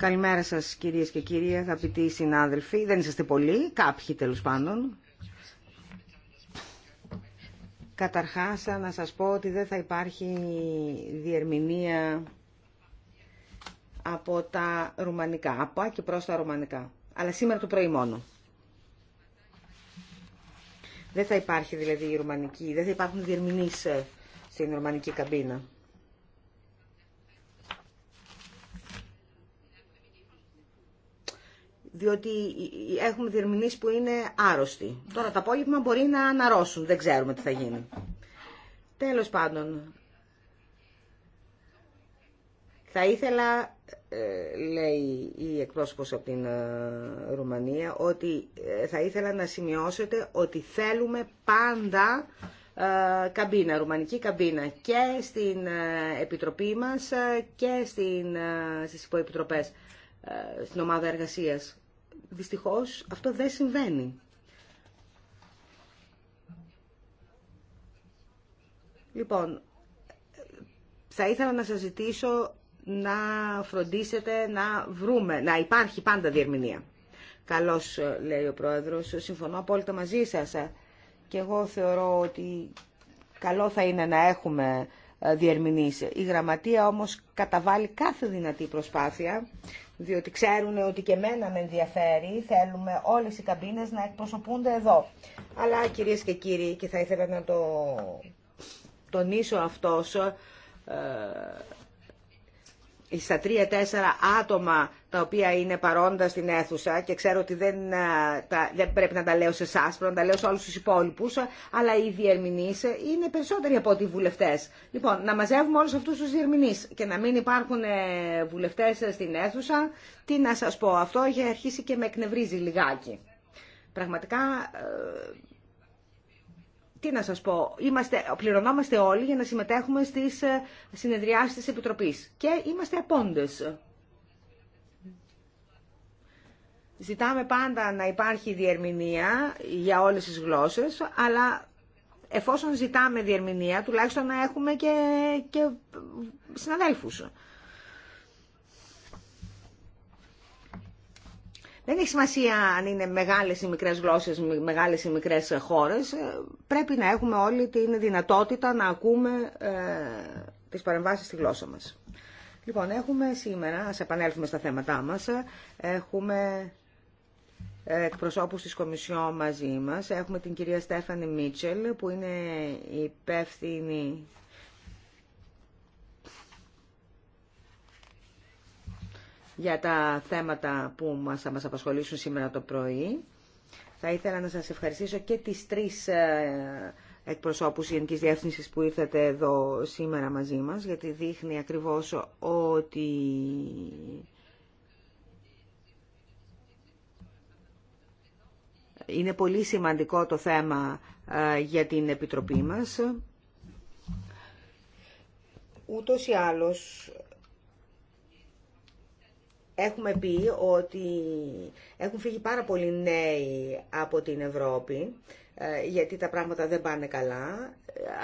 Καλημέρα σα, κυρίε και κύριοι, αγαπητοί συνάδελφοι. Δεν είστε πολλοί, κάποιοι τέλο πάντων. Καταρχάς να σα πω ότι δεν θα υπάρχει διερμηνία από τα ρουμανικά, από και προ τα ρουμανικά. Αλλά σήμερα το πρωί μόνο. Δεν θα υπάρχει δηλαδή η ρουμανική, δεν θα υπάρχουν διερμηνείς ε, στην ρουμανική καμπίνα. διότι έχουμε διερμηνείς που είναι άρρωστοι. Τώρα το απόγευμα μπορεί να αναρρώσουν, δεν ξέρουμε τι θα γίνει. Τέλος πάντων, θα ήθελα ε, λέει η εκπρόσωπος από την ε, Ρουμανία ότι ε, θα ήθελα να σημειώσετε ότι θέλουμε πάντα καμπίνα, ρουμανική καμπίνα και στην Επιτροπή μας και στην, στις υποεπιτροπές στην ομάδα εργασίας. Δυστυχώς αυτό δεν συμβαίνει. Λοιπόν, θα ήθελα να σας ζητήσω να φροντίσετε να βρούμε, να υπάρχει πάντα διερμηνία. Καλώς, ε, λέει ο Πρόεδρος, συμφωνώ απόλυτα μαζί σας. Ε, και εγώ θεωρώ ότι καλό θα είναι να έχουμε ε, διερμηνείς. Η γραμματεία όμως καταβάλει κάθε δυνατή προσπάθεια, διότι ξέρουν ότι και μένα με ενδιαφέρει, θέλουμε όλες οι καμπίνες να εκπροσωπούνται εδώ. Αλλά κυρίες και κύριοι, και θα ήθελα να το τονίσω αυτός, στα τρία-τέσσερα άτομα τα οποία είναι παρόντα στην αίθουσα και ξέρω ότι δεν, ε, τα, δεν πρέπει να τα λέω σε εσά, πρέπει να τα λέω σε όλου του υπόλοιπου, αλλά οι διερμηνεί είναι περισσότεροι από ότι οι βουλευτέ. Λοιπόν, να μαζεύουμε όλου αυτού του διερμηνεί και να μην υπάρχουν ε, βουλευτέ στην αίθουσα, τι να σα πω, αυτό έχει αρχίσει και με εκνευρίζει λιγάκι. Πραγματικά ε, τι να σας πω, είμαστε, πληρωνόμαστε όλοι για να συμμετέχουμε στις ε, συνεδριάσεις της Επιτροπής και είμαστε απόντες. Ζητάμε πάντα να υπάρχει διερμηνία για όλες τις γλώσσες, αλλά εφόσον ζητάμε διερμηνία, τουλάχιστον να έχουμε και, και συναδέλφους. Δεν έχει σημασία αν είναι μεγάλες ή μικρές γλώσσες, μεγάλες ή μικρές χώρες. Ε, πρέπει να έχουμε όλη την δυνατότητα να ακούμε ε, τις παρεμβάσεις στη γλώσσα μας. Λοιπόν, έχουμε σήμερα, ας επανέλθουμε στα θέματά μας, ε, έχουμε ε, εκπροσώπους της Κομισιό μαζί μας. Έχουμε την κυρία Στέφανη Μίτσελ, που είναι υπεύθυνη για τα θέματα που μας, θα μας απασχολήσουν σήμερα το πρωί. Θα ήθελα να σας ευχαριστήσω και τις τρεις ε, εκπροσώπους Γενικής Διεύθυνσης που ήρθατε εδώ σήμερα μαζί μας, γιατί δείχνει ακριβώς ότι είναι πολύ σημαντικό το θέμα ε, για την Επιτροπή μας. Ούτως ή άλλως έχουμε πει ότι έχουν φύγει πάρα πολλοί νέοι από την Ευρώπη ε, γιατί τα πράγματα δεν πάνε καλά.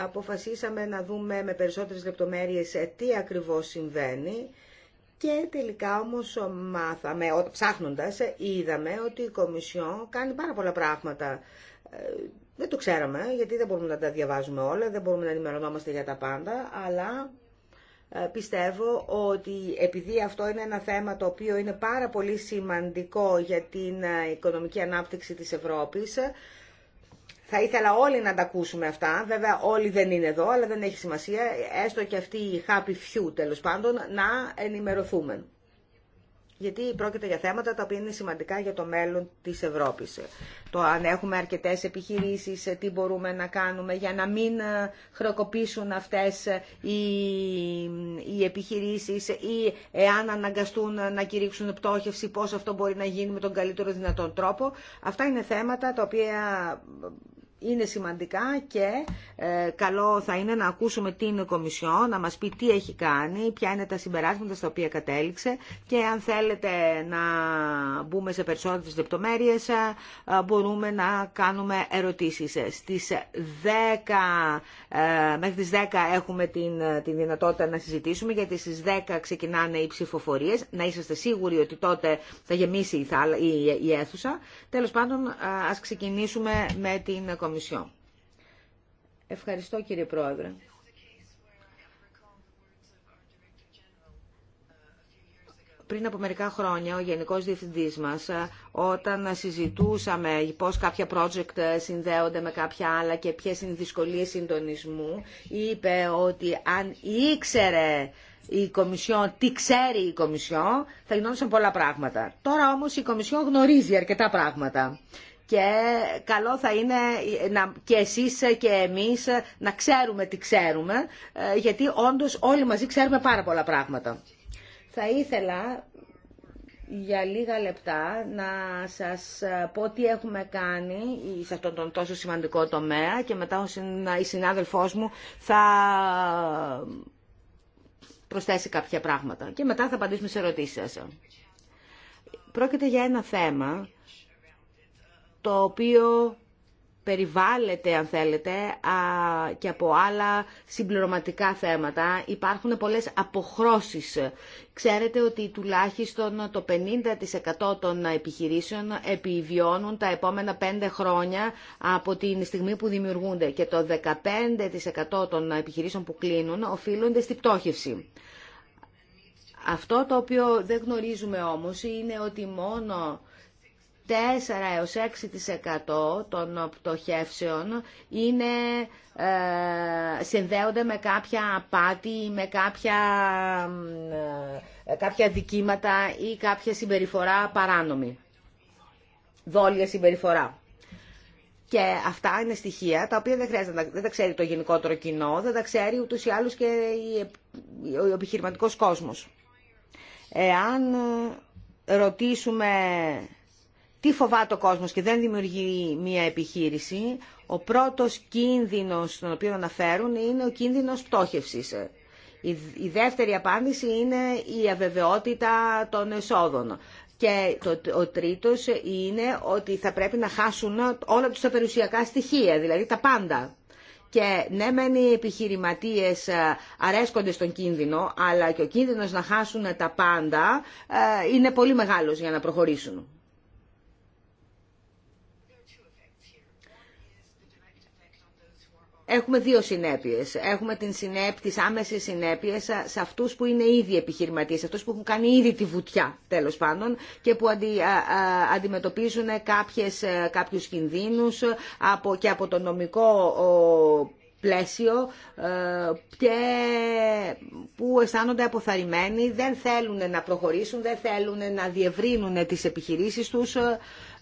Αποφασίσαμε να δούμε με περισσότερες λεπτομέρειες ε, τι ακριβώς συμβαίνει και τελικά όμως μάθαμε, ψάχνοντας, ε, είδαμε ότι η Κομισιόν κάνει πάρα πολλά πράγματα. Δεν το ξέραμε, γιατί δεν μπορούμε να τα διαβάζουμε όλα, δεν μπορούμε να ενημερωνόμαστε για τα πάντα, αλλά ε, πιστεύω ότι επειδή αυτό είναι ένα θέμα το οποίο είναι πάρα πολύ σημαντικό για την ε, οικονομική ανάπτυξη της Ευρώπης, ε, θα ήθελα όλοι να τα ακούσουμε αυτά. Βέβαια όλοι δεν είναι εδώ, αλλά δεν έχει σημασία, έστω και αυτοί οι happy few τέλος πάντων, να ενημερωθούμε γιατί πρόκειται για θέματα τα οποία είναι σημαντικά για το μέλλον της Ευρώπης. Το αν έχουμε αρκετές επιχειρήσεις, τι μπορούμε να κάνουμε για να μην ε, χρεοκοπήσουν αυτές ε, οι, οι επιχειρήσεις ή εάν αναγκαστούν να κηρύξουν πτώχευση, πώς αυτό μπορεί να γίνει με τον καλύτερο δυνατόν τρόπο. Αυτά είναι θέματα τα οποία είναι σημαντικά και ε, καλό θα είναι να ακούσουμε την Κομισιό, να μας πει τι έχει κάνει, ποια είναι τα συμπεράσματα στα οποία κατέληξε και αν θέλετε να μπούμε σε περισσότερες λεπτομέρειες ε, μπορούμε να κάνουμε ερωτήσεις. Στις 10, ε, μέχρι τις 10 έχουμε την, ε, την δυνατότητα να συζητήσουμε γιατί στις 10 ξεκινάνε οι ψηφοφορίες. Να είσαστε σίγουροι ότι τότε θα γεμίσει η, η, η αίθουσα. Τέλος πάντων ας ξεκινήσουμε με την Κομισιό. Ευχαριστώ κύριε Πρόεδρε. πριν από μερικά χρόνια ο Γενικό Διευθυντής μα, όταν συζητούσαμε πώ κάποια project συνδέονται με κάποια άλλα και ποιε είναι οι δυσκολίε συντονισμού είπε ότι αν ήξερε η Κομισιόν, τι ξέρει η Κομισιόν, θα γινόντουσαν πολλά πράγματα. Τώρα όμω η Κομισιόν γνωρίζει αρκετά πράγματα και καλό θα είναι να, και εσείς και εμείς να ξέρουμε τι ξέρουμε, ε, γιατί όντως όλοι μαζί ξέρουμε πάρα πολλά πράγματα. Θα ήθελα για λίγα λεπτά να σας ε, πω τι έχουμε κάνει σε αυτόν τον τόσο σημαντικό τομέα και μετά η συνάδελφός μου θα προσθέσει κάποια πράγματα και μετά θα απαντήσουμε σε ερωτήσεις σας. Πρόκειται για ένα θέμα το οποίο περιβάλλεται, αν θέλετε, και από άλλα συμπληρωματικά θέματα. Υπάρχουν πολλές αποχρώσεις. Ξέρετε ότι τουλάχιστον το 50% των επιχειρήσεων επιβιώνουν τα επόμενα 5 χρόνια από την στιγμή που δημιουργούνται και το 15% των επιχειρήσεων που κλείνουν οφείλονται στη πτώχευση. Αυτό το οποίο δεν γνωρίζουμε όμως είναι ότι μόνο 4 έως 6% των πτωχεύσεων είναι, ε, συνδέονται με κάποια απάτη, με κάποια, ε, κάποια δικήματα ή κάποια συμπεριφορά παράνομη. Δόλια συμπεριφορά. Και αυτά είναι στοιχεία τα οποία δεν χρειάζεται, δεν τα ξέρει το γενικότερο κοινό, δεν τα ξέρει ούτως ή άλλως και ο επιχειρηματικός κόσμος. Εάν ρωτήσουμε τι φοβάται ο κόσμος και δεν δημιουργεί μία επιχείρηση, ο πρώτος κίνδυνος τον οποίο αναφέρουν είναι ο κίνδυνος πτώχευσης. Η δεύτερη απάντηση είναι η αβεβαιότητα των εσόδων. Και το, ο τρίτος είναι ότι θα πρέπει να χάσουν όλα του τα περιουσιακά στοιχεία, δηλαδή τα πάντα. Και ναι, μεν οι επιχειρηματίες ε, αρέσκονται στον κίνδυνο, αλλά και ο κίνδυνος να χάσουν τα πάντα ε, είναι πολύ μεγάλος για να προχωρήσουν. έχουμε δύο συνέπειες. Έχουμε την συνέπ, τις άμεσες συνέπειες σε αυτούς που είναι ήδη επιχειρηματίες, σε αυτούς που έχουν κάνει ήδη τη βουτιά τέλος πάντων και που αντι, αντιμετωπίζουν κάποιες, ε, κάποιους κινδύνους από, και από το νομικό πλαίσιο ε, και που αισθάνονται αποθαρρυμένοι, δεν θέλουν να προχωρήσουν, δεν θέλουν να διευρύνουν τις επιχειρήσεις τους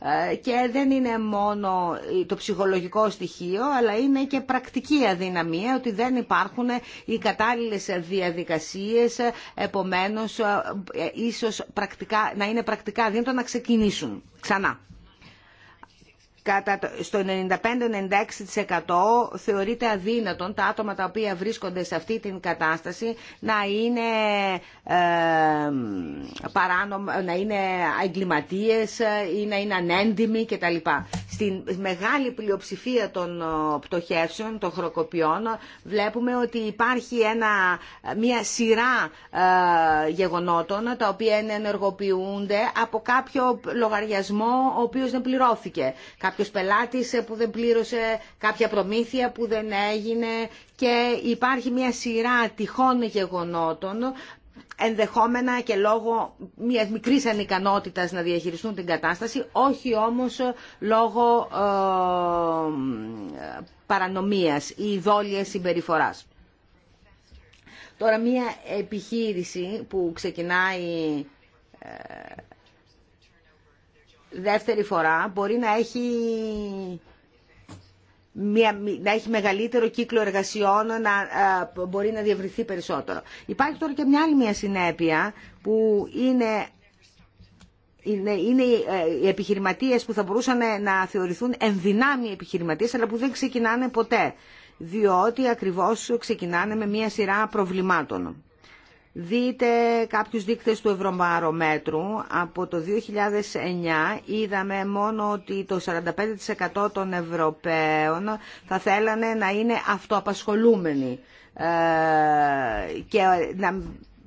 ε, και δεν είναι μόνο το ψυχολογικό στοιχείο αλλά είναι και πρακτική αδυναμία ότι δεν υπάρχουν οι κατάλληλες διαδικασίες επομένως ε, ε, ίσως πρακτικά, να είναι πρακτικά αδύνατο να ξεκινήσουν ξανά στο 95-96% θεωρείται αδύνατον τα άτομα τα οποία βρίσκονται σε αυτή την κατάσταση να είναι, ε, να είναι ή να είναι ανέντιμοι κτλ. Στην μεγάλη πλειοψηφία των πτωχεύσεων, των χροκοπιών, βλέπουμε ότι υπάρχει ένα, μια σειρά ε, γεγονότων τα οποία ενεργοποιούνται από κάποιο λογαριασμό ο οποίος δεν πληρώθηκε κάποιος πελάτη που δεν πλήρωσε κάποια προμήθεια που δεν έγινε και υπάρχει μια σειρά τυχών γεγονότων ενδεχόμενα και λόγω μια μικρή ανικανότητας να διαχειριστούν την κατάσταση, όχι όμως λόγω ε, παρανομίας ή δόλια συμπεριφοράς. Τώρα μια επιχείρηση που ξεκινάει ε, δεύτερη φορά μπορεί να έχει, μια, να έχει μεγαλύτερο κύκλο εργασιών, να μπορεί να διευρυνθεί περισσότερο. Υπάρχει τώρα και μια άλλη μια συνέπεια που είναι είναι, είναι ε, οι επιχειρηματίες που θα μπορούσαν να θεωρηθούν ενδυνάμοι επιχειρηματίες αλλά που δεν ξεκινάνε ποτέ διότι ακριβώς ξεκινάνε με μια σειρά προβλημάτων. Δείτε κάποιους δείκτες του ευρωμαρομέτρου. Από το 2009 είδαμε μόνο ότι το 45% των Ευρωπαίων θα θέλανε να είναι αυτοαπασχολούμενοι ε, και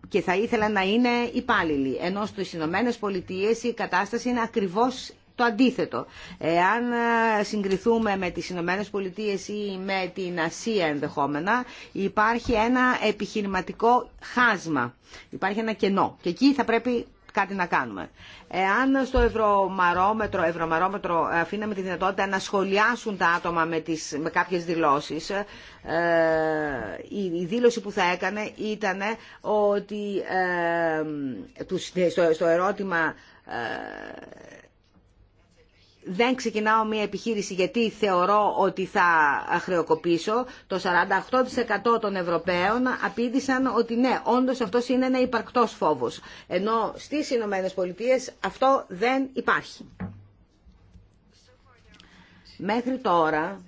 και θα ήθελαν να είναι υπάλληλοι. Ενώ στις Ηνωμένε Πολιτείε η κατάσταση είναι ακριβώ το αντίθετο. Εάν ε, συγκριθούμε με τις Ηνωμένε Πολιτείε ή με την Ασία ενδεχόμενα, υπάρχει ένα επιχειρηματικό χάσμα, υπάρχει ένα κενό και εκεί θα πρέπει κάτι να κάνουμε. Εάν στο ευρωμαρόμετρο, ευρωμαρόμετρο ε, αφήναμε τη δυνατότητα να σχολιάσουν τα άτομα με, τις, με κάποιες δηλώσεις, ε, η, δήλωση που θα έκανε ήταν ότι στο, ερώτημα δεν ξεκινάω μια επιχείρηση γιατί θεωρώ ότι θα χρεοκοπήσω. Το 48% των Ευρωπαίων απήντησαν ότι ναι, όντως αυτός είναι ένα υπαρκτός φόβος. Ενώ στις Ηνωμένε Πολιτείε αυτό δεν υπάρχει. Μέχρι τώρα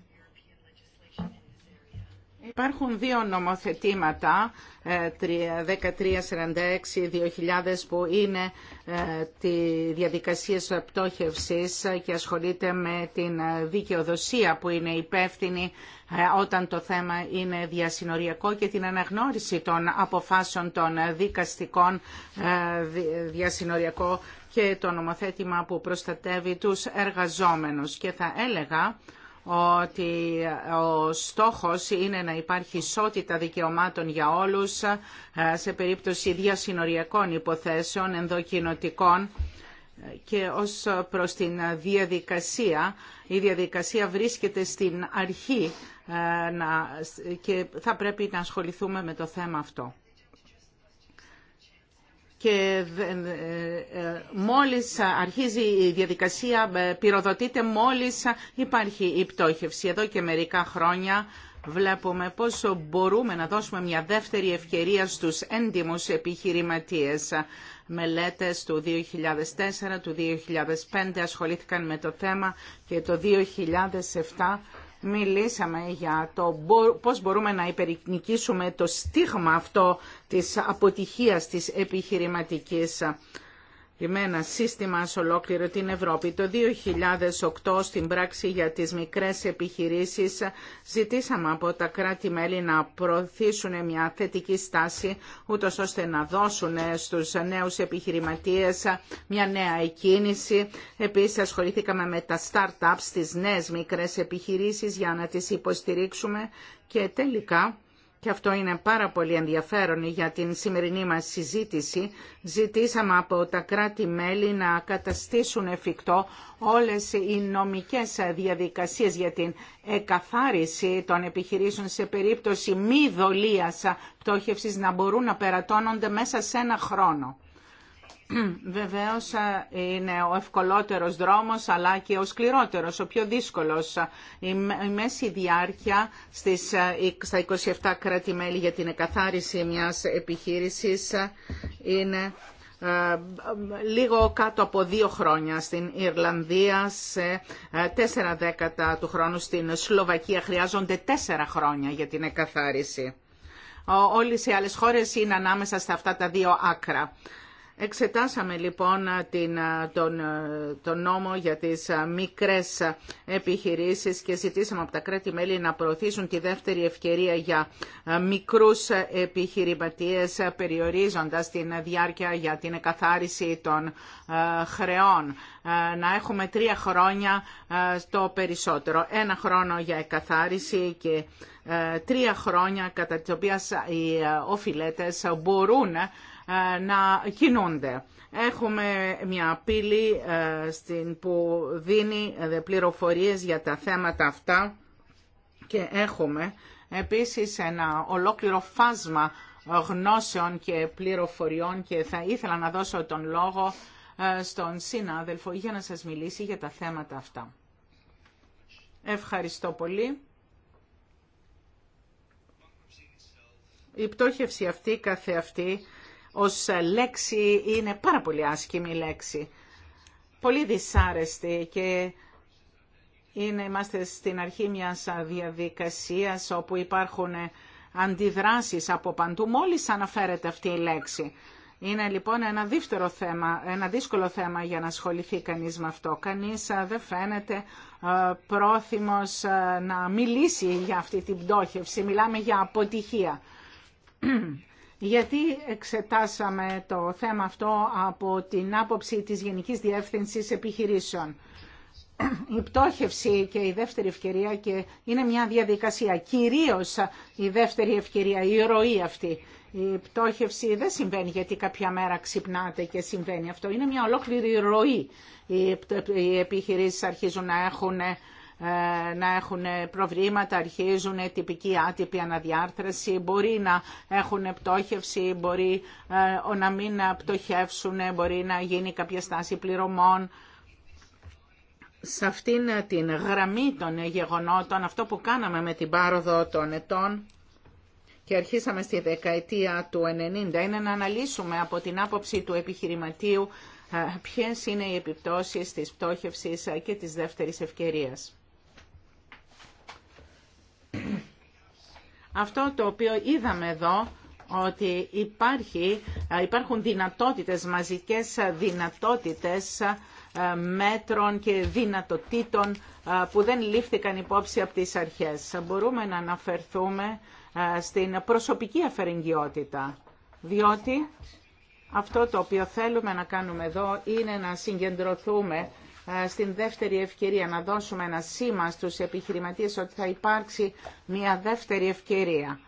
Υπάρχουν δύο νομοθετήματα, 1346-2000 ε, που είναι ε, τη διαδικασία πτώχευσης και ασχολείται με την ε, δικαιοδοσία που είναι υπεύθυνη όταν το θέμα είναι διασυνοριακό και την αναγνώριση των αποφάσεων των δικαστικών διασυνοριακό και το νομοθέτημα που προστατεύει τους εργαζόμενους. Και θα έλεγα ότι ο στόχος είναι να υπάρχει ισότητα δικαιωμάτων για όλους ε, σε περίπτωση διασυνοριακών υποθέσεων ενδοκινοτικών και ως προς την διαδικασία. Η διαδικασία βρίσκεται στην αρχή ε, και θα πρέπει να ασχοληθούμε με το θέμα αυτό και ε, ε, μόλις αρχίζει η διαδικασία, ε, πυροδοτείται μόλις υπάρχει η πτώχευση. Εδώ και μερικά χρόνια βλέπουμε πόσο μπορούμε να δώσουμε μια δεύτερη ευκαιρία στους έντιμους επιχειρηματίες. Μελέτες του 2004, του 2005 ασχολήθηκαν με το θέμα και το 2007 μιλήσαμε για το πώς μπορούμε να υπερνικήσουμε το στίγμα αυτό της αποτυχίας της επιχειρηματικής ένα σύστημα σε ολόκληρο την Ευρώπη. Το 2008 στην πράξη για τις μικρές επιχειρήσεις ζητήσαμε από τα κράτη-μέλη να προωθήσουν μια θετική στάση ούτως ώστε να δώσουν στους νέους επιχειρηματίες μια νέα εκκίνηση. Επίσης ασχοληθήκαμε με τα start-ups, τις νέες μικρές επιχειρήσεις για να τις υποστηρίξουμε και τελικά και αυτό είναι πάρα πολύ ενδιαφέρον για την σημερινή μας συζήτηση, ζητήσαμε από τα κράτη-μέλη να καταστήσουν εφικτό όλες οι νομικές διαδικασίες για την εκαθάριση των επιχειρήσεων σε περίπτωση μη δολίας πτώχευσης να μπορούν να περατώνονται μέσα σε ένα χρόνο. Βεβαίως ε, είναι ο ευκολότερος δρόμος αλλά και ο σκληρότερος, ο πιο δύσκολος. Η μέση διάρκεια στις, ε, στα 27 κράτη-μέλη για την εκαθάριση μιας επιχείρησης ε, είναι λίγο κάτω από δύο χρόνια στην Ιρλανδία, σε τέσσερα δέκατα του χρόνου στην Σλοβακία χρειάζονται τέσσερα χρόνια για την εκαθάριση. Όλες οι άλλες χώρες είναι ανάμεσα σε αυτά τα δύο άκρα. Εξετάσαμε λοιπόν την, τον, τον νόμο για τις μικρές επιχειρήσεις και ζητήσαμε από τα κράτη-μέλη να προωθήσουν τη δεύτερη ευκαιρία για μικρούς επιχειρηματίες περιορίζοντας την διάρκεια για την εκαθάριση των ε, χρεών. Ε, να έχουμε τρία χρόνια στο ε, περισσότερο. Ένα χρόνο για εκαθάριση και τρία χρόνια κατά τις οποίες οι οφειλέτες μπορούν ε, να κινούνται. Έχουμε μια πύλη ε, στην που δίνει ε, πληροφορίες για τα θέματα αυτά και έχουμε επίσης ένα ολόκληρο φάσμα γνώσεων και πληροφοριών και θα ήθελα να δώσω τον λόγο στον συνάδελφο για να σας μιλήσει για τα θέματα αυτά. Ευχαριστώ πολύ. Η πτώχευση αυτή καθεαυτή ως λέξη είναι πάρα πολύ άσχημη λέξη. Πολύ δυσάρεστη και είναι, είμαστε στην αρχή μιας διαδικασίας όπου υπάρχουν αντιδράσεις από παντού μόλις αναφέρεται αυτή η λέξη. Είναι λοιπόν ένα, δεύτερο θέμα, ένα δύσκολο θέμα για να ασχοληθεί κανείς με αυτό. Κανείς δεν φαίνεται πρόθυμος να μιλήσει για αυτή την πτώχευση. Μιλάμε για αποτυχία. Γιατί εξετάσαμε το θέμα αυτό από την άποψη της Γενικής Διεύθυνσης Επιχειρήσεων. Η πτώχευση και η δεύτερη ευκαιρία και είναι μια διαδικασία, κυρίως η δεύτερη ευκαιρία, η ροή αυτή. Η πτώχευση δεν συμβαίνει γιατί κάποια μέρα ξυπνάτε και συμβαίνει αυτό. Είναι μια ολόκληρη ροή. Οι επιχειρήσεις αρχίζουν να έχουν ε, να έχουν προβλήματα, αρχίζουν τυπική άτυπη αναδιάρθρωση, μπορεί να έχουν πτώχευση, μπορεί ε, να μην πτωχεύσουν, μπορεί να γίνει κάποια στάση πληρωμών. Σε αυτήν την γραμμή των γεγονότων, αυτό που κάναμε με την πάροδο των ετών, και αρχίσαμε στη δεκαετία του 90 είναι να αναλύσουμε από την άποψη του επιχειρηματίου ε, ποιες είναι οι επιπτώσεις της πτώχευσης και της δεύτερης ευκαιρίας. Αυτό το οποίο είδαμε εδώ ότι υπάρχει, ε, υπάρχουν δυνατότητες, μαζικές δυνατότητες ε, μέτρων και δυνατοτήτων ε, που δεν λήφθηκαν υπόψη από τις αρχές. Μπορούμε να αναφερθούμε στην προσωπική αφαιρεγγιότητα, διότι αυτό το οποίο θέλουμε να κάνουμε εδώ είναι να συγκεντρωθούμε ε, στην δεύτερη ευκαιρία, να δώσουμε ένα σήμα στους επιχειρηματίες ότι θα υπάρξει μια δεύτερη ευκαιρία.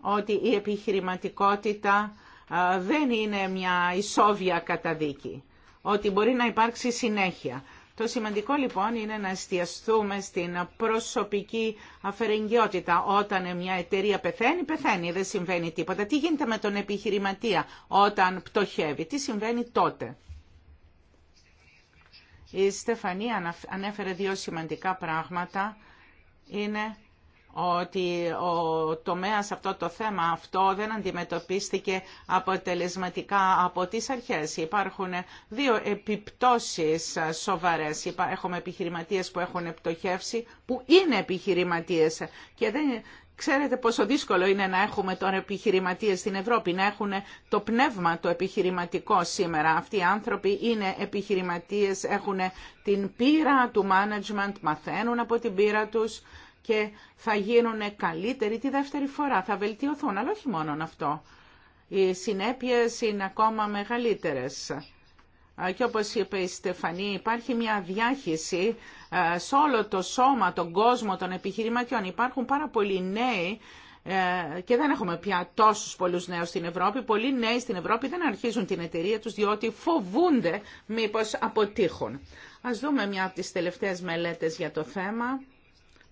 Ότι η επιχειρηματικότητα ε, δεν είναι μια ισόβια καταδίκη. Ότι μπορεί να υπάρξει συνέχεια. Το σημαντικό λοιπόν είναι να εστιαστούμε στην προσωπική αφαιρεγγιότητα. Όταν μια εταιρεία πεθαίνει, πεθαίνει, δεν συμβαίνει τίποτα. Τι γίνεται με τον επιχειρηματία όταν πτωχεύει, τι συμβαίνει τότε. Η Στεφανία ανέφερε δύο σημαντικά πράγματα. Είναι ότι ο τομέας αυτό το θέμα αυτό δεν αντιμετωπίστηκε αποτελεσματικά από τις αρχές. Υπάρχουν δύο επιπτώσεις σοβαρές. Έχουμε επιχειρηματίες που έχουν πτωχεύσει, που είναι επιχειρηματίες και δεν Ξέρετε πόσο δύσκολο είναι να έχουμε τώρα επιχειρηματίες στην Ευρώπη, να έχουν το πνεύμα το επιχειρηματικό σήμερα. Αυτοί οι άνθρωποι είναι επιχειρηματίες, έχουν την πείρα του management, μαθαίνουν από την πείρα τους και θα γίνουν καλύτεροι τη δεύτερη φορά, θα βελτιωθούν, αλλά όχι μόνο αυτό. Οι συνέπειες είναι ακόμα μεγαλύτερες και όπως είπε η Στεφανή, υπάρχει μια διάχυση σε όλο το σώμα, τον κόσμο των επιχειρηματιών. Υπάρχουν πάρα πολλοί νέοι ε, και δεν έχουμε πια τόσους πολλούς νέους στην Ευρώπη. Πολλοί νέοι στην Ευρώπη δεν αρχίζουν την εταιρεία τους διότι φοβούνται μήπως αποτύχουν. Ας δούμε μια από τις τελευταίες μελέτες για το θέμα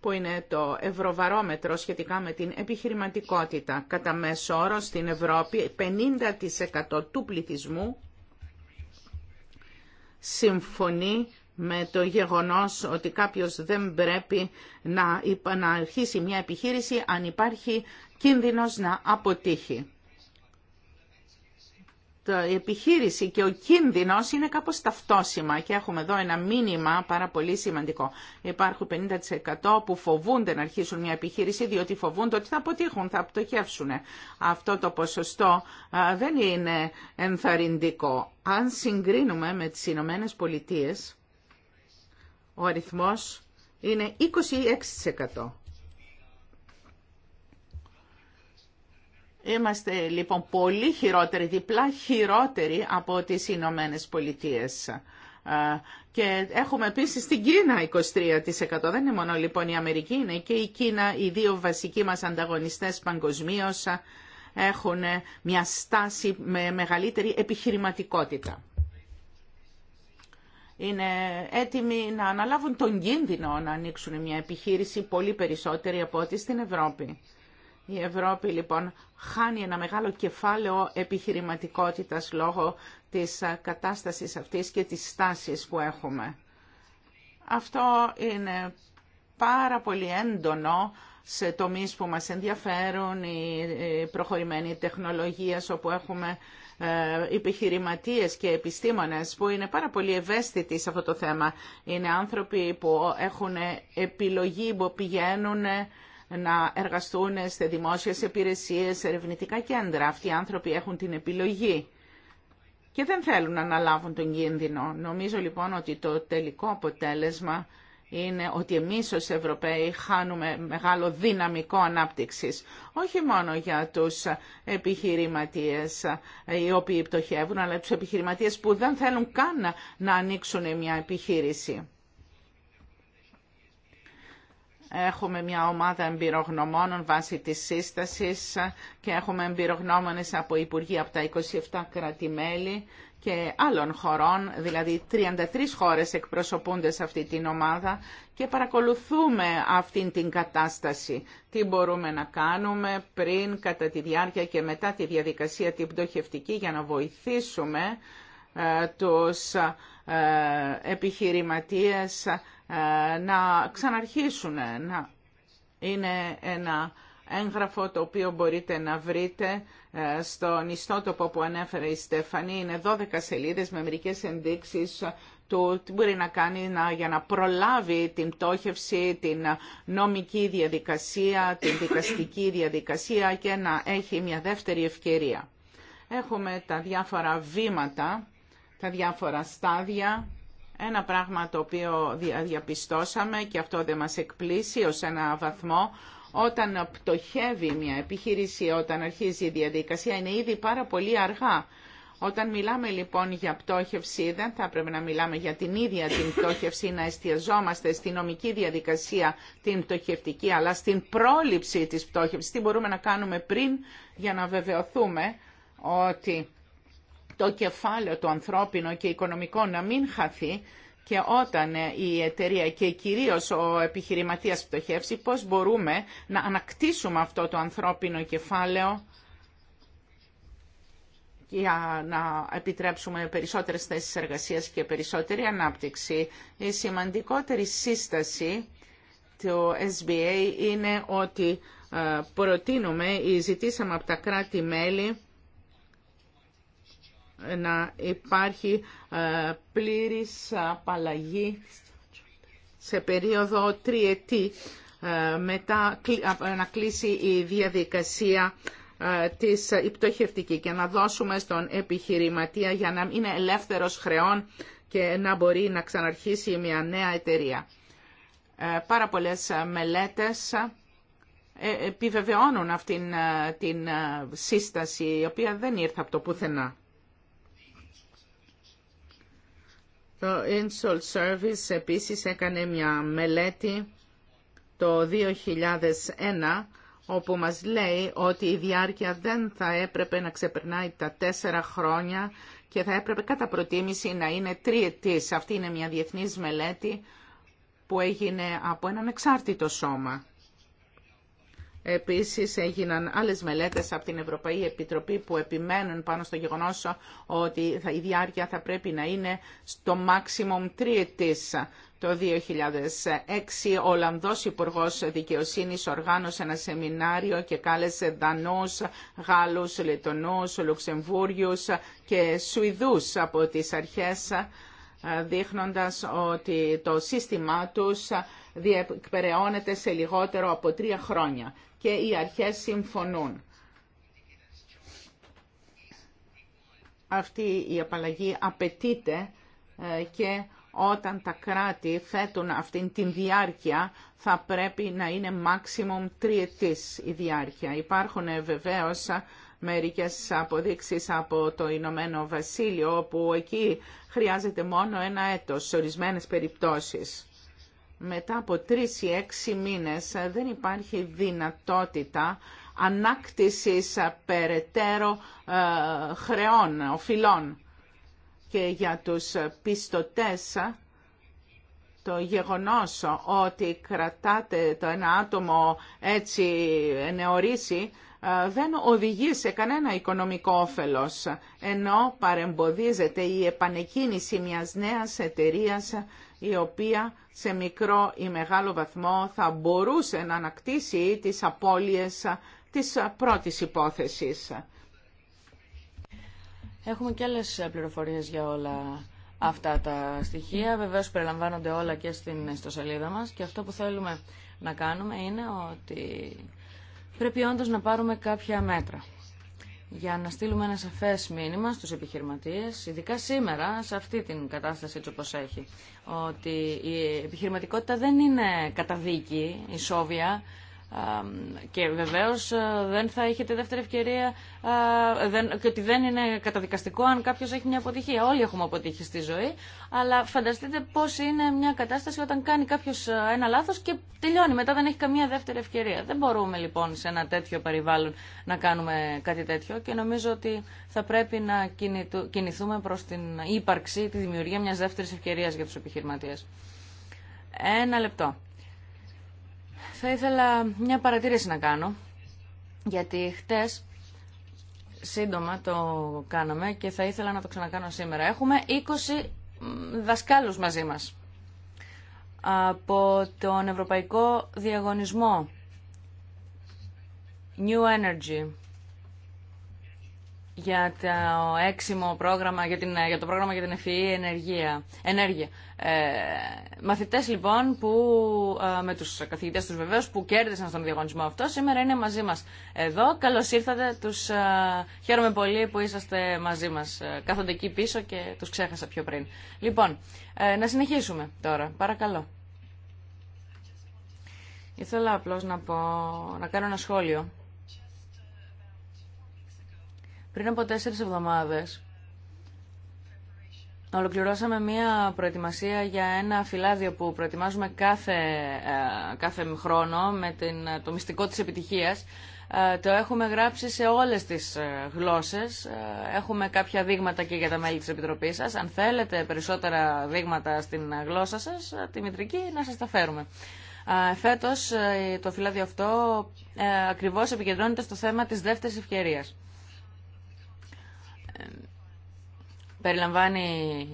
που είναι το ευρωβαρόμετρο σχετικά με την επιχειρηματικότητα. Κατά μέσο όρο στην Ευρώπη 50% του πληθυσμού συμφωνεί με το γεγονός ότι κάποιος δεν πρέπει να αρχίσει μια επιχείρηση αν υπάρχει κίνδυνος να αποτύχει η επιχείρηση και ο κίνδυνος είναι κάπως ταυτόσημα και έχουμε εδώ ένα μήνυμα πάρα πολύ σημαντικό. Υπάρχουν 50% που φοβούνται να αρχίσουν μια επιχείρηση διότι φοβούνται ότι θα αποτύχουν, θα πτωχεύσουν. Αυτό το ποσοστό δεν είναι ενθαρρυντικό. Αν συγκρίνουμε με τις Ηνωμένε Πολιτείες, ο αριθμός είναι 26%. Είμαστε λοιπόν πολύ χειρότεροι, διπλά χειρότεροι από τις Ηνωμένε Πολιτείε. Και έχουμε επίσης στην Κίνα 23%. Δεν είναι μόνο λοιπόν η Αμερική, είναι και η Κίνα, οι δύο βασικοί μας ανταγωνιστές παγκοσμίω έχουν μια στάση με μεγαλύτερη επιχειρηματικότητα. Είναι έτοιμοι να αναλάβουν τον κίνδυνο να ανοίξουν μια επιχείρηση πολύ περισσότερη από ό,τι στην Ευρώπη. Η Ευρώπη λοιπόν χάνει ένα μεγάλο κεφάλαιο επιχειρηματικότητας λόγω της κατάστασης αυτής και της στάσης που έχουμε. Αυτό είναι πάρα πολύ έντονο σε τομείς που μας ενδιαφέρουν, η προχωρημένη τεχνολογία όπου έχουμε ε, επιχειρηματίες και επιστήμονες που είναι πάρα πολύ ευαίσθητοι σε αυτό το θέμα. Είναι άνθρωποι που έχουν επιλογή, που πηγαίνουν να εργαστούν σε δημόσιες υπηρεσίες, σε ερευνητικά κέντρα. Αυτοί οι άνθρωποι έχουν την επιλογή και δεν θέλουν να αναλάβουν τον κίνδυνο. Νομίζω λοιπόν ότι το τελικό αποτέλεσμα είναι ότι εμείς ως Ευρωπαίοι χάνουμε μεγάλο δυναμικό ανάπτυξης. Όχι μόνο για τους επιχειρηματίες οι οποίοι πτωχεύουν, αλλά τους επιχειρηματίες που δεν θέλουν καν να ανοίξουν μια επιχείρηση. Έχουμε μια ομάδα εμπειρογνωμόνων βάσει της σύσταση και έχουμε εμπειρογνώμονε από Υπουργεία από τα 27 κράτη-μέλη και άλλων χωρών, δηλαδή 33 χώρες εκπροσωπούνται σε αυτή την ομάδα και παρακολουθούμε αυτή την κατάσταση. Τι μπορούμε να κάνουμε πριν, κατά τη διάρκεια και μετά τη διαδικασία την πτωχευτική για να βοηθήσουμε ε, τους ε, επιχειρηματίες ε, να ξαναρχίσουν. Ε, να... Είναι ένα έγγραφο το οποίο μπορείτε να βρείτε στον ιστότοπο που ανέφερε η Στέφανη. Είναι 12 σελίδες με μερικές ενδείξεις του τι μπορεί να κάνει για να προλάβει την πτώχευση, την νομική διαδικασία, την δικαστική διαδικασία και να έχει μια δεύτερη ευκαιρία. Έχουμε τα διάφορα βήματα τα διάφορα στάδια. Ένα πράγμα το οποίο διαπιστώσαμε και αυτό δεν μας εκπλήσει ως ένα βαθμό, όταν πτωχεύει μια επιχείρηση, όταν αρχίζει η διαδικασία, είναι ήδη πάρα πολύ αργά. Όταν μιλάμε λοιπόν για πτώχευση, δεν θα πρέπει να μιλάμε για την ίδια την πτώχευση, να εστιαζόμαστε στη νομική διαδικασία την πτωχευτική, αλλά στην πρόληψη της πτώχευσης. Τι μπορούμε να κάνουμε πριν για να βεβαιωθούμε ότι το κεφάλαιο το ανθρώπινο και οικονομικό να μην χαθεί και όταν ε, η εταιρεία και κυρίως ο επιχειρηματίας πτωχεύσει, πώς μπορούμε να ανακτήσουμε αυτό το ανθρώπινο κεφάλαιο για να επιτρέψουμε περισσότερες θέσεις εργασίας και περισσότερη ανάπτυξη. Η σημαντικότερη σύσταση του SBA είναι ότι ε, προτείνουμε ή ζητήσαμε από τα κράτη-μέλη να υπάρχει ε, πλήρης απαλλαγή σε περίοδο τριετή ε, μετά να κλείσει η διαδικασία ε, της υπτωχευτική και να δώσουμε στον επιχειρηματία για να είναι ελεύθερος χρεών και να μπορεί να ξαναρχίσει μια νέα εταιρεία. Πάρα πολλές μελέτες επιβεβαιώνουν αυτήν την σύσταση η οποία δεν ήρθε από το πουθενά. Το Insol Service επίσης έκανε μια μελέτη το 2001 όπου μας λέει ότι η διάρκεια δεν θα έπρεπε να ξεπερνάει τα τέσσερα χρόνια και θα έπρεπε κατά προτίμηση να είναι τριετής. Αυτή είναι μια διεθνής μελέτη που έγινε από έναν εξάρτητο σώμα. Επίσης έγιναν άλλες μελέτες από την Ευρωπαϊκή Επιτροπή που επιμένουν πάνω στο γεγονός ότι η διάρκεια θα πρέπει να είναι στο maximum τρίτης Το 2006 ο Ολλανδός Υπουργός Δικαιοσύνης οργάνωσε ένα σεμινάριο και κάλεσε Δανούς, Γάλλους, Λετωνούς, Λουξεμβούριους και Σουηδούς από τις αρχές δείχνοντας ότι το σύστημά τους διεκπεραιώνεται σε λιγότερο από τρία χρόνια και οι αρχές συμφωνούν. Αυτή η απαλλαγή απαιτείται ε, και όταν τα κράτη θέτουν αυτήν την διάρκεια θα πρέπει να είναι maximum τριετής η διάρκεια. Υπάρχουν ε, βεβαίως μερικές αποδείξεις από το Ηνωμένο Βασίλειο όπου εκεί χρειάζεται μόνο ένα έτος σε ορισμένες περιπτώσεις μετά από τρεις ή έξι μήνες ε, δεν υπάρχει δυνατότητα ανάκτησης ε, περαιτέρω ε, χρεών, οφειλών. Και για τους πιστωτές το γεγονός ότι κρατάτε το ένα άτομο έτσι ενεωρήσει δεν οδηγεί σε κανένα οικονομικό όφελος, ενώ παρεμποδίζεται η επανεκκίνηση μιας νέας εταιρείας η οποία σε μικρό ή μεγάλο βαθμό θα μπορούσε να ανακτήσει τις απώλειες της πρώτης υπόθεσης. Έχουμε και άλλες πληροφορίες για όλα αυτά τα στοιχεία. Βεβαίως περιλαμβάνονται όλα και στην ιστοσελίδα μας και αυτό που θέλουμε να κάνουμε είναι ότι πρέπει όντως να πάρουμε κάποια μέτρα για να στείλουμε ένα σαφές μήνυμα στους επιχειρηματίες, ειδικά σήμερα, σε αυτή την κατάσταση έτσι όπως έχει, ότι η επιχειρηματικότητα δεν είναι καταδίκη, ισόβια, και βεβαίως ε, δεν θα έχετε δεύτερη ευκαιρία δεν, και ότι δεν είναι καταδικαστικό αν κάποιος έχει μια αποτυχία. Όλοι έχουμε αποτύχει στη ζωή, αλλά φανταστείτε πώς είναι μια κατάσταση όταν κάνει κάποιος ε, ένα λάθος και τελειώνει. Μετά δεν έχει καμία δεύτερη ευκαιρία. Δεν μπορούμε λοιπόν σε ένα τέτοιο περιβάλλον να κάνουμε κάτι τέτοιο και νομίζω ότι θα πρέπει να κινηθούμε προς την ύπαρξη, τη δημιουργία μιας δεύτερης ευκαιρίας για τους επιχειρηματίες. Ένα λεπτό. Θα ήθελα μια παρατήρηση να κάνω, γιατί χτες σύντομα το κάναμε και θα ήθελα να το ξανακάνω σήμερα. Έχουμε 20 δασκάλους μαζί μας από τον Ευρωπαϊκό Διαγωνισμό New Energy για το έξιμο πρόγραμμα, για, την, για το πρόγραμμα για την ευφυή e e ενεργεία, ενέργεια. Ε, μαθητές λοιπόν που ε, με τους καθηγητές τους βεβαίως που κέρδισαν στον διαγωνισμό αυτό σήμερα είναι μαζί μας εδώ. Καλώς ήρθατε, τους ε, χαίρομαι πολύ που είσαστε μαζί μας. Ε, κάθονται εκεί πίσω και τους ξέχασα πιο πριν. Λοιπόν, να συνεχίσουμε τώρα, παρακαλώ. Ήθελα απλώς να, πω, να κάνω ένα σχόλιο πριν από τέσσερις εβδομάδες Ολοκληρώσαμε μία προετοιμασία για ένα φυλάδιο που προετοιμάζουμε κάθε, ε, κάθε χρόνο με την, ε, το μυστικό της επιτυχίας. Ε, το έχουμε γράψει σε όλες τις γλώσσες. Έχουμε κάποια δείγματα και για τα μέλη της Επιτροπής σας. Αν θέλετε περισσότερα δείγματα στην γλώσσα σας, τη μητρική, να σας τα φέρουμε. Φέτος το φυλάδιο αυτό ακριβώς επικεντρώνεται στο θέμα της δεύτερης ευκαιρίας. Εντάξει περιλαμβάνει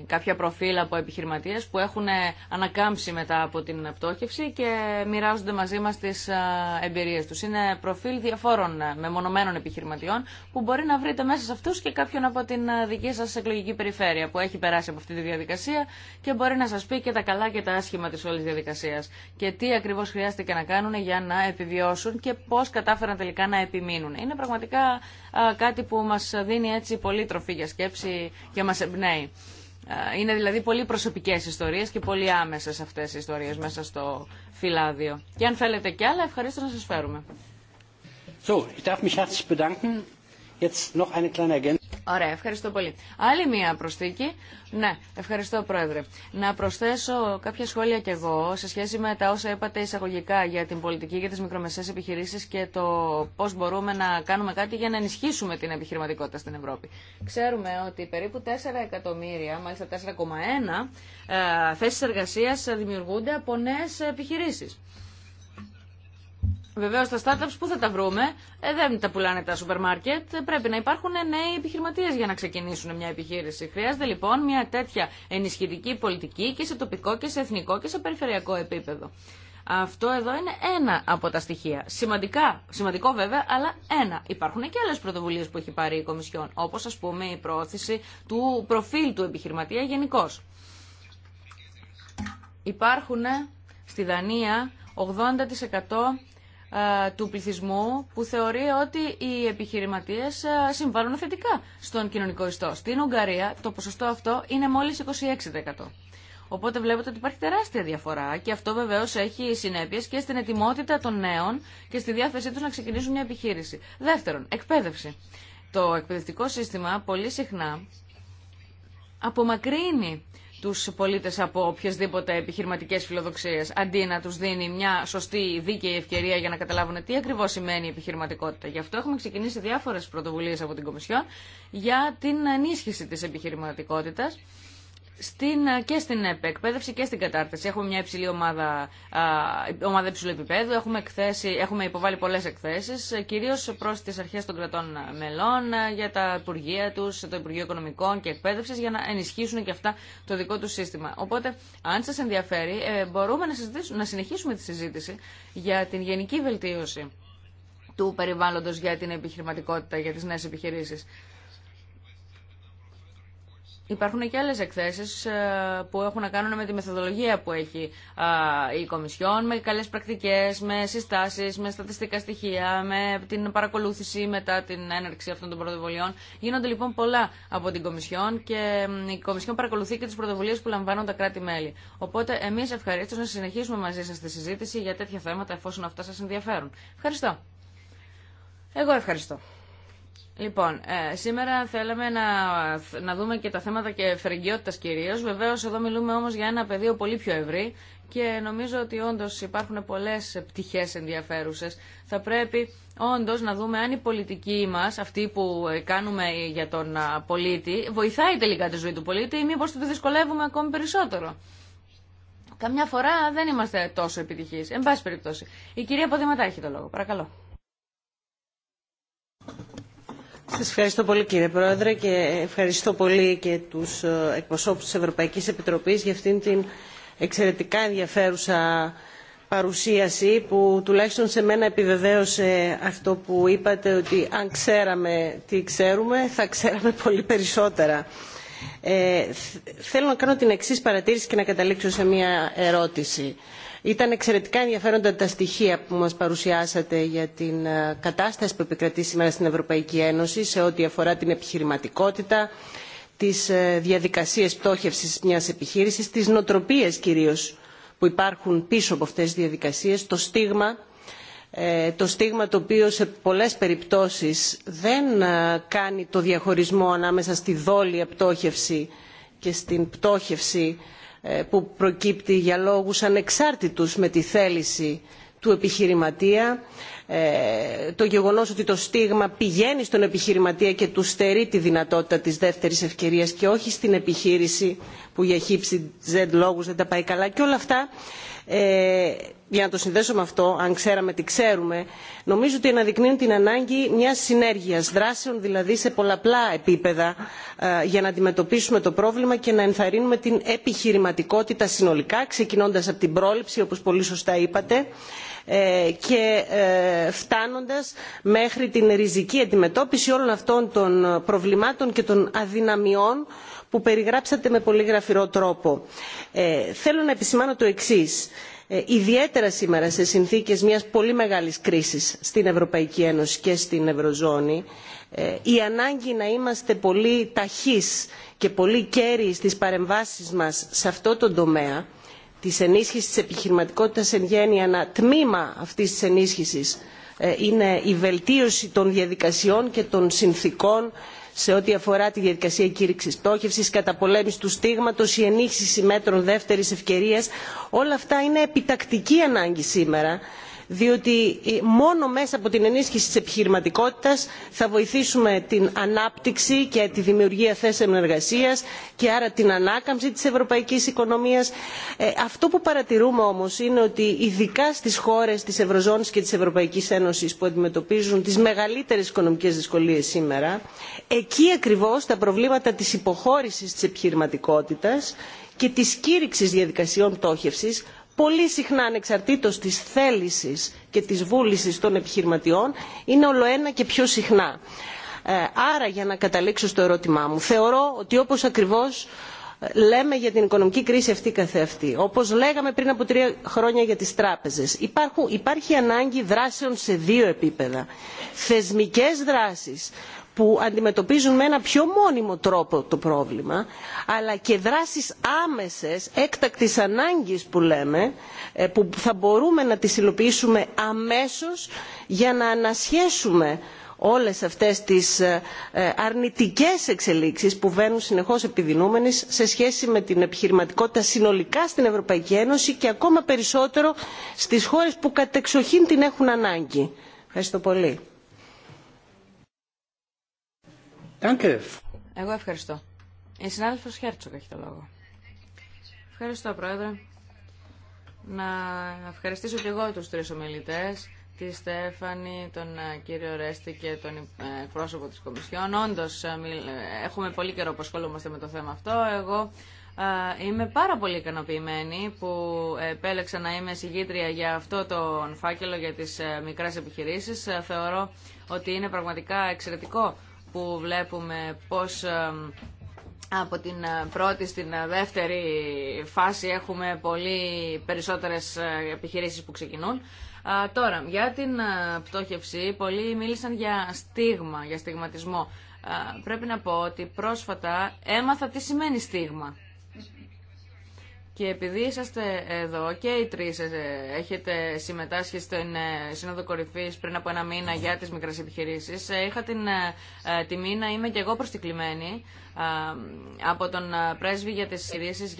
κάποια προφίλ από επιχειρηματίες που έχουν ε, ανακάμψει μετά από την πτώχευση και μοιράζονται μαζί μας τις ε, εμπειρίες τους. Είναι προφίλ διαφόρων ε, μεμονωμένων επιχειρηματιών που μπορεί να βρείτε μέσα σε αυτούς και κάποιον από την δική σας εκλογική περιφέρεια που έχει περάσει από αυτή τη διαδικασία και μπορεί να σας πει και τα καλά και τα άσχημα της όλης διαδικασίας και τι ακριβώς χρειάστηκε να κάνουν για να επιβιώσουν και πώς κατάφεραν τελικά να επιμείνουν. Είναι πραγματικά κάτι που μας δίνει έτσι πολύ τροφή για σκέψη και μας εμπνέει. Ε, είναι δηλαδή πολύ προσωπικές ιστορίες και πολύ άμεσες αυτές οι ιστορίες μέσα στο φυλάδιο. Και αν θέλετε κι άλλα, ευχαρίστω να σας φέρουμε. So, ich darf mich herzlich bedanken. Jetzt noch Ωραία, ευχαριστώ πολύ. Άλλη μία προσθήκη. Ναι, ευχαριστώ Πρόεδρε. Να προσθέσω κάποια σχόλια κι εγώ σε σχέση με τα όσα είπατε εισαγωγικά για την πολιτική για τις μικρομεσαίες επιχειρήσεις και το πώς μπορούμε να κάνουμε κάτι για να ενισχύσουμε την επιχειρηματικότητα στην Ευρώπη. Ξέρουμε ότι περίπου 4 εκατομμύρια, μάλιστα 4,1 ε, θέσεις εργασίας δημιουργούνται από νέες επιχειρήσεις. Βεβαίω τα startups που θα τα βρούμε, ε, δεν τα πουλάνε τα σούπερ μάρκετ. Πρέπει να υπάρχουν νέοι επιχειρηματίε για να ξεκινήσουν μια επιχείρηση. Χρειάζεται λοιπόν μια τέτοια ενισχυτική πολιτική και σε τοπικό και σε εθνικό και σε περιφερειακό επίπεδο. Αυτό εδώ είναι ένα από τα στοιχεία. Σημαντικά, σημαντικό βέβαια, αλλά ένα. Υπάρχουν και άλλε πρωτοβουλίε που έχει πάρει η Κομισιόν, όπω α πούμε η προώθηση του προφίλ του επιχειρηματία γενικώ. Υπάρχουν ε, στη Δανία 80% του πληθυσμού που θεωρεί ότι οι επιχειρηματίες συμβάλλουν θετικά στον κοινωνικό ιστό. Στην Ουγγαρία το ποσοστό αυτό είναι μόλις 26%. Οπότε βλέπετε ότι υπάρχει τεράστια διαφορά και αυτό βεβαίω έχει συνέπειε και στην ετοιμότητα των νέων και στη διάθεσή του να ξεκινήσουν μια επιχείρηση. Δεύτερον, εκπαίδευση. Το εκπαιδευτικό σύστημα πολύ συχνά απομακρύνει τους πολίτες από οποιασδήποτε επιχειρηματικέ φιλοδοξίες, αντί να τους δίνει μια σωστή δίκαιη ευκαιρία για να καταλάβουν τι ακριβώς σημαίνει η επιχειρηματικότητα. Γι' αυτό έχουμε ξεκινήσει διάφορες πρωτοβουλίες από την Κομισιόν για την ενίσχυση της επιχειρηματικότητα στην, ε, και στην εκπαίδευση και στην κατάρτιση. Έχουμε μια υψηλή ομάδα, ομάδα υψηλού επίπεδου, έχουμε, εκθέσει, έχουμε υποβάλει πολλές εκθέσεις, ε, κυρίως προς τις αρχές των κρατών μελών, ε, για τα υπουργεία τους, το Υπουργείο Οικονομικών και εκπαίδευση για να ενισχύσουν και αυτά το δικό του σύστημα. Οπότε, αν σας ενδιαφέρει, μπορούμε να, να συνεχίσουμε τη συζήτηση για την γενική βελτίωση του περιβάλλοντος για την επιχειρηματικότητα, για τις νέες επιχειρήσεις. Υπάρχουν και άλλες εκθέσεις ε, που έχουν να κάνουν με τη μεθοδολογία που έχει ε, η Κομισιόν, με καλές πρακτικές, με συστάσεις, με στατιστικά στοιχεία, με την παρακολούθηση μετά την έναρξη αυτών των πρωτοβολιών. Γίνονται λοιπόν πολλά από την Κομισιόν και η Κομισιόν παρακολουθεί και τις πρωτοβουλίες που λαμβάνουν τα κράτη-μέλη. Οπότε εμείς ευχαριστώ να συνεχίσουμε μαζί σας τη συζήτηση για τέτοια θέματα εφόσον αυτά σας ενδιαφέρουν. Ευχαριστώ. Εγώ ευχαριστώ. Λοιπόν, ε, σήμερα θέλαμε να, να δούμε και τα θέματα και φρεγγιότητα κυρίω. Βεβαίως εδώ μιλούμε όμω για ένα πεδίο πολύ πιο ευρύ και νομίζω ότι όντω υπάρχουν πολλέ πτυχέ ενδιαφέρουσε. Θα πρέπει όντω να δούμε αν η πολιτική μα αυτή που ε, κάνουμε για τον πολίτη, βοηθάει τελικά τη ζωή του πολίτη ή μήπως του δυσκολεύουμε ακόμη περισσότερο. Καμιά φορά δεν είμαστε τόσο επιτυχείς. Εν πάση περιπτώσει. Η κυρία Ποδηματάρχη το δυσκολευουμε ακομη περισσοτερο καμια φορα δεν ειμαστε τοσο επιτυχει εν έχει το λόγο. Παρακαλώ. Σας ευχαριστώ πολύ κύριε Πρόεδρε και ευχαριστώ πολύ και τους ε, εκπροσώπους της Ευρωπαϊκής Επιτροπής για αυτήν την εξαιρετικά ενδιαφέρουσα παρουσίαση που τουλάχιστον σε μένα επιβεβαίωσε αυτό που είπατε ότι αν ξέραμε τι ξέρουμε θα ξέραμε πολύ περισσότερα. Ε, θέλω να κάνω την εξής παρατήρηση και να καταλήξω σε μια ερώτηση. Ήταν εξαιρετικά ενδιαφέροντα τα στοιχεία που μας παρουσιάσατε για την ε, κατάσταση που επικρατεί σήμερα στην Ευρωπαϊκή Ένωση σε ό,τι αφορά την επιχειρηματικότητα, τις ε, διαδικασίες πτώχευσης μιας επιχείρησης, τις νοτροπίες κυρίως που υπάρχουν πίσω από αυτές τις διαδικασίες, το στίγμα, ε, το στίγμα το οποίο σε πολλές περιπτώσεις δεν κάνει το διαχωρισμό ανάμεσα στη δόλια πτώχευση και στην πτώχευση ε, που προκύπτει για λόγους ανεξάρτητους με τη θέληση του επιχειρηματία ε, το γεγονός ότι το στίγμα πηγαίνει στον επιχειρηματία και του στερεί τη δυνατότητα της δεύτερης ευκαιρίας και όχι στην επιχείρηση που για χύψη λόγους δεν τα πάει καλά και όλα αυτά ε, για να το συνδέσω με αυτό αν ξέραμε τι ξέρουμε νομίζω ότι αναδεικνύουν την ανάγκη μιας συνέργειας δράσεων δηλαδή σε πολλαπλά επίπεδα ε, για να αντιμετωπίσουμε το πρόβλημα και να ενθαρρύνουμε την επιχειρηματικότητα συνολικά ξεκινώντας από την πρόληψη όπως πολύ σωστά είπατε ε, και ε, φτάνοντας μέχρι την ριζική αντιμετώπιση όλων αυτών των προβλημάτων και των αδυναμιών που περιγράψατε με πολύ γραφειρό τρόπο. θέλω να επισημάνω το εξής ε, ιδιαίτερα σήμερα σε συνθήκες μιας πολύ μεγάλης κρίσης στην ευρωπαϊκή ένωση και στην ευρωζώνη ε, η ανάγκη να είμαστε πολύ ταχείς και πολύ κέρυοι στις παρεμβάσεις μας σε αυτό το τομέα της ενίσχυσης της επιχειρηματικότητας εν γένει ένα τμήμα αυτής της ενίσχυσης ε, είναι η βελτίωση των διαδικασιών και των συνθήκων σε ό,τι αφορά τη διαδικασία κήρυξη πτώχευση, καταπολέμηση του στίγματο, η ενίσχυση μέτρων δεύτερη ευκαιρία. Όλα αυτά είναι επιτακτική ανάγκη σήμερα διότι ε, μόνο μέσα από την ενίσχυση της επιχειρηματικότητας θα βοηθήσουμε την ανάπτυξη και τη δημιουργία θέσεων εργασίας και άρα την ανάκαμψη της ευρωπαϊκής οικονομίας. Ε, αυτό που παρατηρούμε όμως είναι ότι ειδικά στις χώρες της ευρωζώνης και της ευρωπαϊκής ένωσης που αντιμετωπίζουν τις μεγαλύτερες οικονομικές δυσκολίες σήμερα εκεί ακριβώς τα προβλήματα της υποχώρησης της επιχειρηματικότητας και της κήρυξης διαδικασιών πτώχευσης πολύ συχνά ανεξαρτήτως της θέλησης και της βούλησης των επιχειρηματιών είναι ολοένα και πιο συχνά. Ε, άρα για να καταλήξω στο ερώτημά μου θεωρώ ότι όπως ακριβώς ε, λέμε για την οικονομική κρίση αυτή καθεαυτή όπως λέγαμε πριν από τρία χρόνια για τις τράπεζες υπάρχει ανάγκη δράσεων σε δύο επίπεδα θεσμικές δράσεις που αντιμετωπίζουν με ένα πιο μόνιμο τρόπο το πρόβλημα αλλά και δράσεις άμεσες έκτακτης ανάγκης που λέμε ε, που θα μπορούμε να τις υλοποιήσουμε αμέσως για να ανασχέσουμε όλες αυτές τις ε, ε, αρνητικές εξελίξεις που βαίνουν συνεχώς επιδεινούμενες σε σχέση με την επιχειρηματικότητα συνολικά στην Ευρωπαϊκή Ένωση και ακόμα περισσότερο στις χώρες που κατεξοχήν την έχουν ανάγκη. Ευχαριστώ πολύ. Εγώ ευχαριστώ. Η συνάδελφο Χέρτσοκ έχει το λόγο. Ευχαριστώ, Πρόεδρε. Να ευχαριστήσω και εγώ του τρει ομιλητέ, τη Στέφανη, τον ε, κύριο Ρέστη και τον ε, πρόσωπο τη Κομισιόν. όντω, ε, έχουμε πολύ καιρό που ασχολούμαστε με το θέμα αυτό. Εγώ Είμαι πάρα πολύ ικανοποιημένη που επέλεξα να είμαι συγγήτρια για αυτό το φάκελο για τις μικρές επιχειρήσεις. Θεωρώ ότι είναι πραγματικά εξαιρετικό που βλέπουμε πώς από την ε, πρώτη στην ε, δεύτερη φάση έχουμε πολύ περισσότερες ε, επιχειρήσεις που ξεκινούν. Τώρα, για την πτώχευση, πολλοί μίλησαν για στίγμα, για στιγματισμό. Πρέπει να πω ότι πρόσφατα έμαθα τι σημαίνει στίγμα. Και επειδή είσαστε εδώ και οι τρει ε, έχετε συμμετάσχει στην ε, Σύνοδο Κορυφή πριν από ένα μήνα για τι μικρέ επιχειρήσει, ε, είχα την τιμή να είμαι και εγώ προσκεκλημένη από τον πρέσβη για τι επιχειρήσει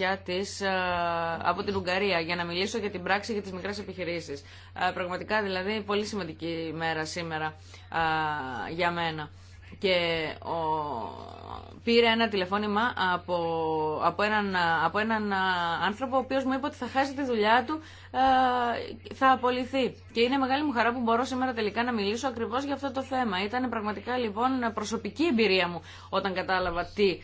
από την Ουγγαρία για να μιλήσω για την πράξη για τι μικρέ επιχειρήσει. Πραγματικά δηλαδή πολύ σημαντική μέρα σήμερα για μένα και ο, πήρε ένα τηλεφώνημα από, από, έναν, από έναν άνθρωπο ο οποίος μου είπε ότι θα χάσει τη δουλειά του, ε, θα απολυθεί. Και είναι μεγάλη μου χαρά που μπορώ σήμερα τελικά να μιλήσω ακριβώς για αυτό το θέμα. Ήταν πραγματικά λοιπόν προσωπική εμπειρία μου όταν κατάλαβα τι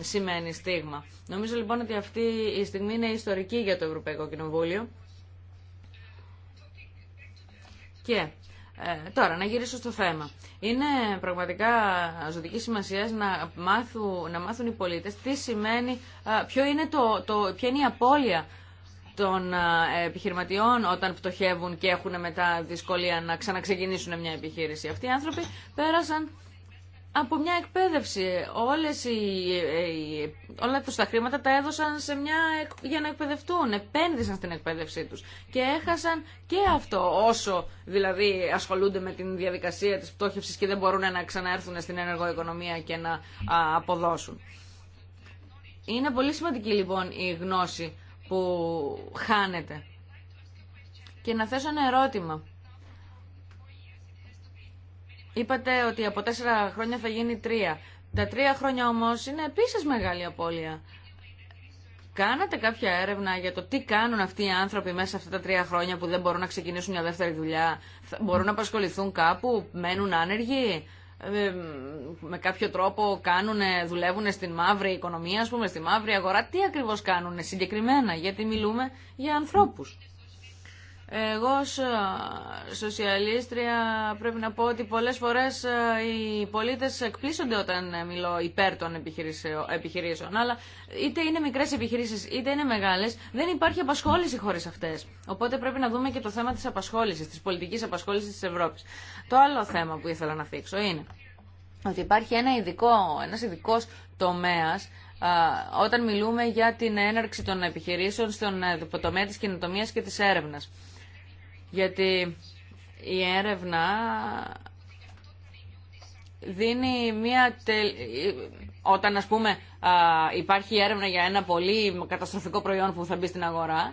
σημαίνει στίγμα. Νομίζω λοιπόν ότι αυτή η στιγμή είναι ιστορική για το Ευρωπαϊκό Κοινοβούλιο. Και ε, τώρα, να γυρίσω στο θέμα. Είναι πραγματικά ζωτική σημασία να, μάθουν, να μάθουν οι πολίτες τι σημαίνει, ποιο είναι το, το, ποια είναι η απώλεια των επιχειρηματιών όταν πτωχεύουν και έχουν μετά δυσκολία να ξαναξεκινήσουν μια επιχείρηση. Αυτοί οι άνθρωποι πέρασαν από μια εκπαίδευση. Όλες οι, ε, ε, όλα τους τα χρήματα τα έδωσαν σε μια, για να εκπαιδευτούν, επένδυσαν στην εκπαίδευσή τους και έχασαν και αυτό όσο δηλαδή ασχολούνται με την διαδικασία της πτώχευσης και δεν μπορούν να ξαναέρθουν στην ενεργοοικονομία και να αποδώσουν. Είναι πολύ σημαντική λοιπόν η γνώση που χάνεται. Και να θέσω ένα ερώτημα. Είπατε ότι από τέσσερα χρόνια θα γίνει τρία. Τα τρία χρόνια όμως είναι επίσης μεγάλη απώλεια. Κάνατε κάποια έρευνα για το τι κάνουν αυτοί οι άνθρωποι μέσα αυτά τα τρία χρόνια που δεν μπορούν να ξεκινήσουν μια δεύτερη δουλειά. Μπορούν να απασχοληθούν κάπου, μένουν άνεργοι, ε, με κάποιο τρόπο κάνουν, δουλεύουν στην μαύρη οικονομία, στην στη μαύρη αγορά. Τι ακριβώς κάνουν συγκεκριμένα, γιατί μιλούμε για ανθρώπους. Εγώ ως ε, σοσιαλίστρια πρέπει να πω ότι πολλές φορές ε, οι πολίτες εκπλήσονται όταν ε, μιλώ υπέρ των επιχειρήσεων. Αλλά είτε είναι μικρές επιχειρήσεις είτε είναι μεγάλες, δεν υπάρχει απασχόληση χωρίς αυτές. Οπότε πρέπει να δούμε και το θέμα της απασχόλησης, της πολιτικής απασχόλησης της Ευρώπης. Το άλλο θέμα που ήθελα να θίξω είναι ότι υπάρχει ένα ειδικό, ένας ειδικός τομέας όταν μιλούμε για την έναρξη των επιχειρήσεων στον τομέα της κοινοτομίας και της έρευνας γιατί η έρευνα δίνει μια τελ όταν ας πούμε υπάρχει έρευνα για ένα πολύ καταστροφικό προϊόν που θα μπει στην αγορά,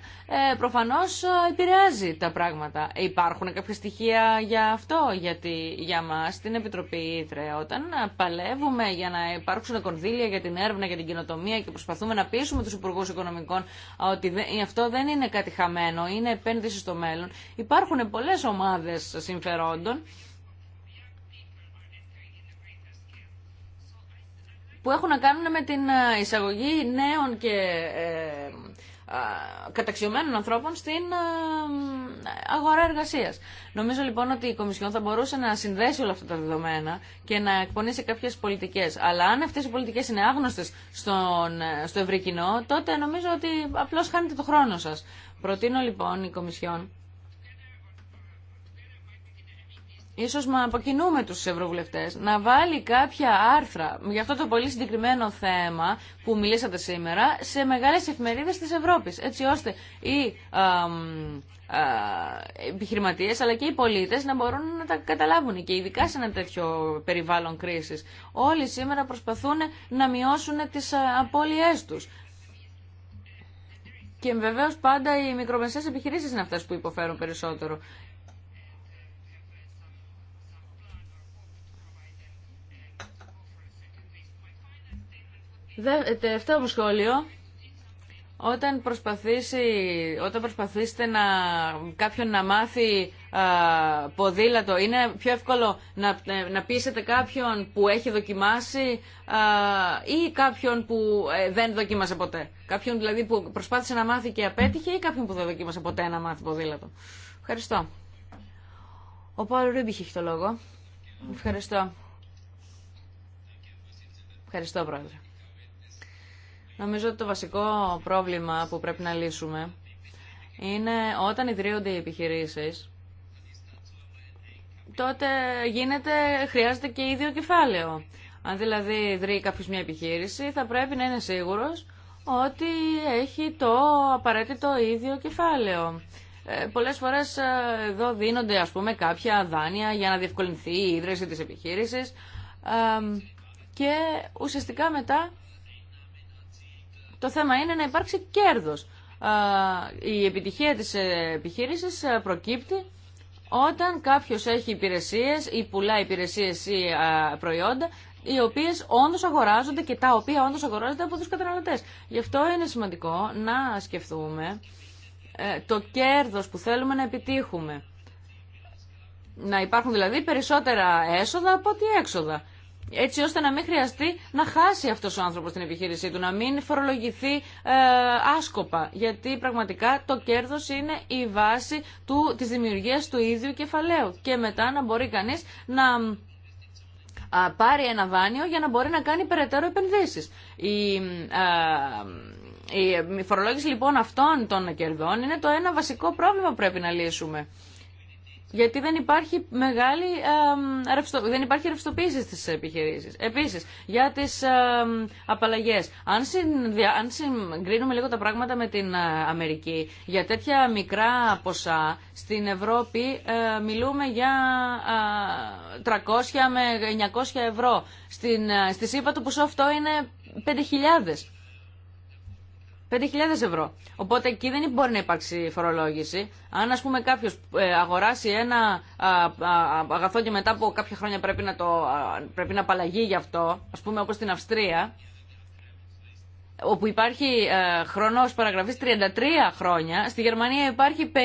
ε, προφανώς επηρεάζει τα πράγματα. Υπάρχουν κάποια στοιχεία για αυτό, γιατί για μας την Επιτροπή Ήτρε, όταν παλεύουμε για να υπάρξουν κονδύλια για την έρευνα, για την κοινοτομία και προσπαθούμε να πείσουμε τους υπουργούς οικονομικών ότι αυτό δεν είναι κάτι χαμένο, είναι επένδυση στο μέλλον. Υπάρχουν πολλές ομάδες συμφερόντων που έχουν να κάνουν με την ε, εισαγωγή νέων και ε, καταξιωμένων ανθρώπων στην ε, αγορά εργασίας. Νομίζω λοιπόν ότι η Κομισιόν θα μπορούσε να συνδέσει όλα αυτά τα δεδομένα και να εκπονήσει κάποιες πολιτικές. Αλλά αν αυτές οι πολιτικές είναι άγνωστες στο ευρύ κοινό, τότε νομίζω ότι απλώς χάνετε το χρόνο σας. Προτείνω λοιπόν η Κομισιόν ίσως μα αποκοινούμε τους ευρωβουλευτές, να βάλει κάποια άρθρα για αυτό το πολύ συγκεκριμένο θέμα που μιλήσατε σήμερα σε μεγάλες εφημερίδες της Ευρώπης, έτσι ώστε οι α, α, επιχειρηματίες αλλά και οι πολίτες να μπορούν να τα καταλάβουν και ειδικά σε ένα τέτοιο περιβάλλον κρίσης. Όλοι σήμερα προσπαθούν να μειώσουν τις απώλειές τους. Και βεβαίω πάντα οι μικρομεσαίες επιχειρήσει είναι αυτέ που υποφέρουν περισσότερο. Δε, τελευταίο μου σχόλιο. Όταν, προσπαθήσει, όταν προσπαθήσετε να, κάποιον να μάθει α, ποδήλατο, είναι πιο εύκολο να, να πείσετε κάποιον που έχει δοκιμάσει α, ή κάποιον που ε, δεν δοκίμασε ποτέ. Κάποιον δηλαδή που προσπάθησε να μάθει και απέτυχε ή κάποιον που δεν δοκίμασε ποτέ να μάθει ποδήλατο. Ευχαριστώ. Ο Πάολο Ρούμπιχ έχει το λόγο. Ευχαριστώ. Ευχαριστώ, Πρόεδρε. Νομίζω ότι το βασικό πρόβλημα που πρέπει να λύσουμε είναι όταν ιδρύονται οι επιχειρήσεις, τότε γίνεται, χρειάζεται και ίδιο κεφάλαιο. Αν δηλαδή ιδρύει κάποιος μια επιχείρηση, θα πρέπει να είναι σίγουρος ότι έχει το απαραίτητο ίδιο κεφάλαιο. Ε, πολλές φορές ε, εδώ δίνονται ας πούμε κάποια δάνεια για να διευκολυνθεί η ίδρυση της επιχείρησης ε, και ουσιαστικά μετά το θέμα είναι να υπάρξει κέρδος. Η επιτυχία της επιχείρησης προκύπτει όταν κάποιος έχει υπηρεσίες ή πουλά υπηρεσίες ή προϊόντα οι οποίες όντως αγοράζονται και τα οποία όντως αγοράζονται από τους καταναλωτές. Γι' αυτό είναι σημαντικό να σκεφτούμε ε, το κέρδος που θέλουμε να επιτύχουμε. Να υπάρχουν δηλαδή περισσότερα έσοδα από ότι έξοδα έτσι ώστε να μην χρειαστεί να χάσει αυτό ο άνθρωπο την επιχείρησή του, να μην φορολογηθεί ε, άσκοπα, γιατί πραγματικά το κέρδος είναι η βάση του, της δημιουργίας του ίδιου κεφαλαίου και μετά να μπορεί κανείς να πάρει ένα δάνειο για να μπορεί να κάνει περαιτέρω επενδύσεις. Η, η φορολόγηση λοιπόν αυτών των κερδών είναι το ένα βασικό πρόβλημα που πρέπει να λύσουμε. Γιατί δεν υπάρχει μεγάλη δεν ρευστοποίηση στις επιχειρήσεις. Επίση, για τις απαλλαγέ. Αν, αν συγκρίνουμε λίγο τα πράγματα με την ε, Αμερική, για τέτοια μικρά ποσά στην Ευρώπη ε, μιλούμε για 300 ε, με 900 ευρώ. Στην, στη ΣΥΠΑ το ποσό αυτό είναι 5.000 5.000 ευρώ. Οπότε εκεί δεν μπορεί να υπάρξει φορολόγηση. Αν ας πούμε κάποιος ε, αγοράσει ένα αγαθό και μετά από κάποια χρόνια πρέπει να, το, πρέπει να απαλλαγεί γι' αυτό, ας πούμε όπως στην Αυστρία, όπου υπάρχει ε, χρονός παραγραφής 33 χρόνια, στη Γερμανία υπάρχει 50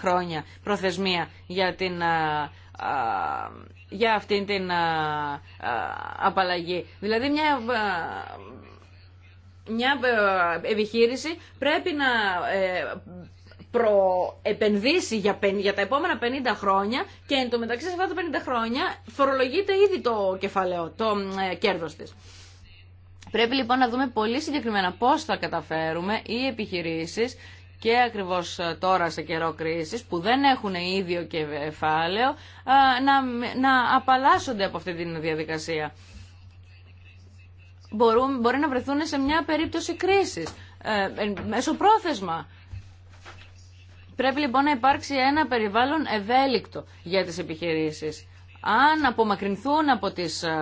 χρόνια προθεσμία για, την, για αυτήν την απαλλαγή. Δηλαδή μια μια ε, επιχείρηση πρέπει να ε, προεπενδύσει για, για τα επόμενα 50 χρόνια και εντωμεταξύ σε αυτά τα 50 χρόνια φορολογείται ήδη το κεφαλαίο, το ε, κέρδος της. Πρέπει λοιπόν να δούμε πολύ συγκεκριμένα πώς θα καταφέρουμε οι επιχειρήσεις και ακριβώς τώρα σε καιρό κρίσης που δεν έχουν ίδιο κεφάλαιο να, να απαλλάσσονται από αυτή τη διαδικασία μπορούν, μπορεί να βρεθούν σε μια περίπτωση κρίσης, ε, ε, μέσω πρόθεσμα. Πρέπει λοιπόν να υπάρξει ένα περιβάλλον ευέλικτο για τις επιχειρήσεις. Αν απομακρυνθούν από τις ε,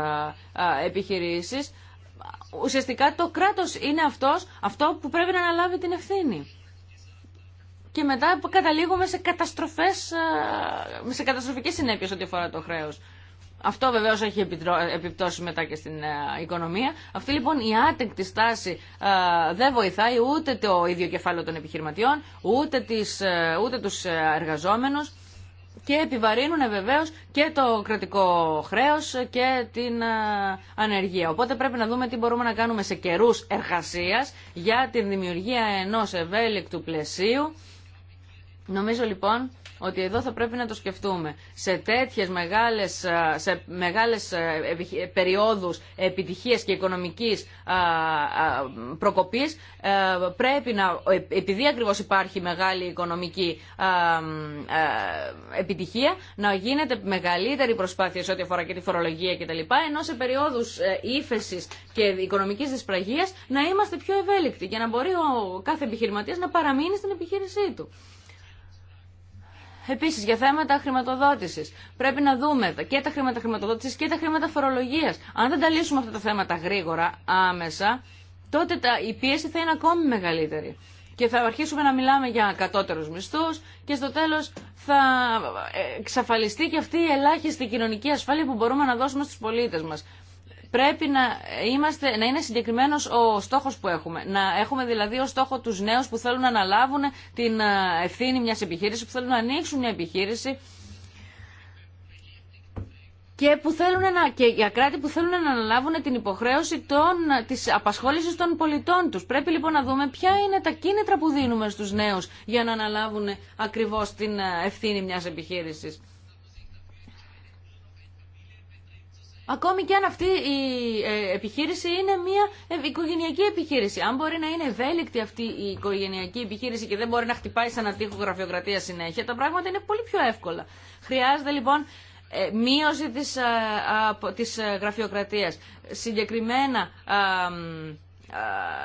επιχειρήσεις, ουσιαστικά το κράτος είναι αυτός, αυτό που πρέπει να αναλάβει την ευθύνη. Και μετά καταλήγουμε σε, καταστροφές, σε καταστροφικές συνέπειες ό,τι αφορά το χρέος. Αυτό βεβαίως έχει επιπτώσει μετά και στην ε, οικονομία. Αυτή λοιπόν η άτεκτη στάση ε, δεν βοηθάει ούτε το ίδιο κεφάλαιο των επιχειρηματιών, ούτε, τις, ε, ούτε τους εργαζόμενους και επιβαρύνουν βεβαίως και το κρατικό χρέος και την ανεργία. Οπότε πρέπει να δούμε τι μπορούμε να κάνουμε σε καιρούς εργασίας για την δημιουργία ενός ευέλικτου πλαισίου. Νομίζω λοιπόν ότι εδώ θα πρέπει να το σκεφτούμε. Σε τέτοιε μεγάλες, σε μεγάλες περιόδους επιτυχία και οικονομικής προκοπής ε, πρέπει να, επειδή ακριβώ υπάρχει μεγάλη οικονομική επιτυχία, να γίνεται μεγαλύτερη προσπάθεια σε ό,τι αφορά και τη φορολογία κτλ. Ενώ σε περιόδους ε, ύφεση και οικονομικής δυσπραγίας να είμαστε πιο ευέλικτοι και να μπορεί ο κάθε επιχειρηματία να παραμείνει στην επιχείρησή του. Επίση, για θέματα χρηματοδότηση. πρέπει να δούμε και τα χρήματα χρηματοδότηση και τα χρήματα φορολογία. Αν δεν τα λύσουμε αυτά τα θέματα γρήγορα, άμεσα, τότε η πίεση θα είναι ακόμη μεγαλύτερη. Και θα αρχίσουμε να μιλάμε για κατώτερους μισθούς και στο τέλος θα ε, εξαφαλιστεί και αυτή η ελάχιστη κοινωνική ασφάλεια που μπορούμε να δώσουμε στου πολίτε μα πρέπει να, είμαστε, να είναι συγκεκριμένος ο στόχος που έχουμε. Να έχουμε δηλαδή ο στόχο τους νέους που θέλουν να αναλάβουν την ε, ευθύνη μιας επιχείρησης, που θέλουν να ανοίξουν μια επιχείρηση και, που θέλουν να, και για κράτη που θέλουν να αναλάβουν την υποχρέωση των, της απασχόλησης των πολιτών τους. Πρέπει λοιπόν να δούμε ποια είναι τα κίνητρα που δίνουμε στους νέους για να αναλάβουν ακριβώς την ε, ευθύνη μιας επιχείρησης. Ακόμη και αν αυτή η ε, επιχείρηση είναι μια ε, οικογενειακή επιχείρηση. Αν μπορεί να είναι ευέλικτη αυτή η οικογενειακή επιχείρηση και δεν μπορεί να χτυπάει σαν αντίχο γραφειοκρατία συνέχεια, τα πράγματα είναι πολύ πιο εύκολα. Χρειάζεται λοιπόν ε, μείωση της, της γραφειοκρατίας. Συγκεκριμένα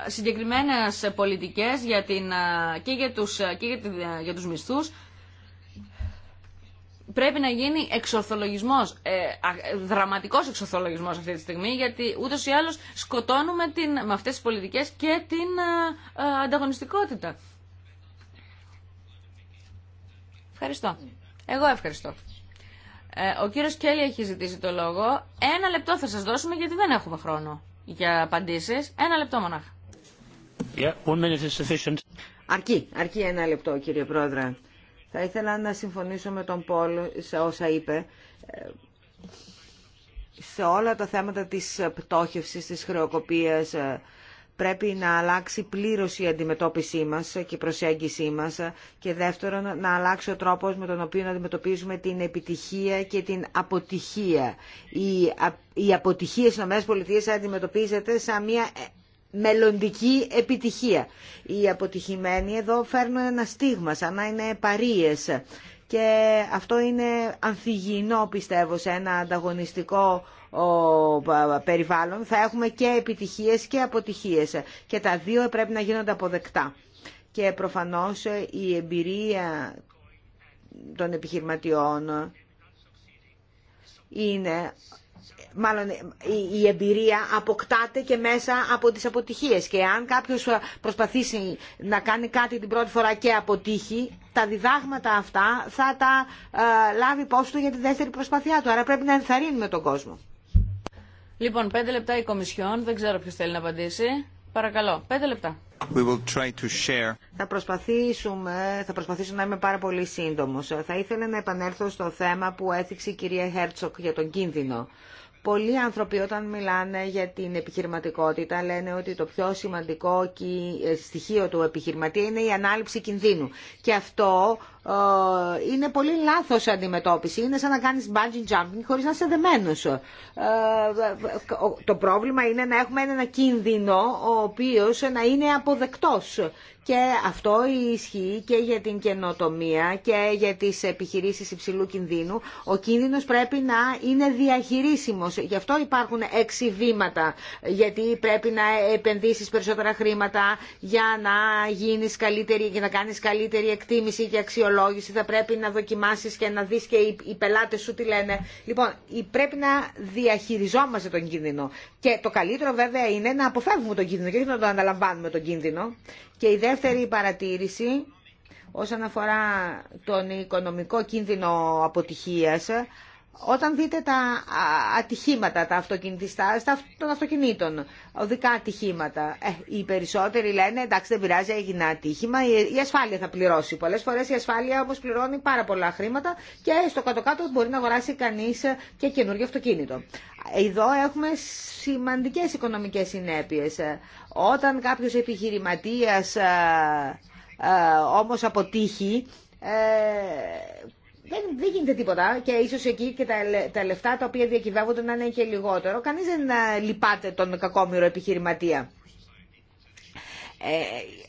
συγκεκριμένες πολιτικές για την, και, για τους, και για τους μισθούς πρέπει να γίνει εξορθολογισμό, ε, δραματικός εξορθολογισμός αυτή τη στιγμή, γιατί ούτω ή άλλως σκοτώνουμε την, με αυτέ τι πολιτικέ και την ανταγωνιστικότητα. Ευχαριστώ. Εγώ ευχαριστώ. Ε, ο κύριος Κέλλη έχει ζητήσει το λόγο. Ένα λεπτό θα σας δώσουμε γιατί δεν έχουμε χρόνο για απαντήσεις. Ένα λεπτό μονάχα. Αρκεί, αρκεί ένα λεπτό κύριε Πρόεδρε. Θα ήθελα να συμφωνήσω με τον Πολ σε όσα είπε ε, σε όλα τα θέματα της πτώχευσης, της χρεοκοπίας ε, πρέπει να αλλάξει πλήρως η αντιμετώπιση μας και η προσέγγιση μας και δεύτερον να αλλάξει ο τρόπος με τον οποίο αντιμετωπίζουμε την επιτυχία και την αποτυχία. Η, η αποτυχία στις ΗΠΑ αντιμετωπίζεται σαν μια μελλοντική επιτυχία. Οι αποτυχημένοι εδώ φέρνουν ένα στίγμα σαν να είναι παρίες και αυτό είναι ανθυγιεινό πιστεύω σε ένα ανταγωνιστικό περιβάλλον. Θα έχουμε και επιτυχίες και αποτυχίες και τα δύο πρέπει να γίνονται αποδεκτά. Και προφανώς η εμπειρία των επιχειρηματιών είναι μάλλον η εμπειρία αποκτάται και μέσα από τις αποτυχίες και αν κάποιος ε, προσπαθήσει να κάνει κάτι την πρώτη φορά και αποτύχει τα διδάγματα αυτά θα τα ε, λάβει υπόψη του για τη δεύτερη προσπαθιά του άρα πρέπει να ενθαρρύνουμε τον κόσμο Λοιπόν, πέντε λεπτά η Κομισιόν, δεν ξέρω ποιος θέλει να απαντήσει. Παρακαλώ, πέντε λεπτά. We will try to share. Θα προσπαθήσουμε, θα προσπαθήσω να είμαι πάρα πολύ σύντομος. Θα ήθελα να επανέλθω στο θέμα που έθιξε η κυρία Χέρτσοκ για τον κίνδυνο. Πολλοί άνθρωποι όταν μιλάνε για την επιχειρηματικότητα λένε ότι το πιο σημαντικό στοιχείο του επιχειρηματία είναι η ανάληψη κινδύνου. Και αυτό ε, είναι πολύ λάθος αντιμετώπιση. Είναι σαν να κάνεις bungee jumping χωρίς να είσαι δεμένος. Ε, το πρόβλημα είναι να έχουμε ένα κίνδυνο ο οποίος να είναι αποδεκτός. Και αυτό ισχύει και για την καινοτομία και για τις επιχειρήσεις υψηλού κινδύνου. Ο κίνδυνος πρέπει να είναι διαχειρίσιμος. Γι' αυτό υπάρχουν έξι βήματα. Γιατί πρέπει να επενδύσεις περισσότερα χρήματα για να, γίνεις καλύτερη, για να κάνεις καλύτερη εκτίμηση και αξιολόγηση αξιολόγηση, θα πρέπει να δοκιμάσεις και να δεις και οι πελάτες σου τι λένε. Λοιπόν, πρέπει να διαχειριζόμαστε τον κίνδυνο. Και το καλύτερο βέβαια είναι να αποφεύγουμε τον κίνδυνο και όχι να τον αναλαμβάνουμε τον κίνδυνο. Και η δεύτερη παρατήρηση όσον αφορά τον οικονομικό κίνδυνο αποτυχίας, όταν δείτε τα ατυχήματα τα αυτοκινητιστά, των αυτοκινήτων, οδικά ατυχήματα, ε, οι περισσότεροι λένε εντάξει δεν πειράζει, έγινε ατύχημα, η ασφάλεια θα πληρώσει. Πολλέ φορέ η ασφάλεια όμω πληρώνει πάρα πολλά χρήματα και στο κάτω-κάτω μπορεί να αγοράσει κανεί και καινούργιο αυτοκίνητο. Εδώ έχουμε σημαντικέ οικονομικέ συνέπειε. Όταν κάποιο επιχειρηματία ε, ε, όμω αποτύχει, ε, δεν, δεν γίνεται τίποτα και ίσως εκεί και τα, τα λεφτά τα οποία διακυβεύονται να είναι και λιγότερο. κανεί δεν ε, λυπάται τον κακόμοιρο επιχειρηματία. Ε,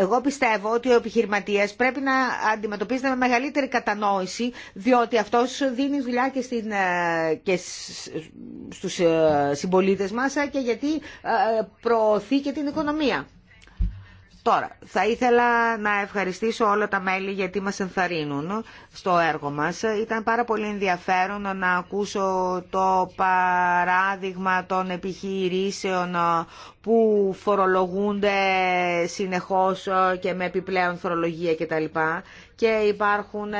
εγώ πιστεύω ότι ο επιχειρηματία πρέπει να αντιμετωπίζεται με μεγαλύτερη κατανόηση, διότι αυτό δίνει δουλειά και, στην, ε, και στου ε, συμπολίτε μα και γιατί προωθεί και την οικονομία. Τώρα, θα ήθελα να ευχαριστήσω όλα τα μέλη γιατί μας ενθαρρύνουν στο έργο μας. Ήταν πάρα πολύ ενδιαφέρον να ακούσω το παράδειγμα των επιχειρήσεων που φορολογούνται συνεχώς και με επιπλέον φορολογία κτλ. Και υπάρχουν ε,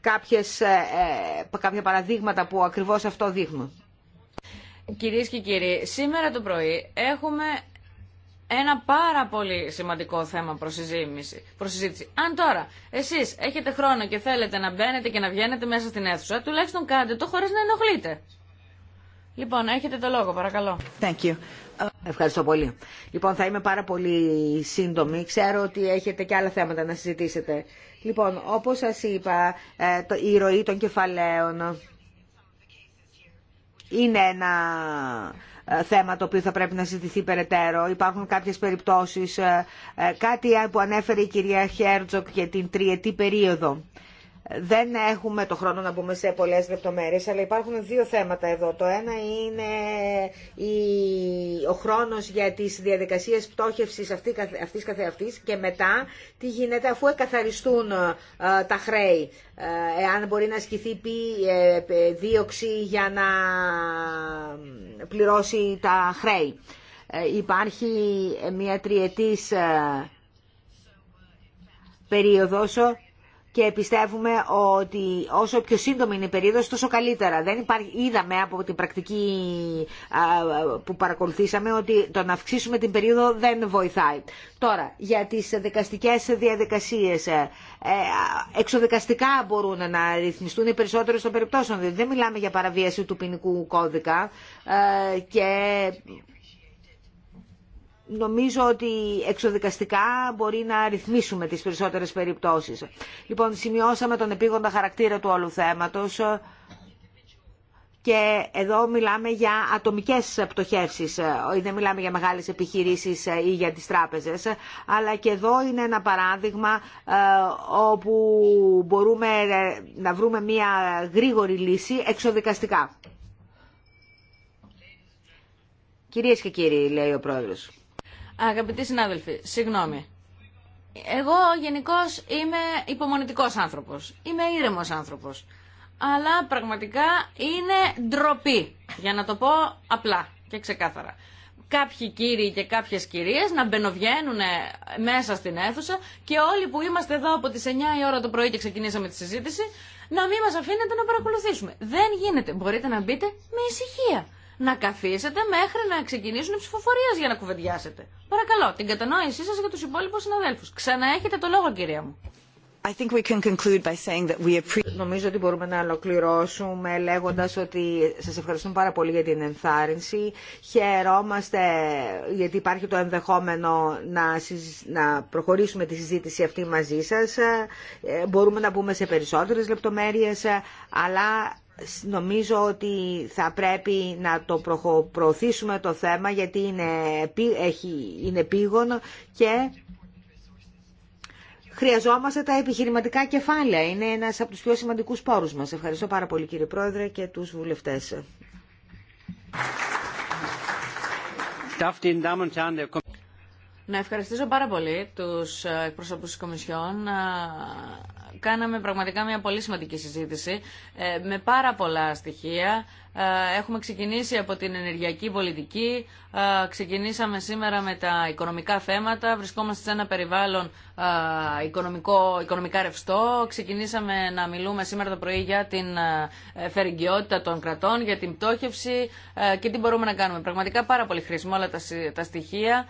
κάποιες, ε, ε, κάποια παραδείγματα που ακριβώς αυτό δείχνουν. Κυρίες και κύριοι, σήμερα το πρωί έχουμε ένα πάρα πολύ σημαντικό θέμα προσυζήτηση. Αν τώρα εσείς έχετε χρόνο και θέλετε να μπαίνετε και να βγαίνετε μέσα στην αίθουσα, τουλάχιστον κάντε το χωρίς να ενοχλείτε. Λοιπόν, έχετε το λόγο, παρακαλώ. Thank you. Ευχαριστώ πολύ. Λοιπόν, θα είμαι πάρα πολύ σύντομη. Ξέρω ότι έχετε και άλλα θέματα να συζητήσετε. Λοιπόν, όπως σας είπα, ε, η ροή των κεφαλαίων είναι ένα θέμα το οποίο θα πρέπει να συζητηθεί περαιτέρω. Υπάρχουν κάποιες περιπτώσεις, ε, ε, κάτι που ανέφερε η κυρία Χέρτζοκ για την τριετή περίοδο. Δεν έχουμε το χρόνο να μπούμε σε πολλέ λεπτομέρειε, αλλά υπάρχουν δύο θέματα εδώ. Το ένα είναι ο χρόνος για τις διαδικασίες πτώχευσης καθε, καθεαυτής και μετά τι γίνεται αφού εκαθαριστούν ε, τα χρέη. Ε, εάν μπορεί να ασκηθεί ε, δίωξη για να πληρώσει τα χρέη. Υπάρχει μια τριετής περίοδος και πιστεύουμε ότι όσο πιο σύντομη είναι η περίοδος τόσο καλύτερα. Δεν είδαμε από την πρακτική που παρακολουθήσαμε ότι το να αυξήσουμε την περίοδο δεν βοηθάει. Τώρα, για τις δικαστικές ε, ε, εξοδικαστικά μπορούν να ρυθμιστούν οι περισσότερε των περιπτώσεων. Δηλαδή, δεν μιλάμε για παραβίαση του ποινικού κώδικα ε, και νομίζω ότι εξοδικαστικά μπορεί να ρυθμίσουμε τις περισσότερες περιπτώσεις. Λοιπόν, σημειώσαμε τον επίγοντα χαρακτήρα του όλου θέματος και εδώ μιλάμε για ατομικές πτωχεύσεις, δεν μιλάμε για μεγάλες επιχειρήσεις ή για τις τράπεζες, αλλά και εδώ είναι ένα παράδειγμα ε, όπου μπορούμε ε, να βρούμε μια γρήγορη λύση εξοδικαστικά. Κυρίες και κύριοι, λέει ο Πρόεδρος. Αγαπητοί συνάδελφοι, συγγνώμη. Εγώ γενικώ είμαι υπομονητικός άνθρωπος. Είμαι ήρεμος άνθρωπος. Αλλά πραγματικά είναι ντροπή, για να το πω απλά και ξεκάθαρα. Κάποιοι κύριοι και κάποιες κυρίες να μπαινοβγαίνουν μέσα στην αίθουσα και όλοι που είμαστε εδώ από τις 9 η ώρα το πρωί και ξεκινήσαμε τη συζήτηση, να μην μας αφήνετε να παρακολουθήσουμε. Δεν γίνεται. Μπορείτε να μπείτε με ησυχία να καθίσετε μέχρι να ξεκινήσουν οι ψηφοφορίε για να κουβεντιάσετε. Παρακαλώ, την κατανόησή σα για του υπόλοιπου συναδέλφου. Ξαναέχετε το λόγο, κυρία μου. I think we can conclude by saying that we Νομίζω ότι μπορούμε να ολοκληρώσουμε λέγοντας ότι σας ευχαριστούμε πάρα πολύ για την ενθάρρυνση. Χαιρόμαστε γιατί υπάρχει το ενδεχόμενο να, συζ... να προχωρήσουμε τη συζήτηση αυτή μαζί σας. Ε, μπορούμε να μπούμε σε περισσότερες λεπτομέρειες, ε, αλλά Νομίζω ότι θα πρέπει να το προωθήσουμε το θέμα γιατί είναι, έχει, είναι πήγον και χρειαζόμαστε τα επιχειρηματικά κεφάλαια. Είναι ένας από τους πιο σημαντικούς πόρους μας. Ευχαριστώ πάρα πολύ κύριε Πρόεδρε και τους βουλευτές. Να ευχαριστήσω πάρα πολύ τους εκπροσώπους της Κομισιόν κάναμε πραγματικά μια πολύ σημαντική συζήτηση ε, με πάρα πολλά στοιχεία. Ε, έχουμε ξεκινήσει από την ενεργειακή πολιτική, ε, ξεκινήσαμε σήμερα με τα οικονομικά θέματα, βρισκόμαστε σε ένα περιβάλλον οικονομικό, οικονομικά ρευστό, ξεκινήσαμε να μιλούμε σήμερα το πρωί για την φερικιότητα των κρατών, για την πτώχευση και τι μπορούμε να κάνουμε. Πραγματικά πάρα πολύ χρήσιμο όλα τα στοιχεία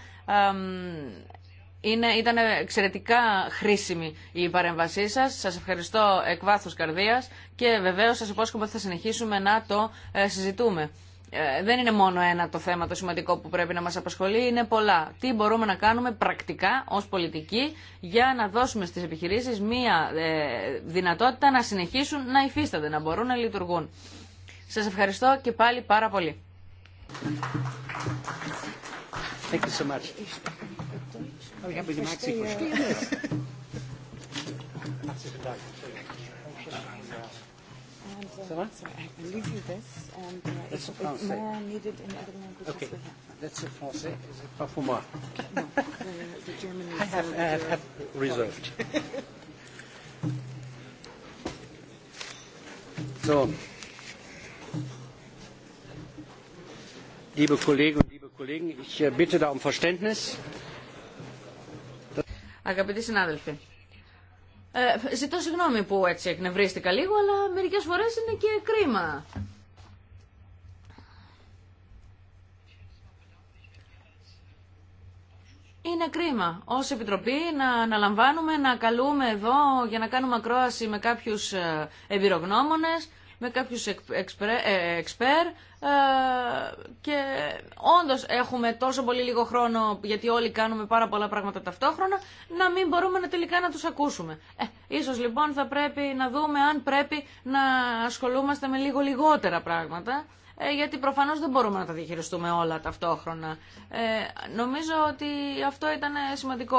είναι, ήταν εξαιρετικά χρήσιμη η παρέμβασή σας. Σα ευχαριστώ εκ βάθους καρδίας και βεβαίω σα υπόσχομαι ότι θα συνεχίσουμε να το ε, συζητούμε. Ε, δεν είναι μόνο ένα το θέμα το σημαντικό που πρέπει να μας απασχολεί, είναι πολλά. Τι μπορούμε να κάνουμε πρακτικά ως πολιτικοί για να δώσουμε στις επιχειρήσεις μία ε, δυνατότητα να συνεχίσουν να υφίστανται, να μπορούν να λειτουργούν. Σα ευχαριστώ και πάλι πάρα πολύ. Thank you so much. Aber ich habe die Maxi mag sie verstehen. So I can you this, and uh, it's, it's more needed in other languages. Okay, that's the français. it pas pour moi. no, the, the German is I have, I have, have reserved. so, liebe Kollegen und liebe Kollegen, ich bitte da um Verständnis. Αγαπητοί συνάδελφοι, ε, ζητώ συγγνώμη που έτσι εκνευρίστηκα λίγο, αλλά μερικές φορές είναι και κρίμα. Είναι κρίμα ως Επιτροπή να αναλαμβάνουμε, να καλούμε εδώ για να κάνουμε ακρόαση με κάποιους ε, εμπειρογνώμονες, με κάποιους ε, ε, εξπερ, ε, και όντω έχουμε τόσο πολύ λίγο χρόνο γιατί όλοι κάνουμε πάρα πολλά πράγματα ταυτόχρονα να μην μπορούμε να τελικά να του ακούσουμε. Ε, ίσως λοιπόν θα πρέπει να δούμε αν πρέπει να ασχολούμαστε με λίγο λιγότερα πράγματα ε, γιατί προφανώς δεν μπορούμε να τα διαχειριστούμε όλα ταυτόχρονα. Ε, νομίζω ότι αυτό ήταν σημαντικό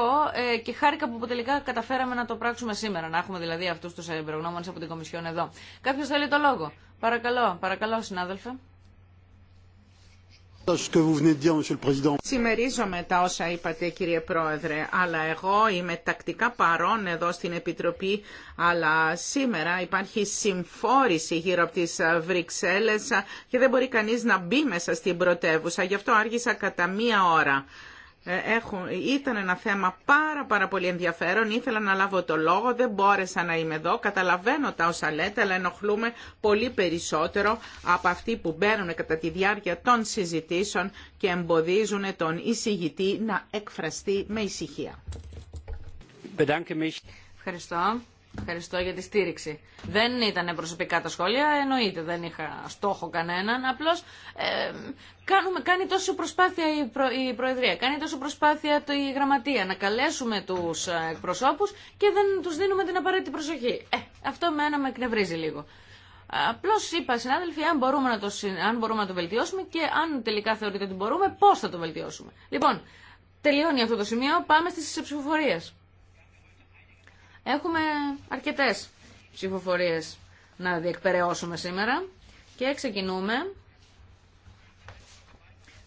ε, και χάρηκα που τελικά καταφέραμε να το πράξουμε σήμερα, να έχουμε δηλαδή αυτούς τους εμπειρογνώμονες από την Κομισιόν εδώ. Κάποιος θέλει το λόγο. Παρακαλώ, παρακαλώ συνάδελφε. Συμμερίζομαι τα όσα είπατε κύριε Πρόεδρε, αλλά εγώ είμαι τακτικά παρόν εδώ στην Επιτροπή, αλλά σήμερα υπάρχει συμφόρηση γύρω από τις Βρυξέλλες και δεν μπορεί κανείς να μπει μέσα στην πρωτεύουσα, γι' αυτό άργησα κατά μία ώρα. Ε, ήταν ένα θέμα πάρα πάρα πολύ ενδιαφέρον. Ήθελα να λάβω το λόγο, δεν μπόρεσα να είμαι εδώ. Καταλαβαίνω τα όσα λέτε, αλλά ενοχλούμε πολύ περισσότερο από αυτοί που μπαίνουν κατά τη διάρκεια των συζητήσεων και εμποδίζουν τον εισηγητή να εκφραστεί με ησυχία. Ευχαριστώ. Ευχαριστώ για τη στήριξη. Δεν ήταν προσωπικά τα σχόλια, εννοείται δεν είχα στόχο κανέναν, Απλώ ε, κάνει τόσο προσπάθεια η, Προεδρία, κάνει τόσο προσπάθεια το, η Γραμματεία να καλέσουμε του ε, εκπροσώπους και δεν του δίνουμε την απαραίτητη προσοχή. Ε, αυτό ένα με εκνευρίζει λίγο. Απλώ είπα, συνάδελφοι, αν μπορούμε, να το, αν μπορούμε να το βελτιώσουμε και αν τελικά θεωρείτε ότι μπορούμε, πώ θα το βελτιώσουμε. Λοιπόν, τελειώνει αυτό το σημείο, πάμε στι ψηφοφορίε. Έχουμε αρκετές ψηφοφορίες να διεκπαιρεώσουμε σήμερα και ξεκινούμε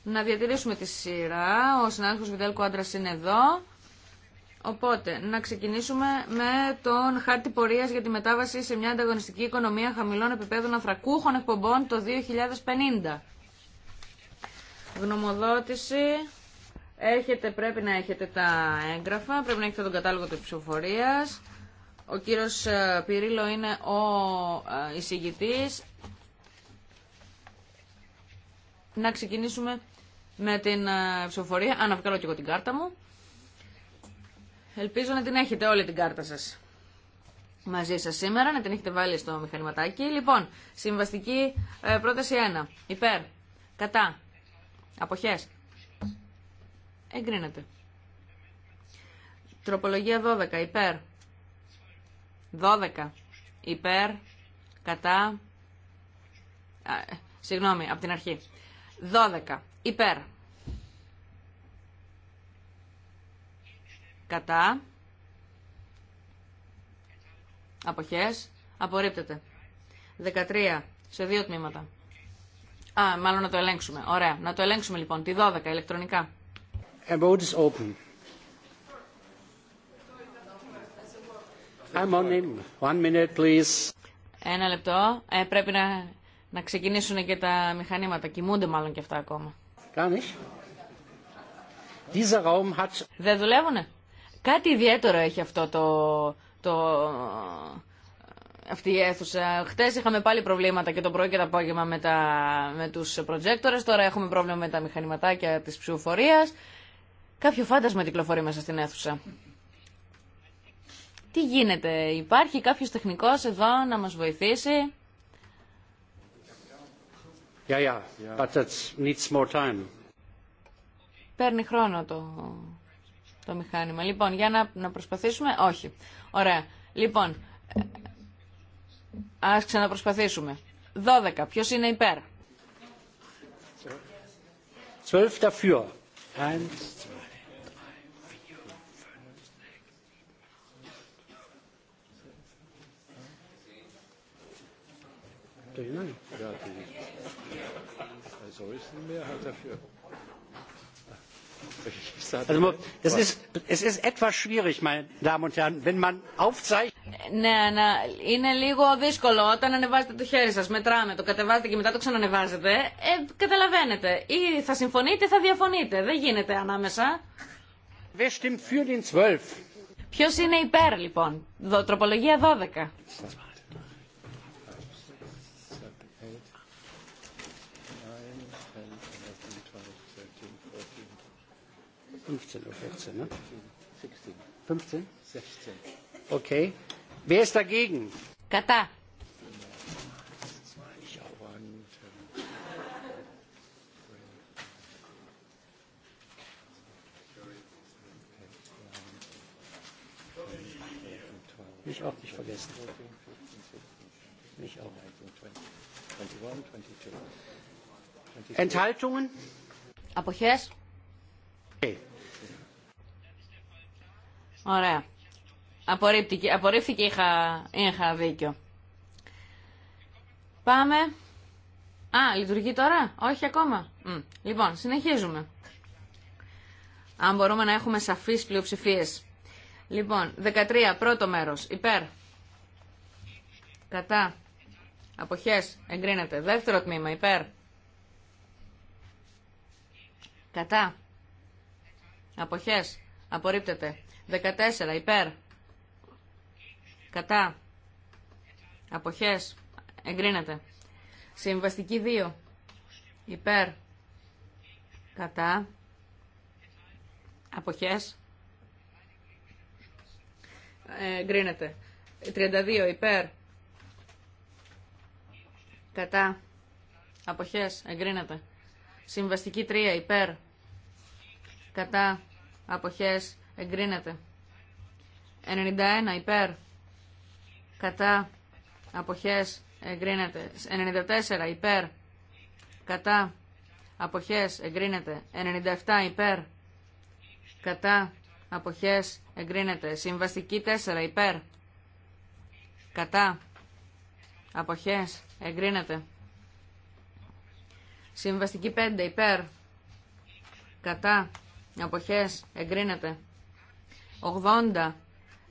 να διατηρήσουμε τη σειρά. Ο συνάδελφος Βιδέλκο άντρα είναι εδώ. Οπότε, να ξεκινήσουμε με τον χάρτη πορεία για τη μετάβαση σε μια ανταγωνιστική οικονομία χαμηλών επιπέδων αφρακούχων εκπομπών το 2050. Γνωμοδότηση. Έχετε, πρέπει να έχετε τα έγγραφα, πρέπει να έχετε τον κατάλογο της ψηφοφορίας. Ο κύριος ε, Πυρίλο είναι ο ε, εισηγητής. Να ξεκινήσουμε με την ε, ψηφοφορία. να βγάλω και εγώ την κάρτα μου. Ελπίζω να την έχετε όλη την κάρτα σας μαζί σας σήμερα, να την έχετε βάλει στο μηχανηματάκι. Λοιπόν, συμβαστική πρόταση 1. Υπέρ. Κατά. Αποχές. Εγκρίνεται. Τροπολογία 12. Υπέρ. 12 υπέρ, κατά, α, ε, συγγνώμη, από την αρχή. 12 υπέρ, κατά, αποχές, απορρίπτεται. 13 σε δύο τμήματα. Α, μάλλον να το ελέγξουμε. Ωραία. Να το ελέγξουμε λοιπόν. Τη 12 ηλεκτρονικά. vote is open. Ένα λεπτό. Ε, πρέπει να, να ξεκινήσουν και τα μηχανήματα. Κοιμούνται μάλλον και αυτά ακόμα. Δεν δουλεύουνε. Κάτι ιδιαίτερο έχει αυτό το, αυτή η αίθουσα. Χθε είχαμε πάλι προβλήματα και το πρωί και το απόγευμα με, τα, με τους προτζέκτορες. Τώρα έχουμε πρόβλημα με τα μηχανηματάκια της ψηφοφορίας. Κάποιο φάντασμα κυκλοφορεί μέσα στην αίθουσα. Τι γίνεται, υπάρχει κάποιος τεχνικός εδώ να μας βοηθήσει. Yeah, yeah. But that needs more time. Παίρνει χρόνο το, το μηχάνημα. Λοιπόν, για να, να προσπαθήσουμε. Όχι. Ωραία. Λοιπόν, ε, ας ξαναπροσπαθήσουμε. 12. Ποιος είναι υπέρ. 12 dafür. 1, Hatte hinein? Ja, die, also ist die Mehrheit dafür. Also, das ist, es ist etwas schwierig, meine Damen und Herren, wenn man aufzeichnet. Ναι, να, είναι λίγο δύσκολο όταν ανεβάζετε το χέρι σας, μετράμε, το κατεβάζετε και μετά το ξανανεβάζετε. Ε, καταλαβαίνετε, ή θα συμφωνείτε ή θα διαφωνείτε, δεν γίνεται ανάμεσα. Wer stimmt für den 12? Ποιος είναι υπέρ λοιπόν, Δο, τροπολογία 12. 15 oder 14, ne? 15? 16. Okay. Wer ist dagegen? Κατά. Ich auch nicht vergessen. Mich auch. Enthaltungen? Aber ist... Okay. Ωραία. Απορρίφθηκε, απορρίφθηκε είχα, είχα δίκιο. Πάμε. Α, λειτουργεί τώρα. Όχι ακόμα. Μ. Λοιπόν, συνεχίζουμε. Αν μπορούμε να έχουμε σαφείς πλειοψηφίες. Λοιπόν, 13, πρώτο μέρος. Υπέρ. Κατά. Αποχές. Εγκρίνεται. Δεύτερο τμήμα. Υπέρ. Κατά. Αποχές. Απορρίπτεται. 14 υπέρ. Κατά. Αποχές. Εγκρίνεται. Συμβαστική 2. Υπέρ. Κατά. Αποχές. Εγκρίνεται. 32 υπέρ. Κατά. Αποχές. Εγκρίνεται. Συμβαστική 3 υπέρ. Κατά. Αποχές εγκρίνεται. 91 υπέρ, κατά, αποχές, εγκρίνεται. 94 υπέρ, κατά, αποχές, εγκρίνεται. 97 υπέρ, κατά, αποχές, εγκρίνεται. Συμβαστική 4 υπέρ, κατά, αποχές, εγκρίνεται. Συμβαστική 5 υπέρ, κατά, αποχές, εγκρίνεται. 80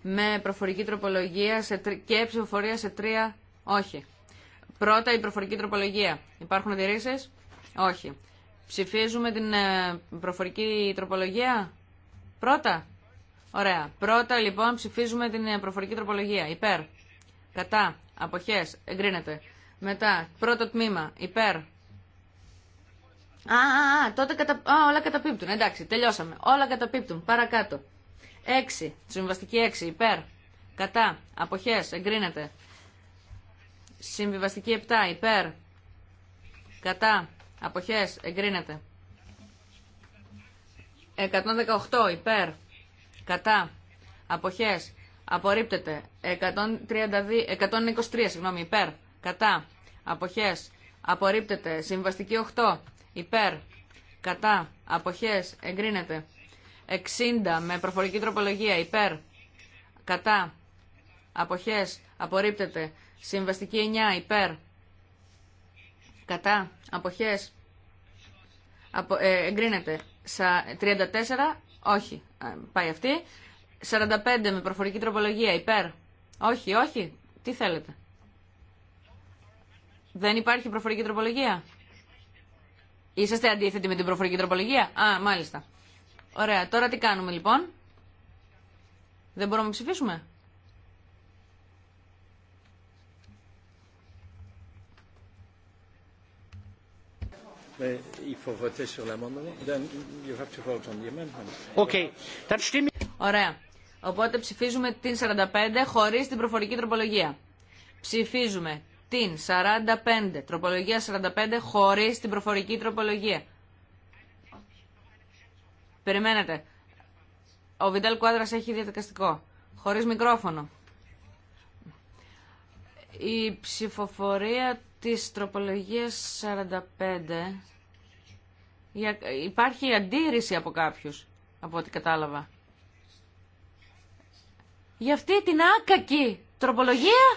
με προφορική τροπολογία και ψηφοφορία σε τρία όχι. Πρώτα η προφορική τροπολογία. Υπάρχουν αντιρρήσει. Όχι. Ψηφίζουμε την ε, προφορική τροπολογία. Πρώτα. Ωραία. Πρώτα λοιπόν ψηφίζουμε την ε, προφορική τροπολογία. Υπέρ. Κατά. Αποχές. Εγκρίνεται. Μετά. Πρώτο τμήμα. Υπέρ. Α, α, α τότε κατα... α, όλα καταπίπτουν. Εντάξει, τελειώσαμε. Όλα καταπίπτουν. Παρακάτω. 6. Συμβιβαστική 6. Υπέρ. Κατά. αποχέ. Εγκρίνεται. Συμβιβαστική 7. Υπέρ. Κατά. Αποχέ. Εγκρίνεται. 118. Υπέρ. Κατά. Αποχέ. Απορρίπτεται. 132, 123. Συγγνώμη. Υπέρ. Κατά. Αποχέ. Απορρίπτεται. Συμβαστική 8. Υπέρ. Κατά. Αποχέ. Εγκρίνεται. 60 με προφορική τροπολογία υπέρ, κατά, αποχές, απορρίπτεται. Συμβαστική 9 υπέρ, κατά, αποχές, απο, ε, εγκρίνεται. 34, όχι, πάει αυτή. 45 με προφορική τροπολογία υπέρ, όχι, όχι, τι θέλετε. Δεν υπάρχει προφορική τροπολογία. Είσαστε αντίθετοι με την προφορική τροπολογία. Α, μάλιστα. Ωραία, τώρα τι κάνουμε λοιπόν. Δεν μπορούμε να ψηφίσουμε. Ωραία. Οπότε ψηφίζουμε την 45 χωρίς την προφορική τροπολογία. Ψηφίζουμε την 45, τροπολογία 45 χωρίς την προφορική τροπολογία. Περιμένετε. Ο Βιντελ Κουάδρα έχει διαδικαστικό. Χωρί μικρόφωνο. Η ψηφοφορία της τροπολογίας 45 υπάρχει αντίρρηση από κάποιου από ό,τι κατάλαβα. Για αυτή την άκακη τροπολογία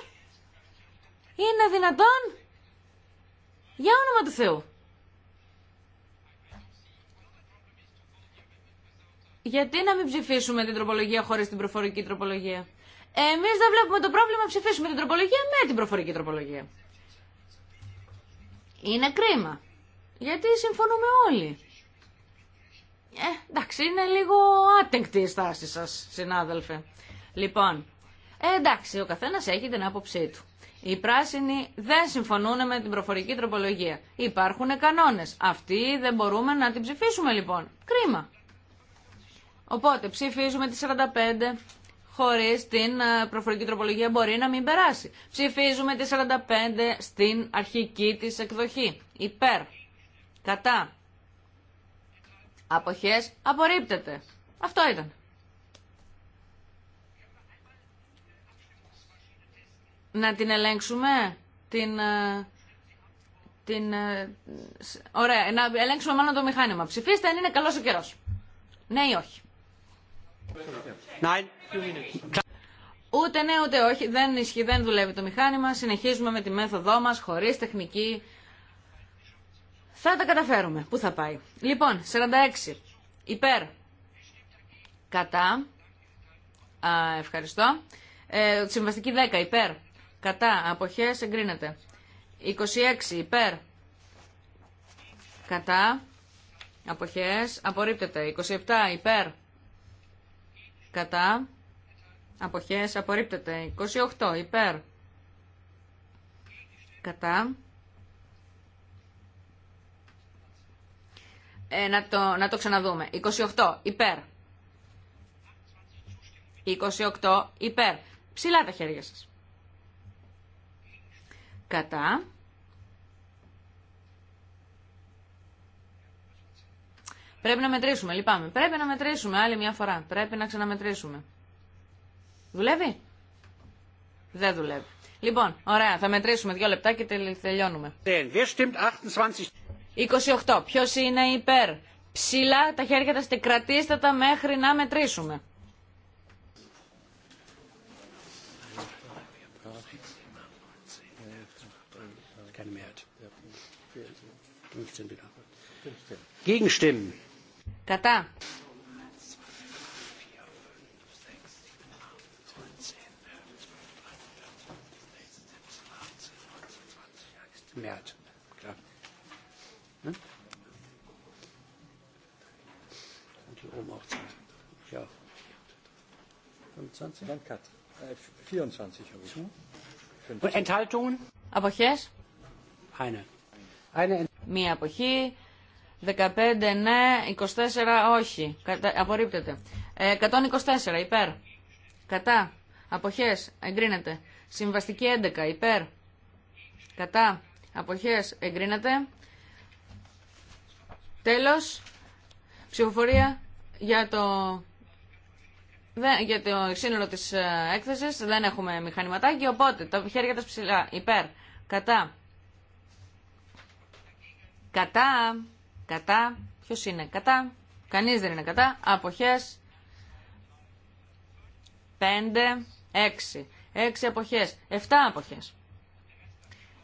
είναι δυνατόν για όνομα του Θεού. Γιατί να μην ψηφίσουμε την τροπολογία χωρίς την προφορική τροπολογία. εμεί δεν βλέπουμε το πρόβλημα, να ψηφίσουμε την τροπολογία με την προφορική τροπολογία. Είναι κρίμα. Γιατί συμφωνούμε όλοι. Ε, εντάξει, είναι λίγο άτεγκτη η στάση σας, συνάδελφε. Λοιπόν, ε, εντάξει, ο καθένας έχει την άποψή του. Οι πράσινοι δεν συμφωνούν με την προφορική τροπολογία. Υπάρχουν κανόνε. Αυτοί δεν μπορούμε να την ψηφίσουμε λοιπόν. Κρίμα. Οπότε ψηφίζουμε τη 45 χωρίς την ε, προφορική τροπολογία μπορεί να μην περάσει. Ψηφίζουμε τη 45 στην αρχική της εκδοχή. Υπέρ. Κατά. Αποχές απορρίπτεται. Αυτό ήταν. Να την ελέγξουμε, την, ε, την... Ε, ωραία, να ελέγξουμε μάλλον το μηχάνημα. Ψηφίστε αν είναι καλός ο καιρός. Ναι ή όχι. Ούτε ναι, ούτε όχι. Δεν ισχύει, δεν δουλεύει το μηχάνημα. Συνεχίζουμε με τη μέθοδό μας, χωρίς τεχνική. Θα τα καταφέρουμε. Πού θα πάει. Λοιπόν, 46. Υπέρ. Κατά. Α, ευχαριστώ. Ε, συμβαστική 10. Υπέρ. Κατά. απόχέ εγκρίνεται. 26. Υπέρ. Κατά. Αποχές απορρίπτεται. 27. Υπέρ κατά, αποχές, απορρίπτεται. 28 υπέρ, κατά. Ε, να, το, να το ξαναδούμε. 28 υπέρ. 28 υπέρ. Ψηλά τα χέρια σας. Κατά. Πρέπει να μετρήσουμε, λυπάμαι. Πρέπει να μετρήσουμε άλλη μια φορά. Πρέπει να ξαναμετρήσουμε. Δουλεύει? Δεν δουλεύει. Λοιπόν, ωραία, θα μετρήσουμε δύο λεπτά και τελειώνουμε. 28. Ποιο είναι υπέρ. Ψηλά τα χέρια τα κρατήστε τα μέχρι να μετρήσουμε. Gegenstimmen. Κατά. Mehrheit. Klar. Ne? Und hier oben Ja. 25? Dann Cut. Äh, 24 habe ich. Und Enthaltungen? Αποχές. Eine. Eine. 15 ναι, 24 όχι. Κατα... Απορρίπτεται. 124 ε, υπέρ. Κατά. Αποχές. Εγκρίνεται. Συμβαστική 11 υπέρ. Κατά. Αποχές. Εγκρίνεται. Τέλος. Ψηφοφορία για το... για το σύνολο της ε, έκθεσης δεν έχουμε μηχανηματάκι, οπότε τα χέρια τα ψηλά, υπέρ, κατά, κατά, κατά. Ποιο είναι κατά. Κανεί δεν είναι κατά. Αποχέ. 5, 6. 6 απόχέ. 7 απόχέ.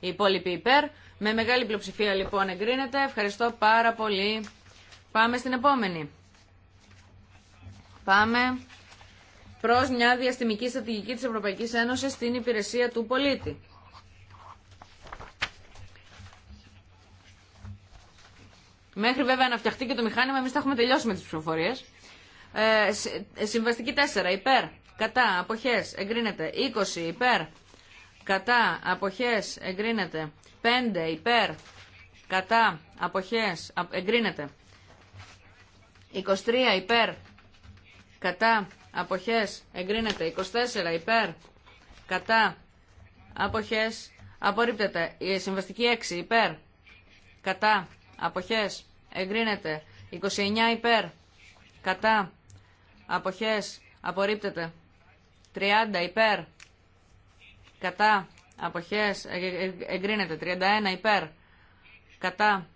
Οι υπόλοιποι υπέρ. Με μεγάλη πλειοψηφία λοιπόν εγκρίνεται. Ευχαριστώ πάρα πολύ. Πάμε στην επόμενη. Πάμε προς μια διαστημική στρατηγική της Ευρωπαϊκής Ένωσης στην υπηρεσία του πολίτη. Μέχρι βέβαια να φτιαχτεί και το μηχάνημα, εμεί θα έχουμε τελειώσει με τι ψηφοφορίε. Ε, ε, συμβαστική 4 υπέρ. Κατά αποχέ εγκρίνεται. 20 υπέρ. Κατά αποχέ εγκρίνεται. 5 υπέρ. Κατά αποχέ εγκρίνεται. 23 υπέρ. Κατά αποχέ εγκρίνεται. 24 υπέρ. Κατά αποχέ απορρίπτεται. Η ε, συμβαστική 6 υπέρ. Κατά αποχές, εγκρίνεται. 29 υπέρ, κατά, αποχές, απορρίπτεται. 30 υπέρ, κατά, αποχές, ε, ε, εγκρίνεται. 31 υπέρ, κατά,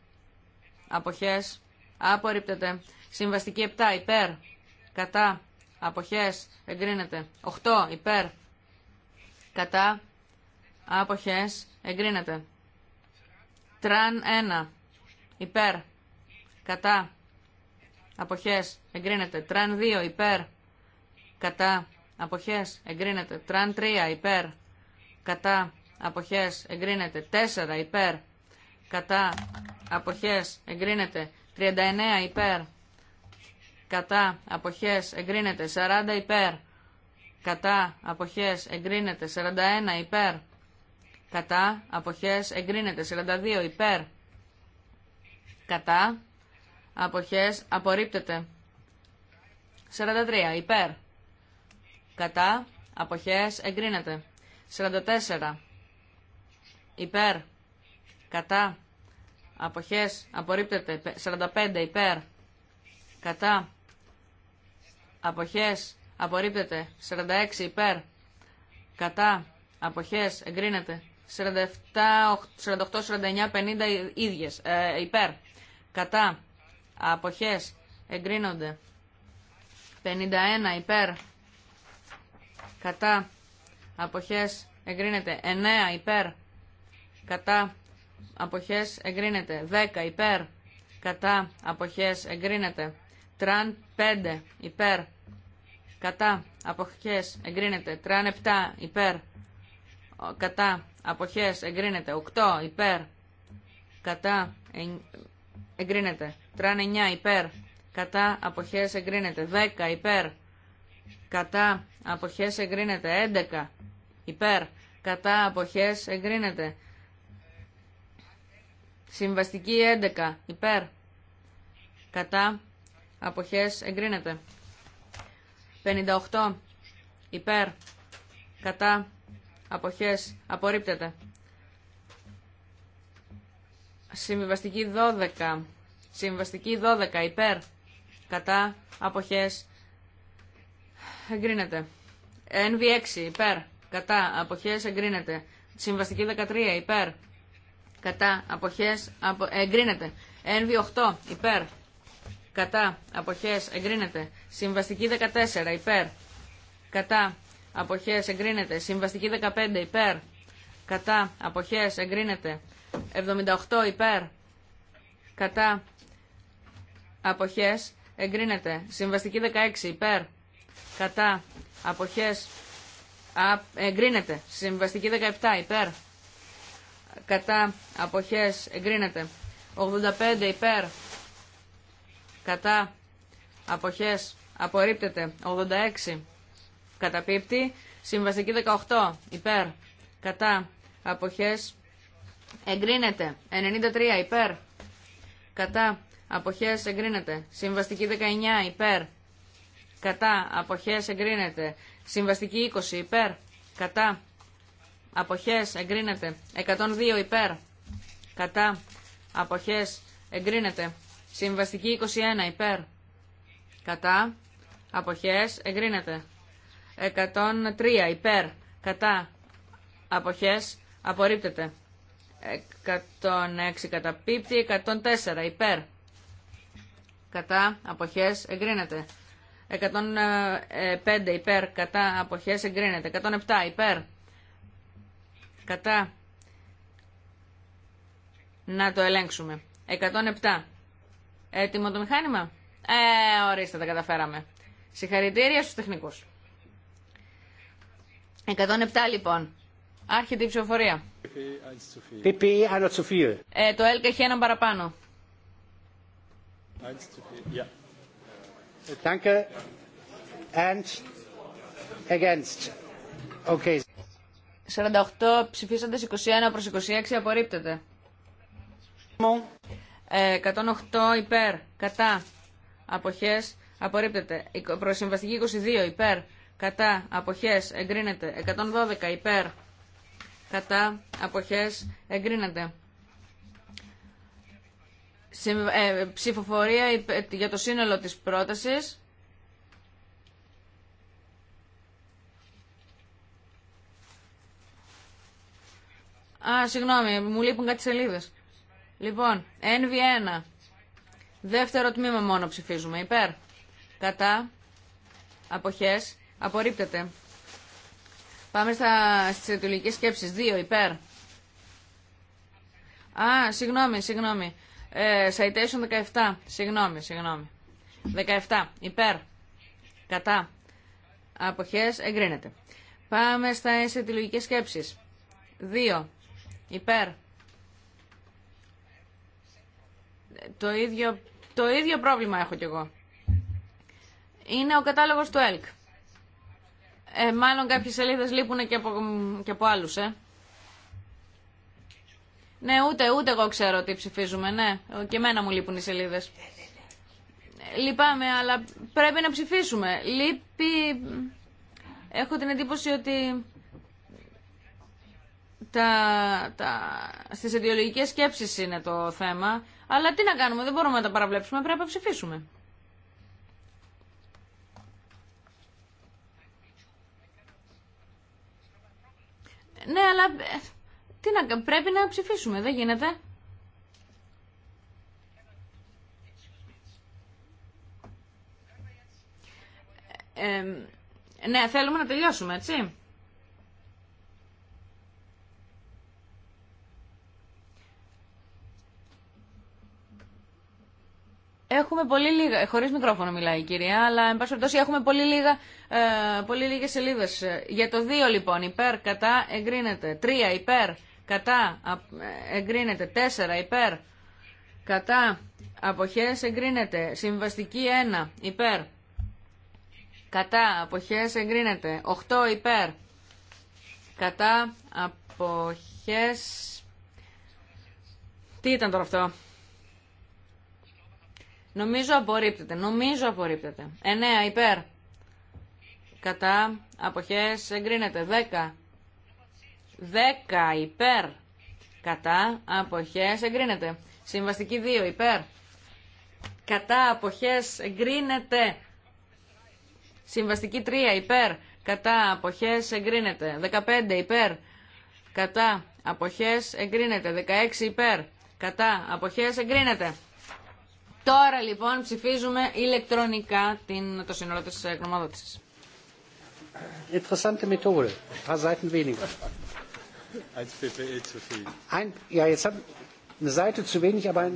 αποχές, απορρίπτεται. Συμβαστική 7 υπέρ, κατά, αποχές, εγκρίνεται. 8 υπέρ, κατά, αποχές, εγκρίνεται. Τραν 1 υπέρ, κατά, αποχές, εγκρίνεται. Τραν 2, υπέρ, κατά, αποχές, εγκρίνεται. Τραν 3, υπέρ, κατά, αποχές, εγκρίνεται. 4, υπέρ, κατά, αποχές, εγκρίνεται. 39, υπέρ, κατά, αποχές, εγκρίνεται. 40, υπέρ, κατά, αποχές, εγκρίνεται. 41, υπέρ, κατά, αποχές, εγκρίνεται. 42, υπέρ, Κατά. Αποχές. Απορρίπτεται. 43. Υπέρ. Κατά. Αποχές. Εγκρίνεται. 44. Υπέρ. Κατά. Αποχές. Απορρίπτεται. 45. Υπέρ. Κατά. Αποχές. Απορρίπτεται. 46. Υπέρ. Κατά. Αποχές. Εγκρίνεται. 47, 48, 49, 50 ίδιες. Ε, υπέρ κατά αποχές εγκρίνονται 51 υπέρ κατά αποχές εγκρίνεται 9 υπέρ κατά αποχές εγκρίνεται 10 υπέρ κατά αποχές εγκρίνεται τραν 5 υπέρ κατά αποχές εγκρίνεται τραν 7 υπέρ κατά αποχές εγκρίνεται 8 υπέρ κατά εγκρίνεται. Τραν 9 υπέρ, κατά αποχές εγκρίνεται. 10 υπέρ, κατά αποχές εγκρίνεται. 11 υπέρ, κατά αποχές εγκρίνεται. Συμβαστική 11 υπέρ, κατά αποχές εγκρίνεται. 58 υπέρ, κατά αποχές απορρίπτεται. Συμβιβαστική 12. Συμβιβαστική 12 υπέρ. Κατά. Αποχές. Εγκρίνεται. NV6 υπέρ. Κατά. Αποχές. Εγκρίνεται. Συμβαστική 13 υπέρ. Κατά. Αποχές. Απο... Εγκρίνεται. NV8 υπέρ. Κατά. Αποχές. Εγκρίνεται. Συμβαστική 14 υπέρ. Κατά. Αποχές. Εγκρίνεται. Συμβαστική 15 υπέρ. Κατά. Αποχές. Εγκρίνεται. 78 υπέρ κατά αποχές εγκρίνεται. Συμβαστική 16 υπέρ κατά αποχές α, εγκρίνεται. Συμβαστική 17 υπέρ κατά αποχές εγκρίνεται. 85 υπέρ κατά αποχές απορρίπτεται. 86 καταπίπτει. Συμβαστική 18 υπέρ κατά αποχές εγκρίνεται 93 υπέρ κατά αποχέ εγκρίνεται συμβαστική 19 υπέρ κατά απόχέ εγκρίνεται συμβαστική 20 υπέρ κατά απόχέ, εγκρίνεται 102 υπέρ κατά Αποχέ, εγκρίνεται συμβαστική 21 υπέρ κατά αποχέ, εγκρίνεται 103 υπέρ κατά απόχέ, απορρίπτεται 106 καταπίπτει, 104 υπέρ. Κατά αποχές εγκρίνεται. 105 υπέρ, κατά αποχές εγκρίνεται. 107 υπέρ, κατά να το ελέγξουμε. 107. Έτοιμο το μηχάνημα. Ε, ορίστε, τα καταφέραμε. Συγχαρητήρια στους τεχνικούς. 107 λοιπόν. Άρχεται η ψηφοφορία. Ε, το ΕΛΚ έχει έναν παραπάνω. Danke. Okay. 48 ψηφίσαντες 21 προς 26 απορρίπτεται. 108 ε, υπέρ, κατά, αποχές, απορρίπτεται. Προσυμβαστική 22 υπέρ, κατά, αποχές, εγκρίνεται. 112 υπέρ, κατά αποχές εγκρίνεται. Ε, ψηφοφορία για το σύνολο της πρότασης. Α, συγγνώμη, μου λείπουν κάτι σελίδες. Λοιπόν, NV1. Δεύτερο τμήμα μόνο ψηφίζουμε. Υπέρ. Κατά. Αποχές. Απορρίπτεται. Πάμε στα, στις αιτιολογικές σκέψεις. Δύο. υπέρ. Α, συγγνώμη, συγγνώμη. Ε, citation 17. Συγγνώμη, συγγνώμη. 17. Υπέρ. Κατά. Αποχές εγκρίνεται. Πάμε στα αισθητηλογικές σκέψεις. 2. Υπέρ. Το ίδιο, το ίδιο πρόβλημα έχω κι εγώ. Είναι ο κατάλογος του ΕΛΚ. Ε, μάλλον κάποιες σελίδες λείπουν και από, και από άλλους, ε. Ναι, ούτε, ούτε εγώ ξέρω τι ψηφίζουμε, ναι. Και εμένα μου λείπουν οι σελίδες. Ναι, ναι, ναι. Ε, λυπάμαι, αλλά πρέπει να ψηφίσουμε. Λείπει... Έχω την εντύπωση ότι τα, τα, στις ιδεολογικές σκέψεις είναι το θέμα. Αλλά τι να κάνουμε, δεν μπορούμε να τα παραβλέψουμε, πρέπει να ψηφίσουμε. Ναι, αλλά ε, τι να, πρέπει να ψηφίσουμε, δεν γίνεται. Ε, ε ναι, θέλουμε να τελειώσουμε, έτσι. Έχουμε πολύ λίγα, χωρί μικρόφωνο μιλάει η κυρία, αλλά εν πάση περιπτώσει έχουμε πολύ, ε, πολύ λίγε σελίδε. Για το 2 λοιπόν, υπέρ, κατά, εγκρίνεται. 3 υπέρ, κατά, ε, εγκρίνεται. 4 υπέρ, κατά, αποχέ, εγκρίνεται. Συμβαστική 1 υπέρ, κατά, αποχέ, εγκρίνεται. 8 υπέρ, κατά, αποχέ. Τι ήταν τώρα αυτό. Νομίζω απορρίπτεται. Νομίζω απορρίπτεται. 9 υπέρ. Κατά. Αποχές εγκρίνεται. 10. 10 υπέρ. Κατά. Αποχές εγκρίνεται. Συμβαστική 2 υπέρ. Κατά. Αποχές εγκρίνεται. Συμβαστική 3 υπέρ. Κατά. Αποχές εγκρίνεται. 15 υπέρ. Κατά. Αποχές εγκρίνεται. 16 υπέρ. Κατά. Αποχές εγκρίνεται. Τώρα λοιπόν ψηφίζουμε ηλεκτρονικά την, το σύνολο της ε, γνωμοδότησης. Interessante Methode. paar Seiten weniger. Als PPE eh zu viel. Ein, ja, jetzt eine Seite zu wenig, aber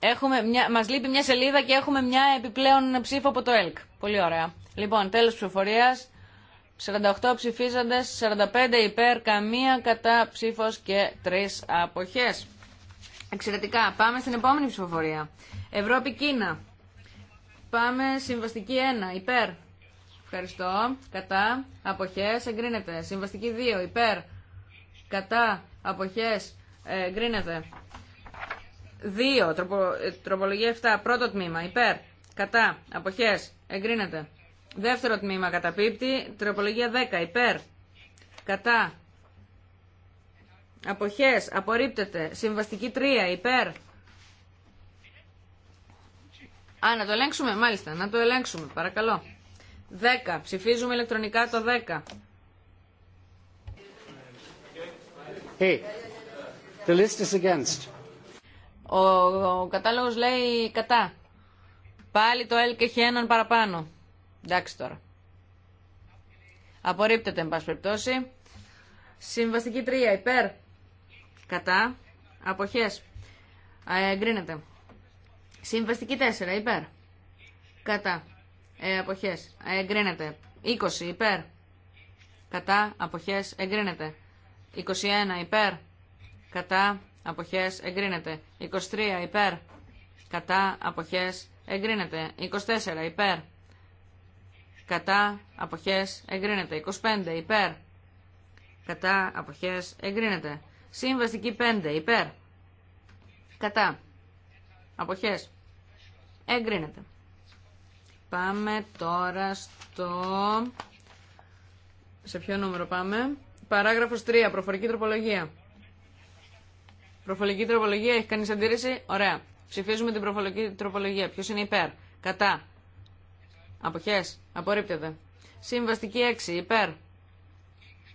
Έχουμε μια, μας λείπει μια σελίδα και έχουμε μια επιπλέον ψήφο από το ΕΛΚ. Πολύ ωραία. Λοιπόν, τέλος ψηφοφορίας. 48 ψηφίζοντες, 45 υπέρ, καμία κατά ψήφος και τρεις αποχές. Εξαιρετικά. Πάμε στην επόμενη ψηφοφορία. Ευρώπη-Κίνα. Πάμε συμβαστική 1. Υπέρ. Ευχαριστώ. Κατά. Αποχές. Εγκρίνεται. Συμβαστική 2. Υπέρ. Κατά. Αποχές. Εγκρίνεται. 2. Ε, τροπολογία 7. Πρώτο τμήμα. Υπέρ. Κατά. Αποχές. Εγκρίνεται. Δεύτερο τμήμα. Καταπίπτει. Τροπολογία 10. Υπέρ. Κατά. Αποχές. Απορρίπτεται. Συμβαστική 3. Υπέρ. Α, να το ελέγξουμε. Μάλιστα. Να το ελέγξουμε. Παρακαλώ. 10. Ψηφίζουμε ηλεκτρονικά το 10. Hey, the list is against. Ο, ο κατάλογος λέει κατά. Πάλι το ΕΛΚ έχει έναν παραπάνω. Εντάξει τώρα. Απορρίπτεται, εν πάση περιπτώσει. Συμβαστική 3, υπέρ. Κατά. απόχέ. Εγκρίνεται. Συμβαστική 4. Υπέρ. Κατά. Ε, αποχές. Εγκρίνεται. 20. Υπέρ. Κατά. απόχέ, Εγκρίνεται. 21. Υπέρ. Κατά. απόχέ, Εγκρίνεται. 23. Υπέρ. Κατά. απόχέ, Εγκρίνεται. 24. Υπέρ. Κατά. απόχέ, Εγκρίνεται. 25. Υπέρ. Κατά. απόχέ Εγκρίνεται. Συμβαστική 5. Υπέρ. Κατά. Αποχές. Εγκρίνεται. Πάμε τώρα στο... Σε ποιο νούμερο πάμε. Παράγραφος 3. Προφορική τροπολογία. Προφορική τροπολογία. Έχει κανείς αντίρρηση. Ωραία. Ψηφίζουμε την προφορική τροπολογία. Ποιος είναι υπέρ. Κατά. Αποχές. Απορρίπτεται. Συμβαστική 6. Υπέρ.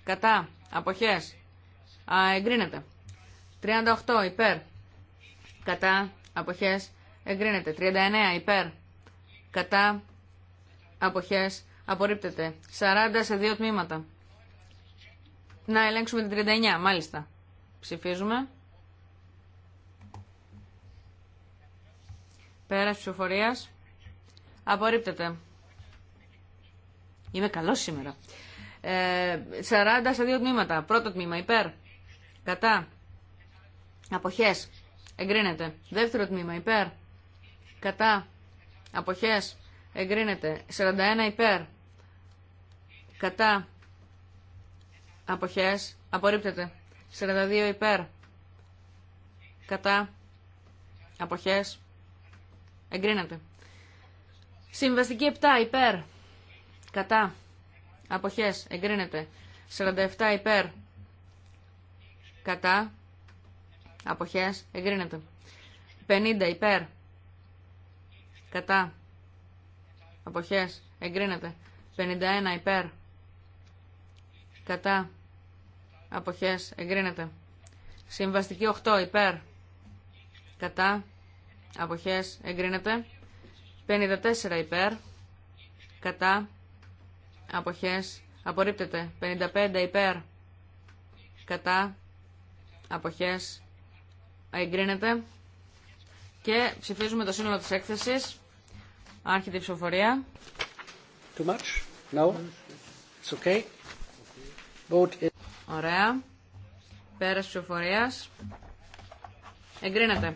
Κατά. Αποχές. Α, εγκρίνεται. 38 υπέρ. Κατά αποχές εγκρίνεται. 39 υπέρ. Κατά αποχές απορρίπτεται. 40 σε δύο τμήματα. Να ελέγξουμε την 39, μάλιστα. Ψηφίζουμε. Πέρας ψηφοφορίας. Απορρίπτεται. Είμαι καλός σήμερα. Ε, 40 σε δύο τμήματα. Πρώτο τμήμα υπέρ Κατά. Αποχές. Εγκρίνεται. Δεύτερο τμήμα. Υπέρ. Κατά. Αποχές. Εγκρίνεται. 41 υπέρ. Κατά. Αποχές. Απορρίπτεται. 42 υπέρ. Κατά. Αποχές. Εγκρίνεται. Συμβαστική 7 υπέρ. Κατά. Αποχές. Εγκρίνεται. 47 υπέρ κατά, αποχές, εγκρίνεται. 50 υπέρ, κατά, αποχές, εγκρίνεται. 51 υπέρ, κατά, αποχές, εγκρίνεται. Συμβαστική 8 υπέρ, κατά, αποχές, εγκρίνεται. 54 υπέρ, κατά, αποχές, απορρίπτεται. 55 υπέρ, κατά, αποχές εγκρίνεται και ψηφίζουμε το σύνολο της έκθεσης άρχεται η ψηφοφορία Too much? No? It's okay. Vote Ωραία. Πέρας ψηφοφορίας. Εγκρίνεται.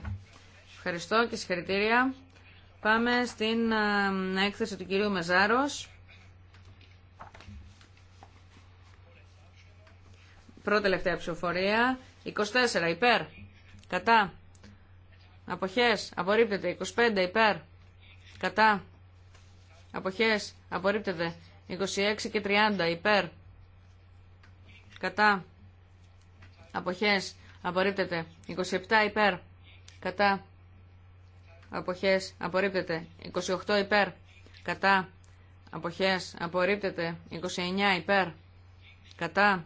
Ευχαριστώ και συγχαρητήρια. Πάμε στην ε, έκθεση του κυρίου Μεζάρος. Πρώτη τελευταία ψηφοφορία. 24 υπέρ. Κατά. Αποχές. Απορρίπτεται. 25 υπέρ. Κατά. Αποχές. Απορρίπτεται. 26 και 30 υπέρ. Κατά. Αποχές. Απορρίπτεται. 27 υπέρ. Κατά. Αποχές. Απορρίπτεται. 28 υπέρ. Κατά. Αποχές. Απορρίπτεται. 29 υπέρ. Κατά.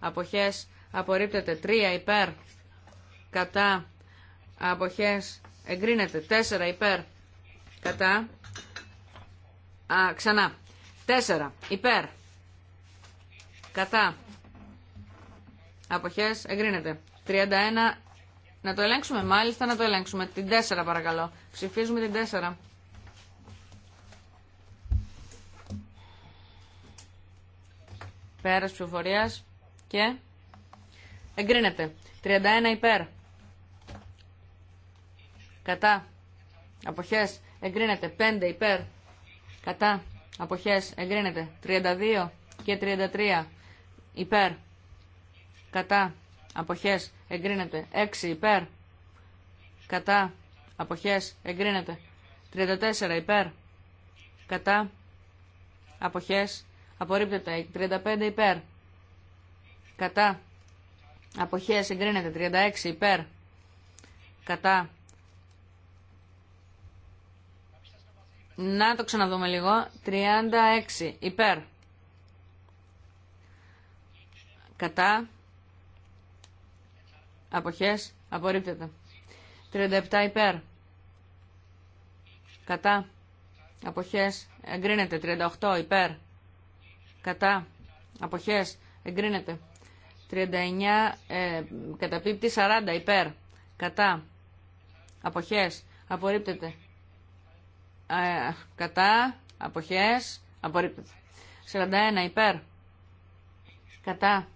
Αποχές απορρίπτεται 3 υπέρ κατά αποχές εγκρίνεται 4 υπέρ κατά α, ξανά 4 υπέρ κατά αποχές εγκρίνεται 31 να το ελέγξουμε μάλιστα να το ελέγξουμε την 4 παρακαλώ ψηφίζουμε την 4 Πέρας ψηφοφορίας και Εγκρίνεται. 31 υπέρ. Κατά. Αποχές. Εγκρίνεται. 5 υπέρ. Κατά. Αποχές. Εγκρίνεται. 32 και 33 υπέρ. Κατά. Αποχές. Εγκρίνεται. 6 υπέρ. Κατά. Αποχές. Εγκρίνεται. 34 υπέρ. Κατά. Αποχές. Απορρίπτεται. 35 υπέρ. Κατά. Αποχές εγκρίνεται 36 υπέρ. Κατά. Να το ξαναδούμε λίγο. 36 υπέρ. Κατά. Αποχές απορρίπτεται. 37 υπέρ. Κατά. Αποχές εγκρίνεται. 38 υπέρ. Κατά. Αποχές εγκρίνεται. 39 ε, καταπίπτει 40 υπέρ. Κατά. Αποχές. Απορρίπτεται. Ε, κατά. Αποχές. Απορρίπτεται. 41 υπέρ. Κατά.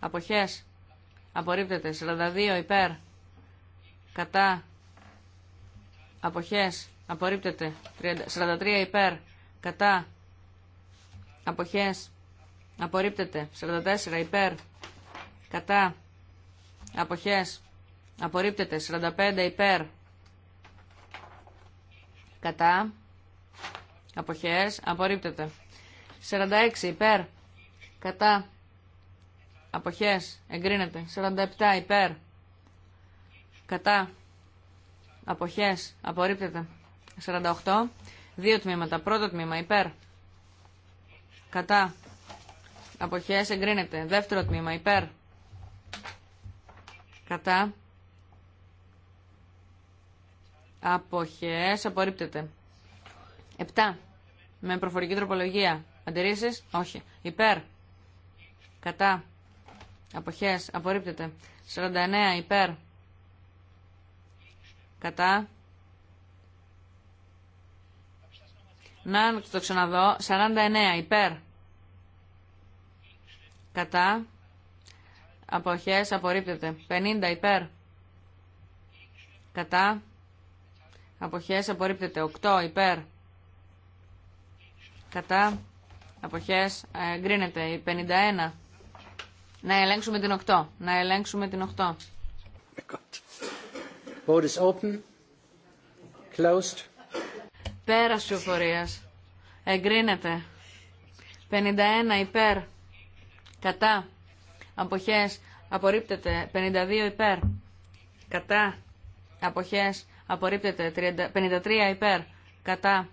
Αποχές. Απορρίπτεται. 42 υπέρ. Κατά. Αποχές. Απορρίπτεται. 43 υπέρ. Κατά. Αποχές. Απορρίπτεται. 44 υπέρ. Κατά. Αποχές. Απορρίπτεται. 45 υπέρ. Κατά. Αποχές. Απορρίπτεται. 46 υπέρ. Κατά. Αποχές. Εγκρίνεται. 47 υπέρ. Κατά. Αποχές. Απορρίπτεται. 48. Δύο τμήματα. Πρώτο τμήμα υπέρ. Κατά. Αποχές εγκρίνεται. Δεύτερο τμήμα υπέρ. Κατά. Αποχές απορρίπτεται. Επτά. Με προφορική τροπολογία. Αντιρρήσεις. Όχι. Υπέρ. Κατά. Αποχές απορρίπτεται. 49 υπέρ. Κατά. Να το ξαναδώ. 49 υπέρ κατά, αποχές, απορρίπτεται. 50 υπέρ, κατά, αποχές, απορρίπτεται. 8 υπέρ, κατά, αποχές, εγκρίνεται. 51, να ελέγξουμε την 8, να ελέγξουμε την 8. Vote is open. Closed. Εγκρίνεται. 51 υπέρ κατά αποχές απορρίπτεται 52 υπέρ κατά αποχές απορρίπτεται 53 υπέρ κατά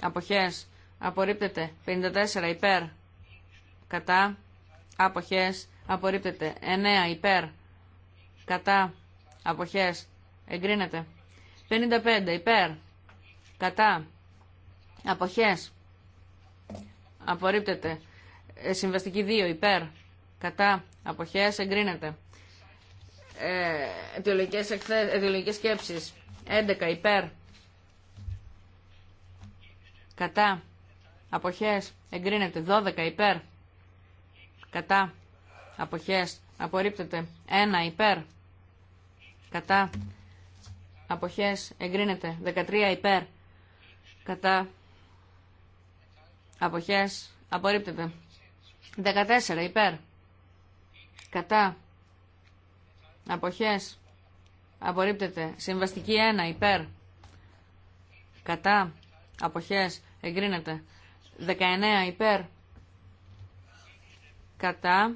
αποχές απορρίπτεται 54 υπέρ κατά αποχές απορρίπτεται 9 υπέρ κατά αποχές εγκρίνεται 55 υπέρ κατά αποχές απορρίπτεται ε, συμβαστική 2 υπέρ κατά αποχές εγκρίνεται ε, αιτιολογικές, εκθε... αιτιολογικές σκέψεις 11 υπέρ κατά αποχές εγκρίνεται 12 υπέρ κατά αποχές απορρίπτεται 1 υπέρ κατά αποχές εγκρίνεται 13 υπέρ κατά αποχές απορρίπτεται 14 υπέρ. Κατά. Αποχές. Απορρίπτεται. Συμβαστική 1 υπέρ. Κατά. Αποχές. Εγκρίνεται. 19 υπέρ. Κατά.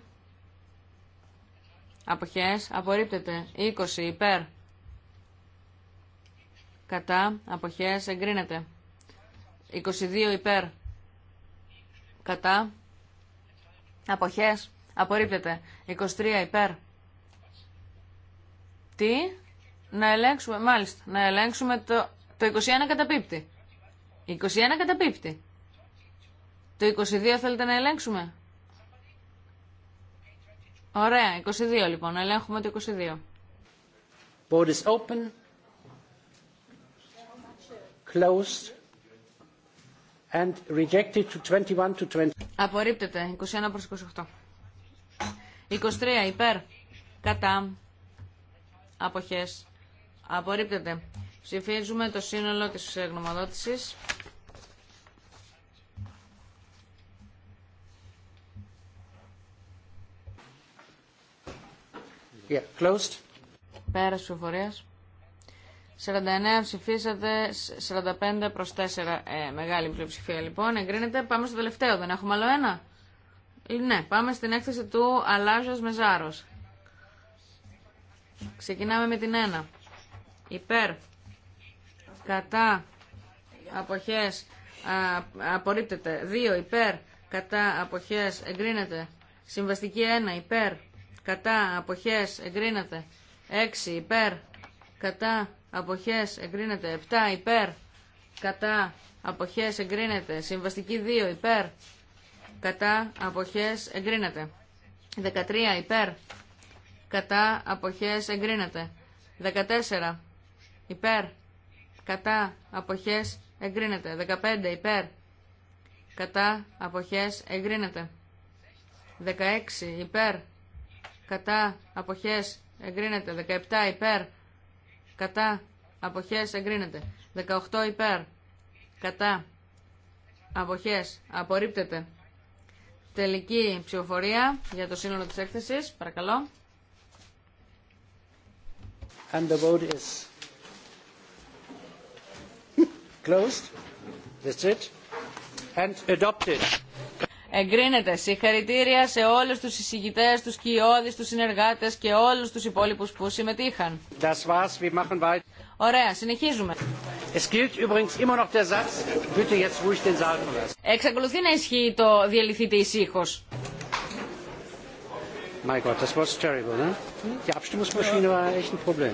Αποχές. Απορρίπτεται. 20 υπέρ. Κατά. Αποχές. Εγκρίνεται. 22 υπέρ. Κατά. Αποχές. Απορρίπτεται. 23 υπέρ. Τι. Να ελέγξουμε. Μάλιστα. Να ελέγξουμε το... Το 21 καταπίπτει. 21 καταπίπτει. Το 22 θέλετε να ελέγξουμε. Ωραία. 22 λοιπόν. Να ελέγχουμε το 22. Board open. Closed and 21 to Απορρίπτεται 21 προς 28. 23 υπέρ κατά αποχές. Απορρίπτεται. Ψηφίζουμε το σύνολο της γνωμοδότησης. Yeah, closed. Πέρας 49 ψηφίσατε, 45 προς 4. Ε, μεγάλη πλειοψηφία λοιπόν, εγκρίνεται. Πάμε στο τελευταίο, δεν έχουμε άλλο ένα. Ε, ναι, πάμε στην έκθεση του Αλάζος Μεζάρος. Ξεκινάμε με την 1. Υπέρ, κατά, αποχές, α, απορρίπτεται. 2. Υπέρ, κατά, αποχές, εγκρίνεται. Συμβαστική 1. Υπέρ, κατά, αποχές, εγκρίνεται. 6. Υπέρ, κατά, αποχές εγκρίνεται 7 υπέρ κατά αποχές εγκρίνεται συμβαστική 2 υπέρ κατά αποχές εγκρίνεται 13 υπέρ κατά αποχές εγκρίνεται 14 υπέρ κατά αποχές εγκρίνεται 15 υπέρ κατά αποχές εγκρίνεται 16 υπέρ κατά αποχές εγκρίνεται 17 υπέρ κατά, αποχές, εγκρίνεται. 18 υπέρ, κατά, αποχές, απορρίπτεται. Τελική ψηφοφορία για το σύνολο της έκθεσης, παρακαλώ. And the vote is closed. That's it. And adopted. Εγκρίνεται. Συγχαρητήρια σε όλους τους εισηγητές, τους κοιόδης, τους συνεργάτες και όλους τους υπόλοιπους που συμμετείχαν. Das war's. Wir machen weiter. Ωραία, συνεχίζουμε. Es gilt übrigens immer noch der Satz, bitte jetzt ruhig den Saal verlassen. Εξακολουθεί να ισχύει το διαλυθείτε ησύχος. My God, das was terrible, ne? Die Abstimmungsmaschine war echt ein Problem.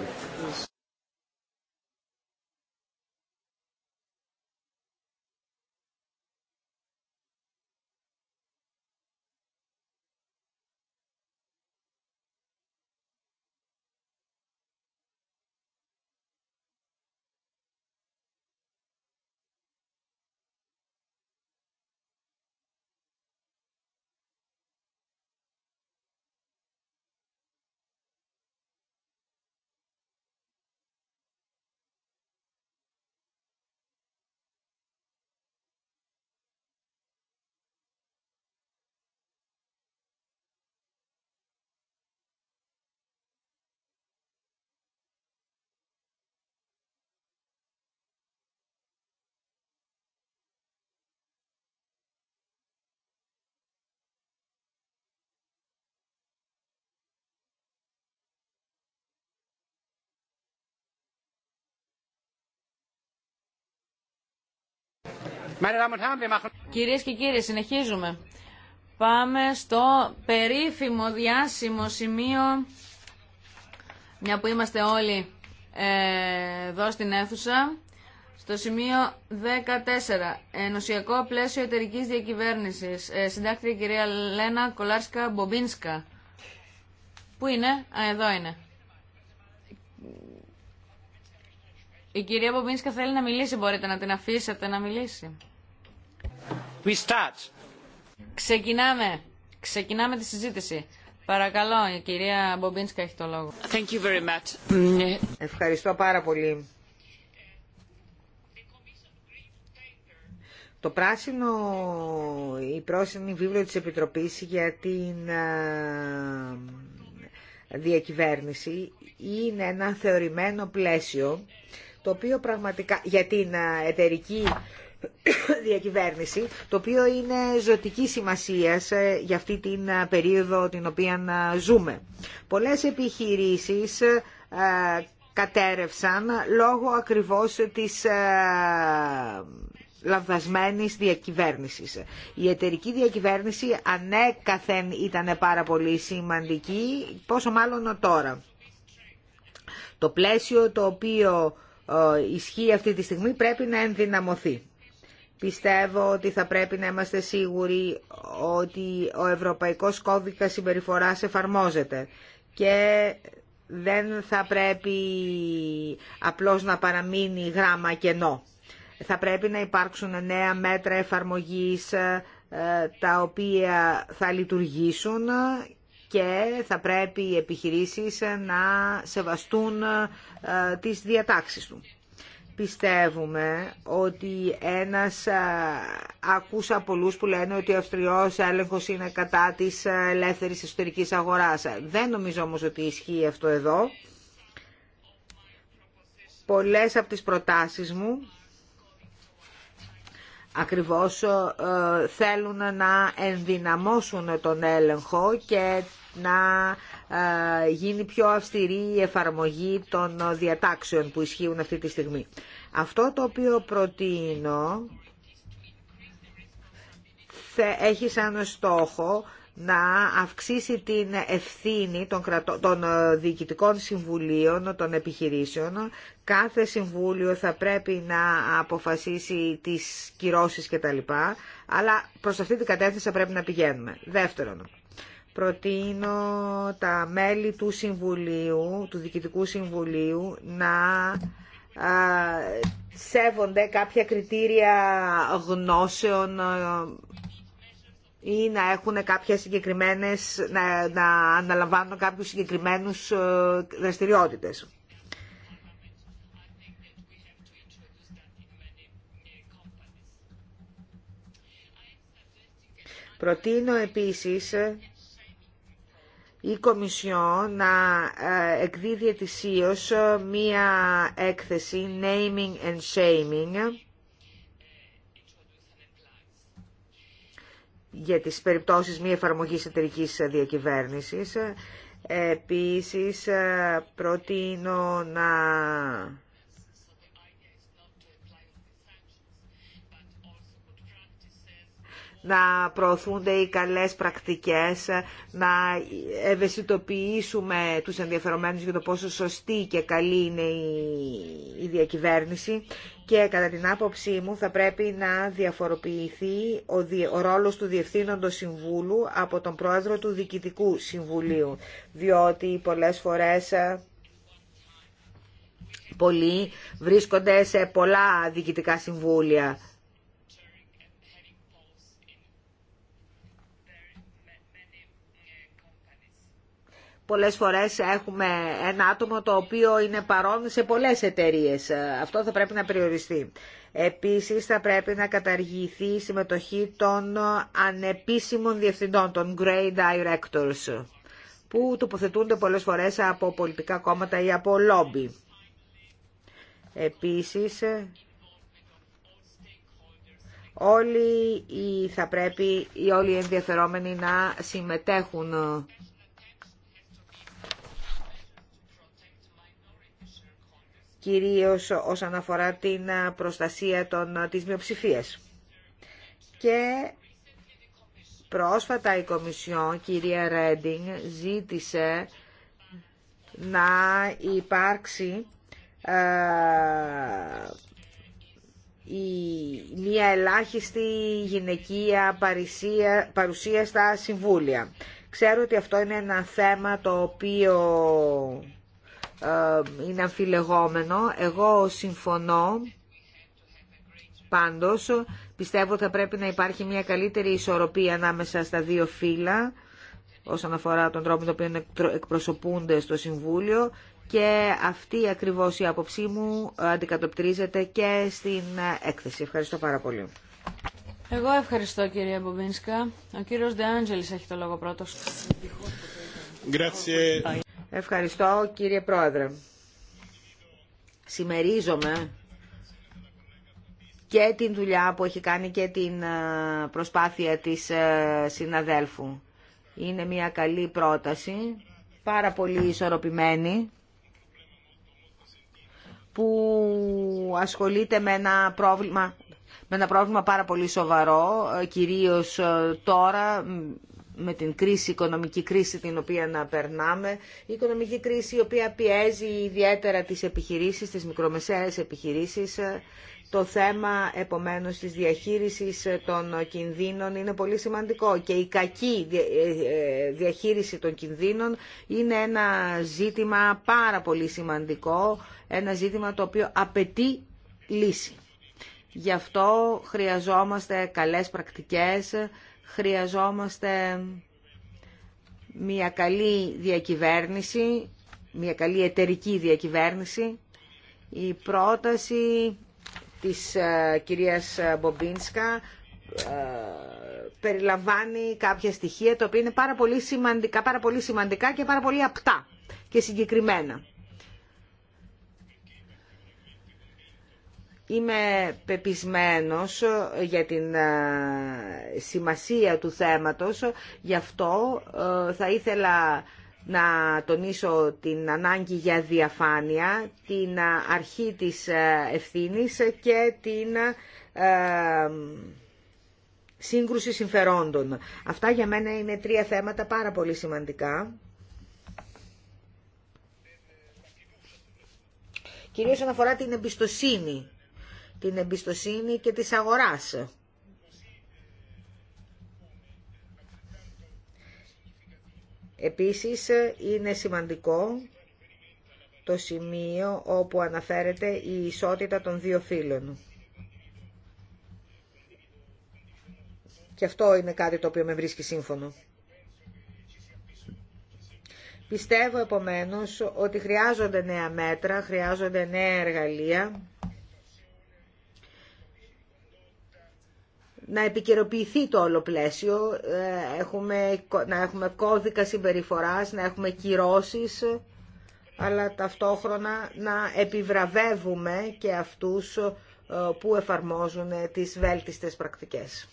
Κυρίε και κύριοι, συνεχίζουμε. Πάμε στο περίφημο διάσημο σημείο, μια που είμαστε όλοι ε, εδώ στην αίθουσα, στο σημείο 14, ενωσιακό πλαίσιο εταιρική διακυβέρνησης, ε, συντάκτρια κυρία Λένα Κολάρσκα-Μπομπίνσκα. Πού είναι? Α, εδώ είναι. Η κυρία Μπομπίνσκα θέλει να μιλήσει, μπορείτε να την αφήσετε να μιλήσει. Ξεκινάμε. Ξεκινάμε τη συζήτηση. Παρακαλώ, η κυρία Μπομπίνσκα έχει το λόγο. Ευχαριστώ πάρα πολύ. Το πράσινο, η πρόσινη βίβλο της Επιτροπής για την ε, διακυβέρνηση είναι ένα θεωρημένο πλαίσιο το οποίο πραγματικά για την ε, εταιρική διακυβέρνηση, το οποίο είναι ζωτική σημασία ε, για αυτή την ε, περίοδο την οποία ε, ζούμε. Πολλές επιχειρήσεις κατέρευσαν λόγω ακριβώς της λανθασμένης διακυβέρνησης. Η εταιρική διακυβέρνηση ανέκαθεν ήταν πάρα πολύ σημαντική, πόσο μάλλον τώρα. Το πλαίσιο το οποίο ισχύει αυτή τη στιγμή πρέπει να ενδυναμωθεί. Πιστεύω ότι θα πρέπει να είμαστε σίγουροι ότι ο Ευρωπαϊκός Κώδικας Συμπεριφοράς εφαρμόζεται και δεν θα πρέπει απλώς να παραμείνει γράμμα κενό. Θα πρέπει να υπάρξουν νέα μέτρα εφαρμογής ε, τα οποία θα λειτουργήσουν και θα πρέπει οι επιχειρήσεις να σεβαστούν ε, τις διατάξεις του πιστεύουμε ότι ένας, ακούσα πολλούς που λένε ότι ο αυστριός έλεγχος είναι κατά της ελεύθερης εσωτερικής αγοράς. Δεν νομίζω όμως ότι ισχύει αυτό εδώ. Πολλές από τις προτάσεις μου ακριβώς θέλουν να ενδυναμώσουν τον έλεγχο και να γίνει πιο αυστηρή η εφαρμογή των διατάξεων που ισχύουν αυτή τη στιγμή. Αυτό το οποίο προτείνω έχει σαν στόχο να αυξήσει την ευθύνη των, των ε, διοικητικών συμβουλίων των επιχειρήσεων. Κάθε συμβούλιο θα πρέπει να αποφασίσει τις κυρώσεις κτλ. Αλλά προς αυτή την κατεύθυνση θα πρέπει να πηγαίνουμε. Δεύτερον, προτείνω τα μέλη του Συμβουλίου, του Διοικητικού Συμβουλίου, να σέβονται κάποια κριτήρια γνώσεων ή να έχουν κάποια συγκεκριμένες, να, να αναλαμβάνουν κάποιους συγκεκριμένους δραστηριότητες. Προτείνω επίσης η Κομισιό να ε, εκδίδει ετησίως ε, μία έκθεση naming and shaming για τις περιπτώσεις μη εφαρμογής εταιρικής διακυβέρνησης. Ε, επίσης, προτείνω να να προωθούνται οι καλές πρακτικές, να ευαισθητοποιήσουμε τους ενδιαφερομένους για το πόσο σωστή και καλή είναι η διακυβέρνηση και κατά την άποψή μου θα πρέπει να διαφοροποιηθεί ο ρόλος του Διευθύνοντος Συμβούλου από τον Πρόεδρο του Διοικητικού Συμβουλίου, διότι πολλές φορές ε, πολλοί βρίσκονται σε πολλά διοικητικά συμβούλια Πολλές φορές έχουμε ένα άτομο το οποίο είναι παρόν σε πολλές εταιρείες. Αυτό θα πρέπει να περιοριστεί. Επίσης θα πρέπει να καταργηθεί η συμμετοχή των ανεπίσημων διευθυντών, των grey directors, που τοποθετούνται πολλές φορές από πολιτικά κόμματα ή από λόμπι. Επίσης, όλοι οι, θα πρέπει οι όλοι οι ενδιαφερόμενοι να συμμετέχουν κυρίως όσον αφορά την προστασία των, της μειοψηφίας. Και πρόσφατα η Κομισιόν, κυρία Ρέντινγκ, ζήτησε να υπάρξει ε, η, μια ελάχιστη γυναικεία παρουσία στα συμβούλια. Ξέρω ότι αυτό είναι ένα θέμα το οποίο ε, είναι αμφιλεγόμενο. Εγώ συμφωνώ πάντως. Πιστεύω θα πρέπει να υπάρχει μια καλύτερη ισορροπία ανάμεσα στα δύο φύλλα όσον αφορά τον τρόπο τον οποίο εκπροσωπούνται στο Συμβούλιο και αυτή ακριβώς η άποψή μου αντικατοπτρίζεται και στην έκθεση. Ευχαριστώ πάρα πολύ. Εγώ ευχαριστώ κυρία Μπομπίνσκα. Ο κύριος Ντεάντζελης έχει το λόγο πρώτος. Ευχαριστώ κύριε Πρόεδρε. Σημερίζομαι και την δουλειά που έχει κάνει και την ε, προσπάθεια της ε, συναδέλφου. Είναι μια καλή πρόταση, πάρα πολύ ισορροπημένη, που ασχολείται με ένα πρόβλημα, με ένα πρόβλημα πάρα πολύ σοβαρό, ε, κυρίως τώρα με την κρίση, οικονομική κρίση την οποία να περνάμε, η οικονομική κρίση η οποία πιέζει ιδιαίτερα τις επιχειρήσεις, τις μικρομεσαίες επιχειρήσεις. Το θέμα επομένως της διαχείρισης των κινδύνων είναι πολύ σημαντικό και η κακή ε, ε, διαχείριση των κινδύνων είναι ένα ζήτημα πάρα πολύ σημαντικό, ένα ζήτημα το οποίο απαιτεί λύση. Γι' αυτό χρειαζόμαστε καλές πρακτικές, Χρειαζόμαστε μια καλή διακυβέρνηση, μια καλή εταιρική διακυβέρνηση. Η πρόταση της ε, κυρίας Μπομπίνσκα ε, περιλαμβάνει κάποια στοιχεία τα οποία είναι πάρα πολύ σημαντικά, πάρα πολύ σημαντικά και πάρα πολύ απτά και συγκεκριμένα. Είμαι πεπισμένος ε, για την ε, σημασία του θέματος, γι' αυτό ε, θα ήθελα να τονίσω την ανάγκη για διαφάνεια, την αρχή της ευθύνης και την σύγκρουση συμφερόντων. Αυτά για μένα είναι τρία θέματα πάρα πολύ σημαντικά. Κυρίως αναφορά την εμπιστοσύνη την εμπιστοσύνη και της αγοράς. Επίσης είναι σημαντικό το σημείο όπου αναφέρεται η ισότητα των δύο φύλων. Και αυτό είναι κάτι το οποίο με βρίσκει σύμφωνο. Πιστεύω επομένως ότι χρειάζονται νέα μέτρα, χρειάζονται νέα εργαλεία να επικαιροποιηθεί το όλο πλαίσιο, ε, έχουμε, να έχουμε κώδικα συμπεριφοράς, να έχουμε κυρώσεις, αλλά ταυτόχρονα να επιβραβεύουμε και αυτούς ε, που εφαρμόζουν τις βέλτιστες πρακτικές.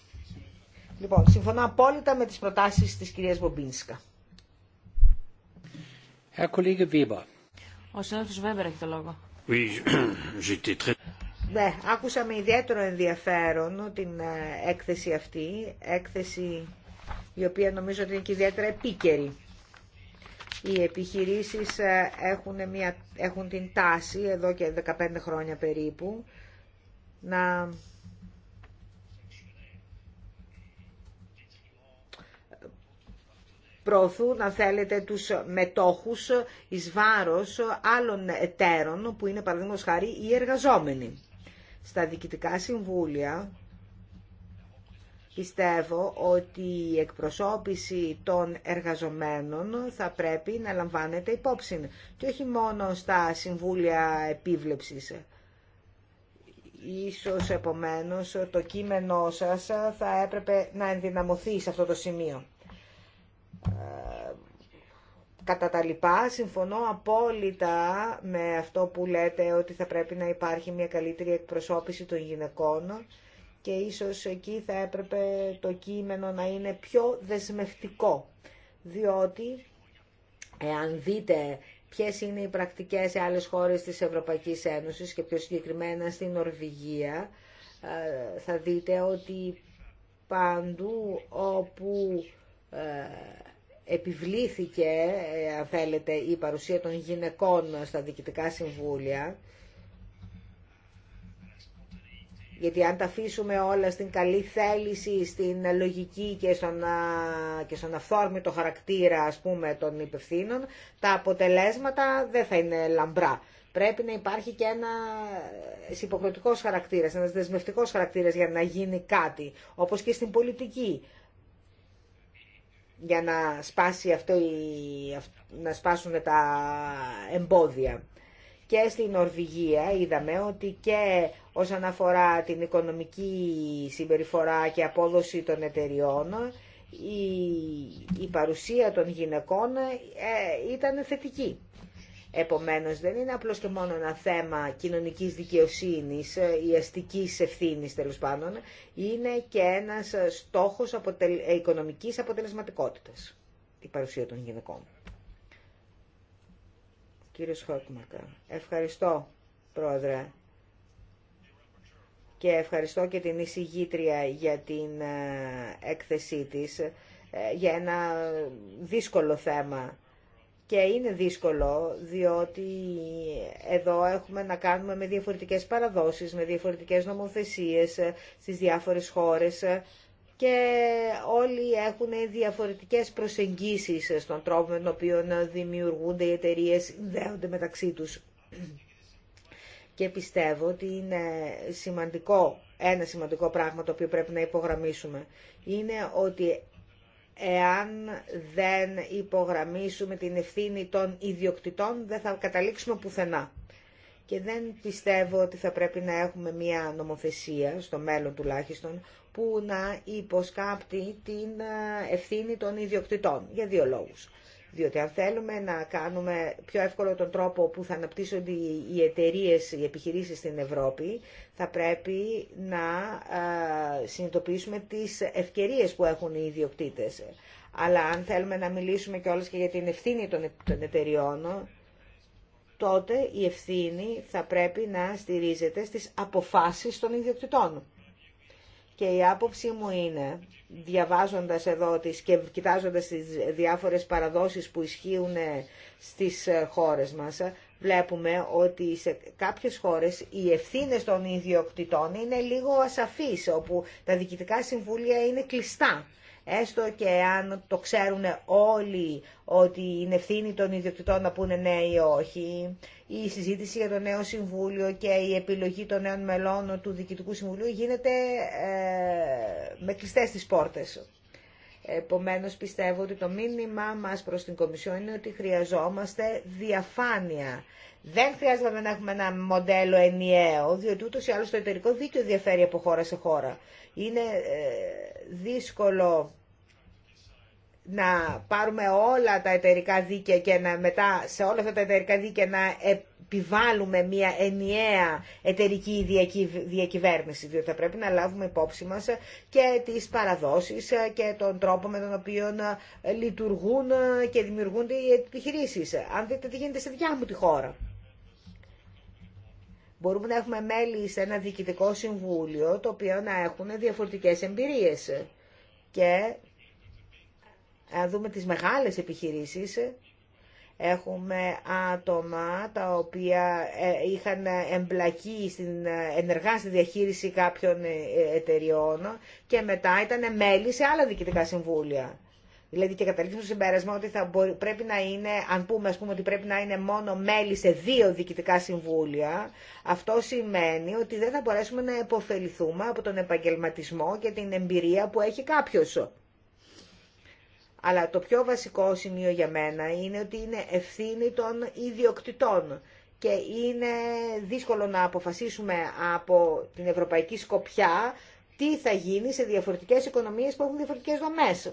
Λοιπόν, συμφωνώ απόλυτα με τις προτάσεις της κυρίας Μπομπίνσκα. Ο συνάδελφος Βέμπερ έχει το λόγο. Oui, Ναι, άκουσα με ιδιαίτερο ενδιαφέρον την ε, έκθεση αυτή, έκθεση η οποία νομίζω ότι είναι και ιδιαίτερα επίκαιρη. Οι επιχειρήσεις ε, έχουν, την τάση εδώ και 15 χρόνια περίπου να προωθούν, να θέλετε, τους μετόχους εις βάρος άλλων εταίρων που είναι παραδείγματος χάρη οι εργαζόμενοι στα διοικητικά συμβούλια πιστεύω ότι η εκπροσώπηση των εργαζομένων θα πρέπει να λαμβάνεται υπόψη και όχι μόνο στα συμβούλια επίβλεψης. Ίσως επομένως το κείμενό σας θα έπρεπε να ενδυναμωθεί σε αυτό το σημείο κατά τα λοιπά. Συμφωνώ απόλυτα με αυτό που λέτε ότι θα πρέπει να υπάρχει μια καλύτερη εκπροσώπηση των γυναικών και ίσως εκεί θα έπρεπε το κείμενο να είναι πιο δεσμευτικό, διότι εάν δείτε ποιες είναι οι πρακτικές σε άλλες χώρες της Ευρωπαϊκής Ένωσης και πιο συγκεκριμένα στην Νορβηγία, ε, θα δείτε ότι παντού όπου ε, επιβλήθηκε, ε, αν θέλετε, η παρουσία των γυναικών στα διοικητικά συμβούλια. Γιατί αν τα αφήσουμε όλα στην καλή θέληση, στην λογική και στον, και στον αυθόρμητο χαρακτήρα ας πούμε, των υπευθύνων, τα αποτελέσματα δεν θα είναι λαμπρά. Πρέπει να υπάρχει και ένα υποχρεωτικό χαρακτήρα, ένα δεσμευτικό χαρακτήρα για να γίνει κάτι. Όπω και στην πολιτική για να, σπάσει αυτό να σπάσουν τα εμπόδια. Και στην Νορβηγία είδαμε ότι και όσον αφορά την οικονομική συμπεριφορά και απόδοση των εταιριών, η, η παρουσία των γυναικών ε, ήταν θετική. Επομένως δεν είναι απλώς και μόνο ένα θέμα κοινωνικής δικαιοσύνης ε, ή αστικής ευθύνης τέλος πάντων, είναι και ένας ε, στόχος αποτελ... Ε, οικονομικής αποτελεσματικότητας η παρουσία των γυναικών. Κύριος Χόκμακα, ευχαριστώ πρόεδρε και ενας στοχος αποτελ οικονομικης αποτελεσματικοτητας η παρουσια των γυναικων κυριε σχοτμακα ευχαριστω προεδρε και ευχαριστω και την εισηγήτρια για την έκθεσή της για ένα δύσκολο θέμα και είναι δύσκολο, διότι εδώ έχουμε να κάνουμε με διαφορετικές παραδόσεις, με διαφορετικές νομοθεσίες ε, στις διάφορες χώρες ε, και όλοι έχουν διαφορετικές προσεγγίσεις ε, στον τρόπο με τον οποίο δημιουργούνται οι εταιρείε δέονται μεταξύ τους. Και πιστεύω ότι είναι σημαντικό, ένα σημαντικό πράγμα το οποίο πρέπει να υπογραμμίσουμε, είναι ότι εάν δεν υπογραμμίσουμε την ευθύνη των ιδιοκτητών δεν θα καταλήξουμε πουθενά. Και δεν πιστεύω ότι θα πρέπει να έχουμε μια νομοθεσία, στο μέλλον τουλάχιστον, που να υποσκάπτει την ε, ευθύνη των ιδιοκτητών, για δύο λόγους. Διότι αν θέλουμε να κάνουμε πιο εύκολο τον τρόπο που θα αναπτύσσονται οι εταιρείε, οι επιχειρήσει στην Ευρώπη, θα πρέπει να ε, συνειδητοποιήσουμε τις ευκαιρίες που έχουν οι ιδιοκτήτε. Αλλά αν θέλουμε να μιλήσουμε κιόλας και για την ευθύνη των εταιριών, τότε η ευθύνη θα πρέπει να στηρίζεται στις αποφάσεις των ιδιοκτητών. Και η άποψή μου είναι, διαβάζοντας εδώ τις και κοιτάζοντας τις διάφορες παραδόσεις που ισχύουν ε, στις ε, χώρες μας, ε, βλέπουμε ότι σε κάποιες χώρες οι ευθύνε των ιδιοκτητών είναι λίγο ασαφείς, όπου τα διοικητικά συμβούλια είναι κλειστά έστω και αν το ξέρουν όλοι ότι είναι ευθύνη των ιδιοκτητών να πούνε ναι ή όχι, η συζήτηση για το νέο συμβούλιο και η επιλογή των νέων μελών του Διοικητικού Συμβουλίου γίνεται ε, με κλειστές τις πόρτες. Επομένως πιστεύω ότι το μήνυμά μας προς την Κομισιόν είναι ότι χρειαζόμαστε διαφάνεια δεν χρειάζεται να έχουμε ένα μοντέλο ενιαίο, διότι ούτως ή άλλως το εταιρικό δίκαιο διαφέρει από χώρα σε χώρα. Είναι ε, δύσκολο να πάρουμε όλα τα εταιρικά δίκαια και να μετά σε όλα αυτά τα εταιρικά δίκαια να επιβάλλουμε μια ενιαία εταιρική διακυβέρνηση, διότι θα πρέπει να λάβουμε υπόψη μας και τις παραδόσεις και τον τρόπο με τον οποίο ε, λειτουργούν και δημιουργούνται οι επιχειρήσεις. Αν δείτε τι γίνεται σε δικιά μου τη χώρα. Μπορούμε να έχουμε μέλη σε ένα διοικητικό συμβούλιο, το οποίο να έχουν διαφορετικές εμπειρίες. Και αν δούμε τις μεγάλες επιχειρήσεις, έχουμε άτομα τα οποία ε, είχαν εμπλακεί στην, ε, ενεργά στη διαχείριση κάποιων ε, εταιριών και μετά ήταν μέλη σε άλλα διοικητικά συμβούλια. Δηλαδή και καταλήξουμε στο συμπέρασμα ότι θα πρέπει να είναι, αν πούμε, ας ότι πρέπει να είναι μόνο μέλη σε δύο διοικητικά συμβούλια, αυτό σημαίνει ότι δεν θα μπορέσουμε να επωφεληθούμε από τον επαγγελματισμό και την εμπειρία που έχει κάποιο. Αλλά το πιο βασικό σημείο για μένα είναι ότι είναι ευθύνη των ιδιοκτητών και είναι δύσκολο να αποφασίσουμε από την ευρωπαϊκή σκοπιά τι θα γίνει σε διαφορετικές οικονομίες που έχουν διαφορετικές δομές.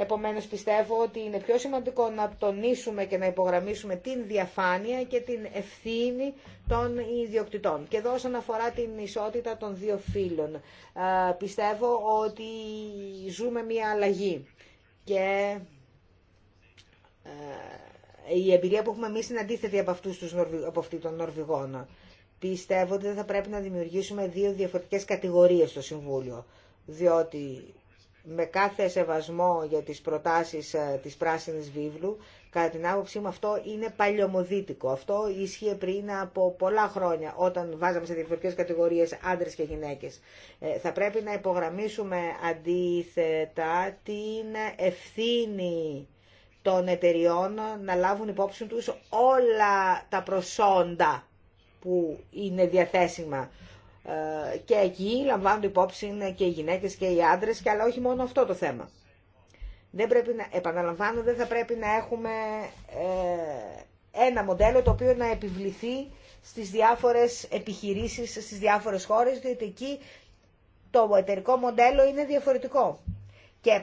Επομένως πιστεύω ότι είναι πιο σημαντικό να τονίσουμε και να υπογραμμίσουμε την διαφάνεια και την ευθύνη των ιδιοκτητών. Και εδώ όσον αφορά την ισότητα των δύο φύλων, πιστεύω ότι ζούμε μια αλλαγή και η εμπειρία που έχουμε εμείς είναι αντίθετη από, αυτούς τους, από αυτή των Νορβηγών. Πιστεύω ότι δεν θα πρέπει να δημιουργήσουμε δύο διαφορετικές κατηγορίες στο Συμβούλιο, διότι με κάθε σεβασμό για τις προτάσεις ε, της Πράσινης Βίβλου, κατά την άποψή μου αυτό είναι παλιωμοδίτικο. Αυτό ίσχυε πριν από πολλά χρόνια, όταν βάζαμε σε διαφορετικές κατηγορίες άντρες και γυναίκες. Ε, θα πρέπει να υπογραμμίσουμε αντίθετα την ευθύνη των εταιριών να λάβουν υπόψη τους όλα τα προσόντα που είναι διαθέσιμα. Ε, και εκεί λαμβάνουν υπόψη και οι γυναίκες και οι άντρες και αλλά όχι μόνο αυτό το θέμα. Δεν πρέπει να, επαναλαμβάνω, δεν θα πρέπει να έχουμε ε, ένα μοντέλο το οποίο να επιβληθεί στις διάφορες επιχειρήσεις, στις διάφορες χώρες, διότι εκεί το εταιρικό μοντέλο είναι διαφορετικό. Και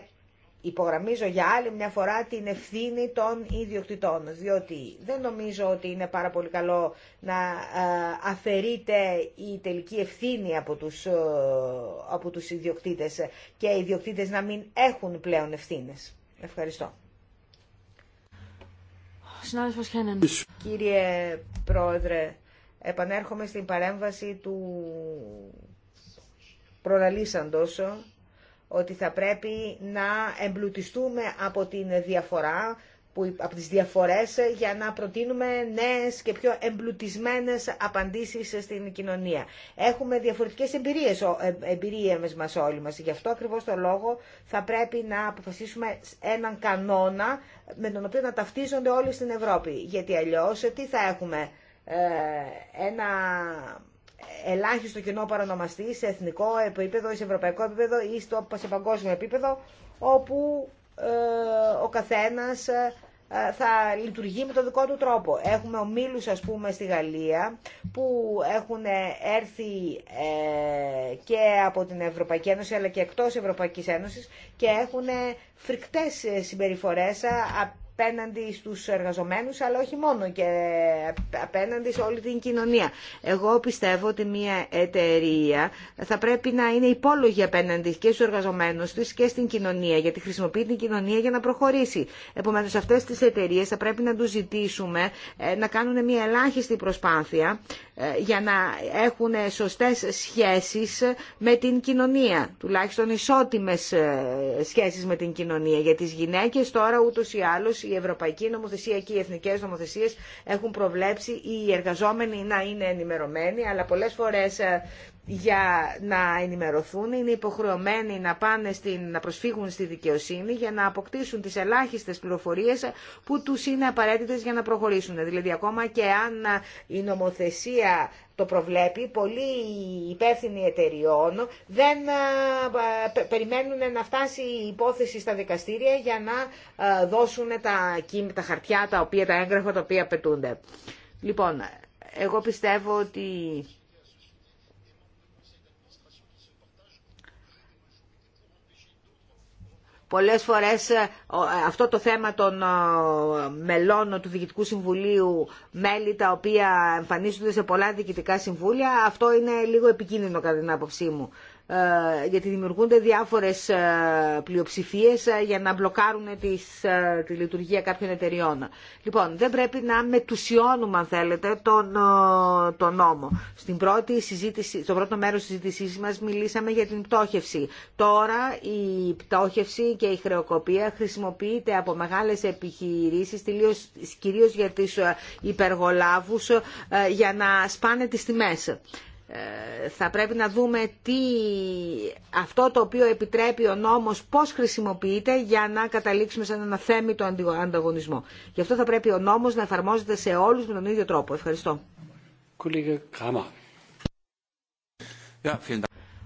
υπογραμμίζω για άλλη μια φορά την ευθύνη των ιδιοκτητών, διότι δεν νομίζω ότι είναι πάρα πολύ καλό να ε, αφαιρείται η τελική ευθύνη από τους, ε, από τους ιδιοκτήτες και οι ιδιοκτήτες να μην έχουν πλέον ευθύνες. Ευχαριστώ. Συνάδελφος Χένεν. Κύριε Πρόεδρε, επανέρχομαι στην παρέμβαση του προλαλήσαντος ότι θα πρέπει να εμπλουτιστούμε από, την διαφορά, που, από τις διαφορές για να προτείνουμε νέες και πιο εμπλουτισμένες απαντήσεις στην κοινωνία. Έχουμε διαφορετικές εμπειρίες, ε, εμπειρίες μας όλοι μας. Γι' αυτό ακριβώς το λόγο θα πρέπει να αποφασίσουμε έναν κανόνα με τον οποίο να ταυτίζονται όλοι στην Ευρώπη. Γιατί αλλιώς ε, τι θα έχουμε, ε, ένα ελάχιστο κοινό παρονομαστή σε εθνικό επίπεδο ή σε ευρωπαϊκό επίπεδο ή στο, σε παγκόσμιο επίπεδο όπου ε, ο καθένας ε, θα λειτουργεί με τον δικό του τρόπο. Έχουμε ομίλους ας πούμε στη Γαλλία που έχουν έρθει ε, και από την Ευρωπαϊκή Ένωση αλλά και εκτός Ευρωπαϊκής Ένωσης και έχουν φρικτές συμπεριφορές απέναντι στους εργαζομένους, αλλά όχι μόνο και απέναντι σε όλη την κοινωνία. Εγώ πιστεύω ότι μια εταιρεία θα πρέπει να είναι υπόλογη απέναντι και στους εργαζομένους της και στην κοινωνία, γιατί χρησιμοποιεί την κοινωνία για να προχωρήσει. Επομένως, αυτές τις εταιρείες θα πρέπει να τους ζητήσουμε ε, να κάνουν μια ελάχιστη προσπάθεια ε, για να έχουν σωστές σχέσεις με την κοινωνία, τουλάχιστον ισότιμες ε, σχέσεις με την κοινωνία. Για τις γυναίκες τώρα ούτως ή άλλως η Ευρωπαϊκή Νομοθεσία και οι Εθνικές Νομοθεσίες έχουν προβλέψει οι εργαζόμενοι να είναι ενημερωμένοι, αλλά πολλές φορές ε, για να ενημερωθούν, είναι υποχρεωμένοι να, πάνε στην, να προσφύγουν στη δικαιοσύνη για να αποκτήσουν τις ελάχιστες πληροφορίες που τους είναι απαραίτητες για να προχωρήσουν. Δηλαδή ακόμα και αν η νομοθεσία το προβλέπει, πολλοί υπεύθυνοι εταιριών δεν περιμένουν να φτάσει η υπόθεση στα δικαστήρια για να δώσουν τα, τα χαρτιά, τα, οποία, τα έγγραφα τα οποία πετούνται. Λοιπόν, εγώ πιστεύω ότι Πολλές φορές ε, ε, αυτό το θέμα των ε, μελών του Διοικητικού Συμβουλίου, μέλη τα οποία εμφανίζονται σε πολλά διοικητικά συμβούλια, αυτό είναι λίγο επικίνδυνο κατά την άποψή μου. Ε, γιατί δημιουργούνται διάφορες ε, πλειοψηφίες ε, για να μπλοκάρουν τις, τη λειτουργία κάποιων εταιριών. Λοιπόν, δεν πρέπει να μετουσιώνουμε, αν θέλετε, τον, τον νόμο. Στην πρώτη συζήτηση, στο πρώτο μέρος της συζήτησής μας μιλήσαμε για την πτώχευση. Τώρα η πτώχευση και η χρεοκοπία χρησιμοποιείται από μεγάλες επιχειρήσεις, τελείως, κυρίως για τις υπεργολάβους, για να σπάνε τις τιμές. Ε, θα πρέπει να δούμε τι αυτό το οποίο επιτρέπει ο νόμος πώς χρησιμοποιείται για να καταλήξουμε σε ένα θέμιτο ανταγωνισμό. Γι' αυτό θα πρέπει ο νόμος να εφαρμόζεται σε όλους με τον ίδιο τρόπο. Ευχαριστώ.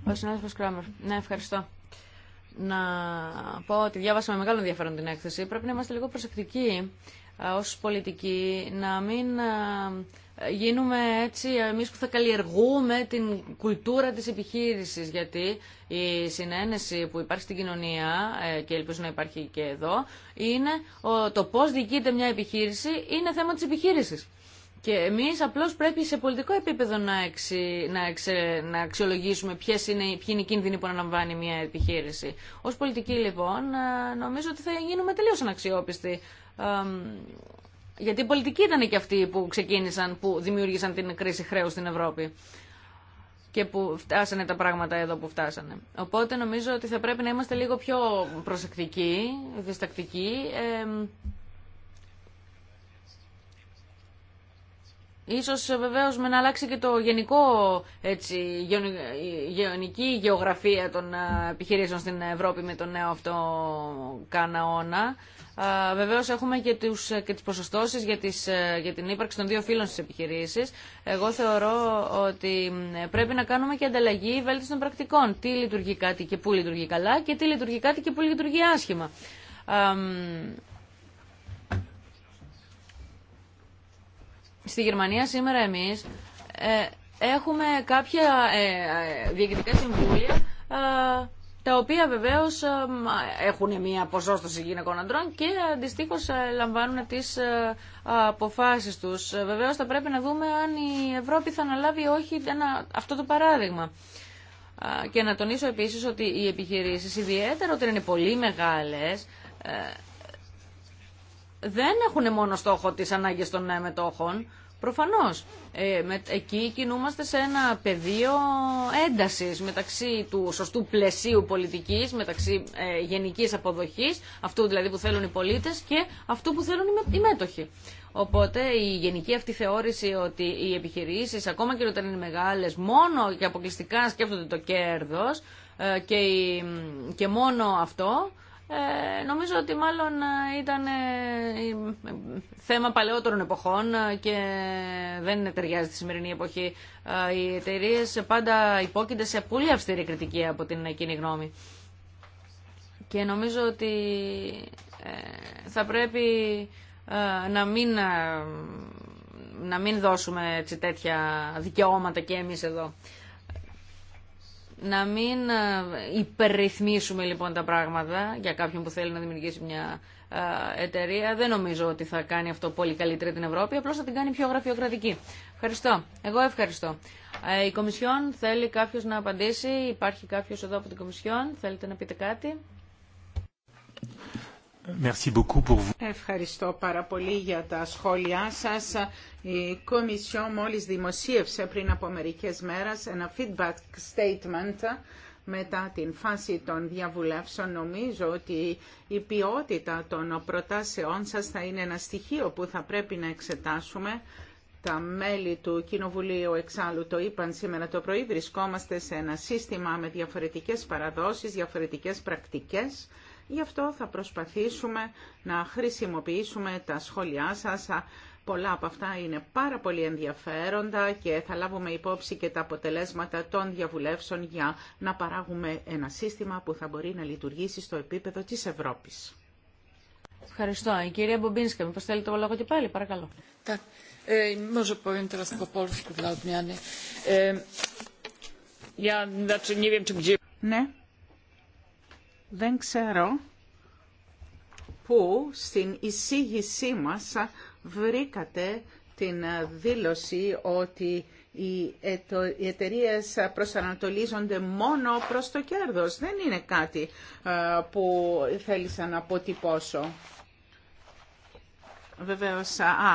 Ο συνάδελφος Ναι, ευχαριστώ. Να πω ότι διάβασα με μεγάλο ενδιαφέρον την έκθεση. Πρέπει να είμαστε λίγο προσεκτικοί ε, ως πολιτικοί, να μην ε, γίνουμε έτσι εμείς που θα καλλιεργούμε την κουλτούρα της επιχείρησης γιατί η συνένεση που υπάρχει στην κοινωνία ε, και ελπίζω να υπάρχει και εδώ είναι το πώς διοικείται μια επιχείρηση είναι θέμα της επιχείρησης. Και εμείς απλώς πρέπει σε πολιτικό επίπεδο να, εξι, να, εξε, να αξιολογήσουμε ποιες είναι, ποιοι είναι οι κίνδυνοι που αναλαμβάνει μια επιχείρηση. Ως πολιτική λοιπόν ε, νομίζω ότι θα γίνουμε τελείως αναξιόπιστοι γιατί οι πολιτικοί ήταν και αυτοί που ξεκίνησαν, που δημιούργησαν την κρίση χρέους στην Ευρώπη και που φτάσανε τα πράγματα εδώ που φτάσανε. Οπότε νομίζω ότι θα πρέπει να είμαστε λίγο πιο προσεκτικοί, διστακτικοί. Ίσως ε, βεβαίως με να αλλάξει και το γενικό, έτσι, γενική ε, γεωγραφία των ε, επιχειρήσεων στην Ευρώπη με τον νέο αυτό καναόνα. Βεβαίως έχουμε και, τους, και τις ποσοστώσεις για, τις, για την ύπαρξη των δύο φύλων στις επιχειρήσεις. Εγώ θεωρώ ότι πρέπει να κάνουμε και ανταλλαγή βέλτιση των πρακτικών. Τι λειτουργεί κάτι και πού λειτουργεί καλά και τι λειτουργεί κάτι και πού λειτουργεί άσχημα. στη Γερμανία σήμερα εμείς ε, έχουμε κάποια ε, ε, διοικητικά συμβούλια τα οποία βεβαίω έχουν μία ποσόστοση γυναικών αντρών και αντιστοίχω λαμβάνουν τι αποφάσει τους. Βεβαίως θα πρέπει να δούμε αν η Ευρώπη θα αναλάβει όχι ένα, αυτό το παράδειγμα. Και να τονίσω επίσης ότι οι επιχειρήσεις, ιδιαίτερα όταν είναι πολύ μεγάλες, δεν έχουν μόνο στόχο τις ανάγκες των μετόχων. Προφανώς, ε, με, εκεί κινούμαστε σε ένα πεδίο έντασης μεταξύ του σωστού πλαισίου πολιτικής, μεταξύ ε, γενικής αποδοχής, αυτού δηλαδή που θέλουν οι πολίτες και αυτού που θέλουν οι μέτοχοι. Οπότε η γενική αυτή θεώρηση ότι οι επιχειρήσεις, ακόμα και όταν είναι μεγάλες, μόνο και αποκλειστικά σκέφτονται το κέρδος ε, και, και μόνο αυτό, ε, νομίζω ότι μάλλον ε, ήταν ε, ε, θέμα παλαιότερων εποχών και δεν ταιριάζει τη σημερινή εποχή. Οι εταιρείε πάντα υπόκεινται σε πολύ αυστηρή κριτική από την κοινή γνώμη. Και νομίζω ότι θα πρέπει να μην, να μην δώσουμε έτσι, τέτοια δικαιώματα και εμείς εδώ να μην ε, υπερρυθμίσουμε λοιπόν τα πράγματα για κάποιον που θέλει να δημιουργήσει μια ε, εταιρεία. Δεν νομίζω ότι θα κάνει αυτό πολύ καλύτερη την Ευρώπη, απλώς θα την κάνει πιο γραφειοκρατική. Ευχαριστώ. Εγώ ευχαριστώ. Ε, η Κομισιόν θέλει κάποιος να απαντήσει. Υπάρχει κάποιος εδώ από την Κομισιόν. Θέλετε να πείτε κάτι. Ευχαριστώ πάρα πολύ για τα σχόλιά σας. Η Κομισιό μόλις δημοσίευσε πριν από μερικές μέρες ένα feedback statement μετά την φάση των διαβουλεύσεων. Νομίζω ότι η ποιότητα των προτάσεών σας θα είναι ένα στοιχείο που θα πρέπει να εξετάσουμε. Τα μέλη του Κοινοβουλίου εξάλλου το είπαν σήμερα το πρωί. Βρισκόμαστε σε ένα σύστημα με διαφορετικές παραδόσεις, διαφορετικές πρακτικές Γι' αυτό θα προσπαθήσουμε να χρησιμοποιήσουμε τα σχόλιά σας. Πολλά από αυτά είναι πάρα πολύ ενδιαφέροντα και θα λάβουμε υπόψη και τα αποτελέσματα των διαβουλεύσεων για να παράγουμε ένα σύστημα που θα μπορεί να λειτουργήσει στο επίπεδο της Ευρώπης. Ευχαριστώ. Η κυρία Μπομπίνσκα, μήπως θέλει το λόγο και πάλι, παρακαλώ. Ναι. Δεν ξέρω που στην εισήγησή μας βρήκατε την δήλωση ότι οι εταιρείε προσανατολίζονται μόνο προς το κέρδος. Δεν είναι κάτι ε, που θέλησα να αποτυπώσω. Βεβαίω,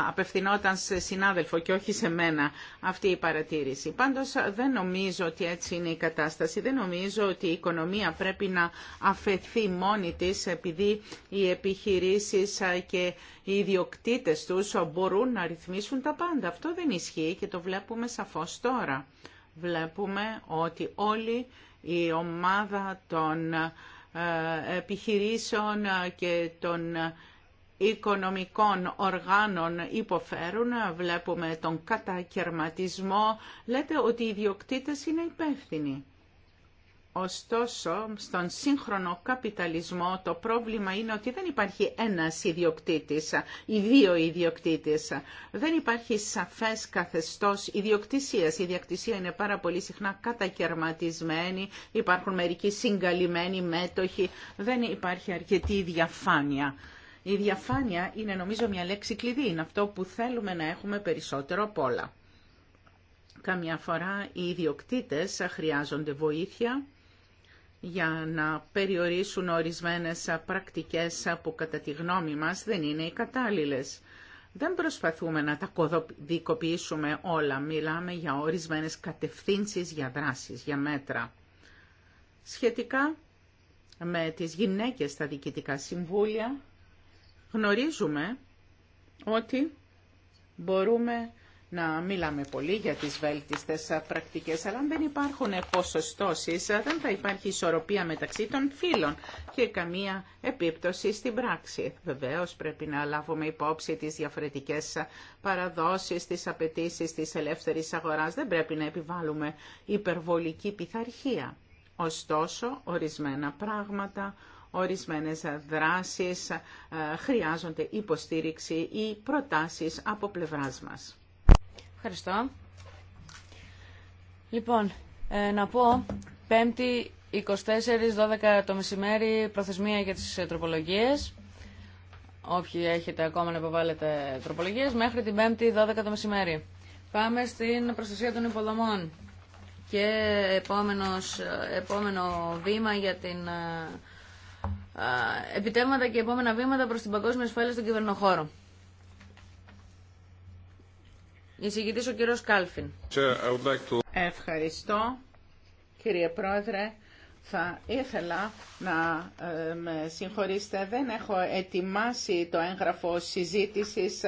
απευθυνόταν σε συνάδελφο και όχι σε μένα αυτή η παρατήρηση. Πάντως δεν νομίζω ότι έτσι είναι η κατάσταση. Δεν νομίζω ότι η οικονομία πρέπει να αφαιθεί μόνη της επειδή οι επιχειρήσει και οι ιδιοκτήτε τους μπορούν να ρυθμίσουν τα πάντα. Αυτό δεν ισχύει και το βλέπουμε σαφώς τώρα. Βλέπουμε ότι όλη η ομάδα των ε, επιχειρήσεων και των οικονομικών οργάνων υποφέρουν, βλέπουμε τον κατακαιρματισμό, λέτε ότι οι ιδιοκτήτες είναι υπεύθυνοι. Ωστόσο, στον σύγχρονο καπιταλισμό το πρόβλημα είναι ότι δεν υπάρχει ένας ιδιοκτήτης ή δύο ιδιοκτήτες. Δεν υπάρχει σαφές καθεστώς ιδιοκτησίας. Η ιδιοκτησία είναι πάρα πολύ συχνά κατακαιρματισμένη, υπάρχουν μερικοί συγκαλυμμένοι μέτοχοι, δεν υπάρχει αρκετή διαφάνεια. Η διαφάνεια είναι νομίζω μια λέξη κλειδί, είναι αυτό που θέλουμε να έχουμε περισσότερο από όλα. Καμιά φορά οι ιδιοκτήτες χρειάζονται βοήθεια για να περιορίσουν ορισμένες πρακτικές που κατά τη γνώμη μας δεν είναι οι κατάλληλες. Δεν προσπαθούμε να τα κωδικοποιήσουμε όλα. Μιλάμε για ορισμένες κατευθύνσεις, για δράσεις, για μέτρα. Σχετικά με τις γυναίκες στα διοικητικά συμβούλια, Γνωρίζουμε ότι μπορούμε να μιλάμε πολύ για τις βέλτιστες πρακτικές, αλλά αν δεν υπάρχουν ποσοστώσεις, δεν θα υπάρχει ισορροπία μεταξύ των φύλων και καμία επίπτωση στην πράξη. Βεβαίως πρέπει να λάβουμε υπόψη τις διαφορετικές παραδόσεις, τις απαιτήσει της ελεύθερης αγοράς. Δεν πρέπει να επιβάλλουμε υπερβολική πειθαρχία. Ωστόσο, ορισμένα πράγματα Ορισμένες δράσεις ε, χρειάζονται υποστήριξη ή προτάσεις από πλευράς μας. Ευχαριστώ. Λοιπόν, ε, να πω, 5η, ε, Όποιοι έχετε ακόμα να υποβάλλετε τροπολογίες, μέχρι την 5η 12 το μεσημέρι. Πάμε στην προστασία των υποδομών. Και επόμενος, επόμενο βήμα για την επιτεύγματα και επόμενα βήματα προς την παγκόσμια ασφάλεια στον κυβερνοχώρο. Εισηγητής ο κύριος Κάλφιν. Ευχαριστώ κύριε Πρόεδρε. Θα ήθελα να ε, με συγχωρήσετε, δεν έχω ετοιμάσει το έγγραφο συζήτησης.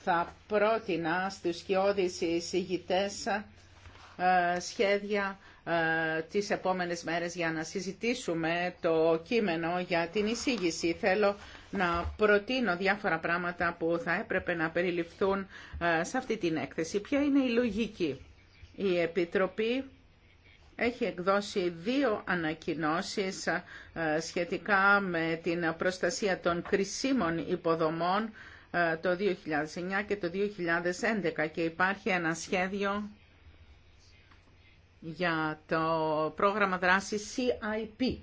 Θα πρότεινα στους κοιόδης εισηγητές ε, σχέδια ε, τις επόμενες μέρες για να συζητήσουμε το κείμενο για την εισήγηση. Θέλω να προτείνω διάφορα πράγματα που θα έπρεπε να περιληφθούν ε, σε αυτή την έκθεση. Ποια είναι η λογική. Η Επιτροπή έχει εκδώσει δύο ανακοινώσεις ε, σχετικά με την προστασία των κρισίμων υποδομών το 2009 και το 2011 και υπάρχει ένα σχέδιο για το πρόγραμμα δράσης CIP.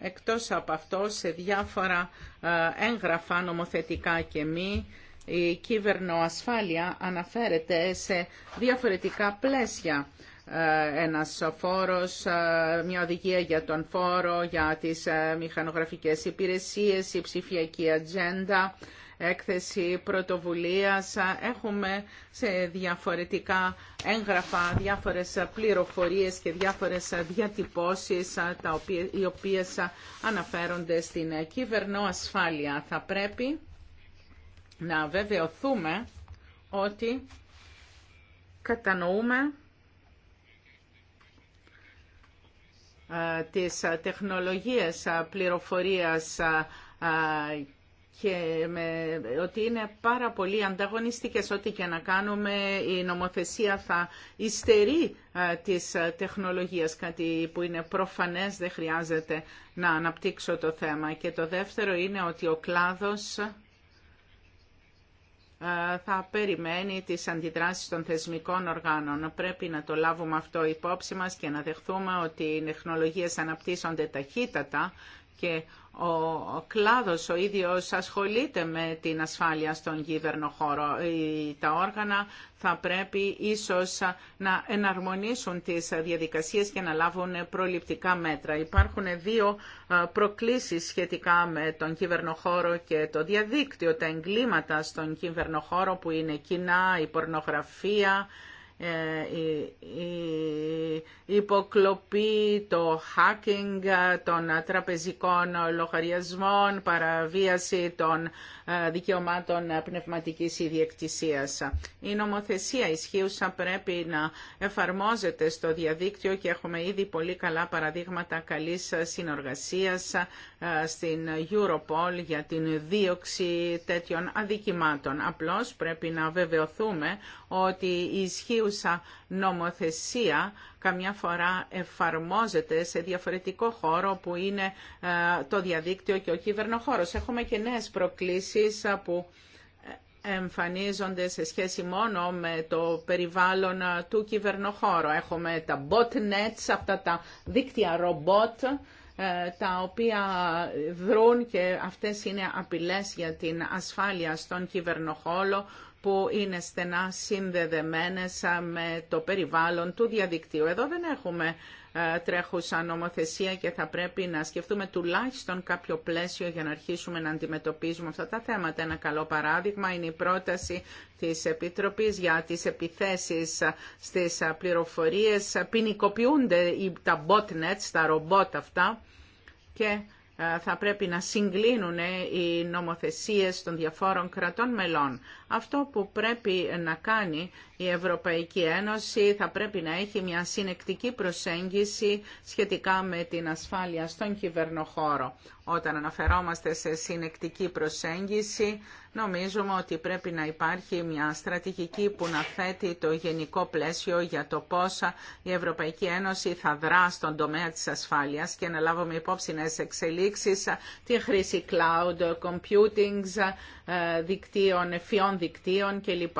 Εκτός από αυτό, σε διάφορα ε, έγγραφα νομοθετικά και μη, η κυβερνοασφάλεια αναφέρεται σε διαφορετικά πλαίσια. Ε, ένας φόρος, ε, μια οδηγία για τον φόρο, για τις μηχανογραφικές υπηρεσίες, η ψηφιακή ατζέντα, έκθεση πρωτοβουλίας. Έχουμε σε διαφορετικά έγγραφα διάφορες πληροφορίες και διάφορες διατυπώσεις τα οι οποίες αναφέρονται στην ασφάλεια, Θα πρέπει να βεβαιωθούμε ότι κατανοούμε ε, τις τεχνολογίες πληροφορίας ε, και με, ότι είναι πάρα πολύ ανταγωνιστικές. Ό,τι και να κάνουμε η νομοθεσία θα υστερεί α, της τεχνολογίας, κάτι που είναι προφανές, δεν χρειάζεται να αναπτύξω το θέμα. Και το δεύτερο είναι ότι ο κλάδος θα περιμένει τις αντιδράσεις των θεσμικών οργάνων. Πρέπει να το λάβουμε αυτό υπόψη μας και να δεχθούμε ότι οι τεχνολογίες αναπτύσσονται ταχύτατα και ο κλάδος ο ίδιος ασχολείται με την ασφάλεια στον κύβερνο χώρο. Τα όργανα θα πρέπει ίσως να εναρμονίσουν τις διαδικασίες και να λάβουν προληπτικά μέτρα. Υπάρχουν δύο ε, προκλήσεις σχετικά με τον χώρο και το διαδίκτυο. Τα εγκλήματα στον χώρο που είναι κοινά, η πορνογραφία, ε, η υποκλοπή, το hacking ε, των τραπεζικών λογαριασμών, παραβίαση των ε, δικαιωμάτων πνευματικής ιδιοκτησίας. Η νομοθεσία ισχύουσα πρέπει να εφαρμόζεται στο διαδίκτυο και έχουμε ήδη πολύ καλά παραδείγματα καλής συνεργασίας στην Europol για την δίωξη τέτοιων αδικημάτων. Απλώς πρέπει να βεβαιωθούμε ότι η ισχύουσα νομοθεσία καμιά φορά εφαρμόζεται σε διαφορετικό χώρο που είναι ε, το διαδίκτυο και ο κυβερνοχώρος. Έχουμε και νέες προκλήσεις που ε, εμφανίζονται σε σχέση μόνο με το περιβάλλον ε, του κυβερνοχώρου. Έχουμε τα botnets, αυτά τα δίκτυα ρομπότ, τα οποία βρούν και αυτές είναι απειλές για την ασφάλεια στον κυβερνοχώρο που είναι στενά συνδεδεμένες με το περιβάλλον του διαδικτύου. Εδώ δεν έχουμε ε, τρέχουσα νομοθεσία και θα πρέπει να σκεφτούμε τουλάχιστον κάποιο πλαίσιο για να αρχίσουμε να αντιμετωπίζουμε αυτά τα θέματα. Ένα καλό παράδειγμα είναι η πρόταση της Επιτροπής για τις επιθέσεις στις ε, πληροφορίες. Ποινικοποιούνται τα botnets, τα ρομπότ αυτά και ε, θα πρέπει να συγκλίνουν ε, οι νομοθεσίες των διαφόρων κρατών μελών. Αυτό που πρέπει να κάνει η Ευρωπαϊκή Ένωση θα πρέπει να έχει μια συνεκτική προσέγγιση σχετικά με την ασφάλεια στον κυβερνοχώρο. Όταν αναφερόμαστε σε συνεκτική προσέγγιση, νομίζουμε ότι πρέπει να υπάρχει μια στρατηγική που να θέτει το γενικό πλαίσιο για το πώς η Ευρωπαϊκή Ένωση θα δρά στον τομέα της ασφάλειας και να λάβουμε υπόψη νέες εξελίξεις, τη χρήση cloud, computing, ε, δικτύων, εφιών δικτύων κλπ.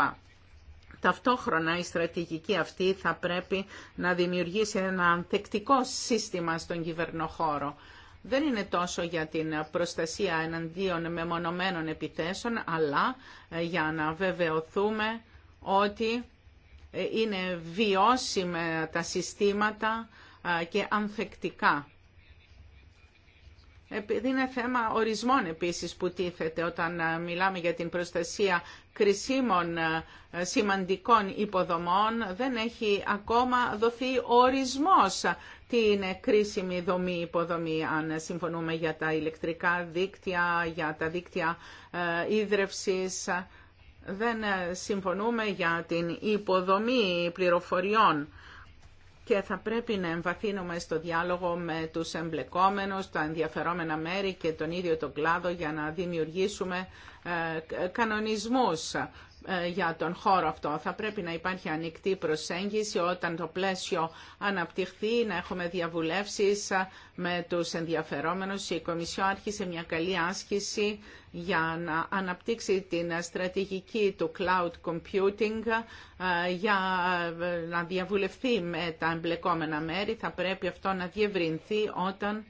Ταυτόχρονα η στρατηγική αυτή θα πρέπει να δημιουργήσει ένα ανθεκτικό σύστημα στον κυβερνοχώρο. Δεν είναι τόσο για την προστασία εναντίον μεμονωμένων επιθέσεων, αλλά ε, για να βεβαιωθούμε ότι ε, είναι βιώσιμα τα συστήματα ε, και ανθεκτικά επειδή είναι θέμα ορισμών επίσης που τίθεται όταν ε, μιλάμε για την προστασία κρισίμων ε, σημαντικών υποδομών, δεν έχει ακόμα δοθεί ορισμός τι είναι κρίσιμη δομή υποδομή, αν συμφωνούμε για τα ηλεκτρικά δίκτυα, για τα δίκτυα ε, ίδρευσης. Δεν συμφωνούμε για την υποδομή πληροφοριών και θα πρέπει να εμβαθύνουμε στο διάλογο με τους εμπλεκόμενους, τα ενδιαφερόμενα μέρη και τον ίδιο τον κλάδο για να δημιουργήσουμε ε, κανονισμούς ε, για τον χώρο αυτό. Θα πρέπει να υπάρχει ανοιχτή προσέγγιση όταν το πλαίσιο αναπτυχθεί, να έχουμε διαβουλεύσεις ε, με τους ενδιαφερόμενους. Η Κομισιό άρχισε μια καλή άσκηση για να αναπτύξει την στρατηγική του cloud computing ε, για να διαβουλευθεί με τα εμπλεκόμενα μέρη. Θα πρέπει αυτό να διευρυνθεί όταν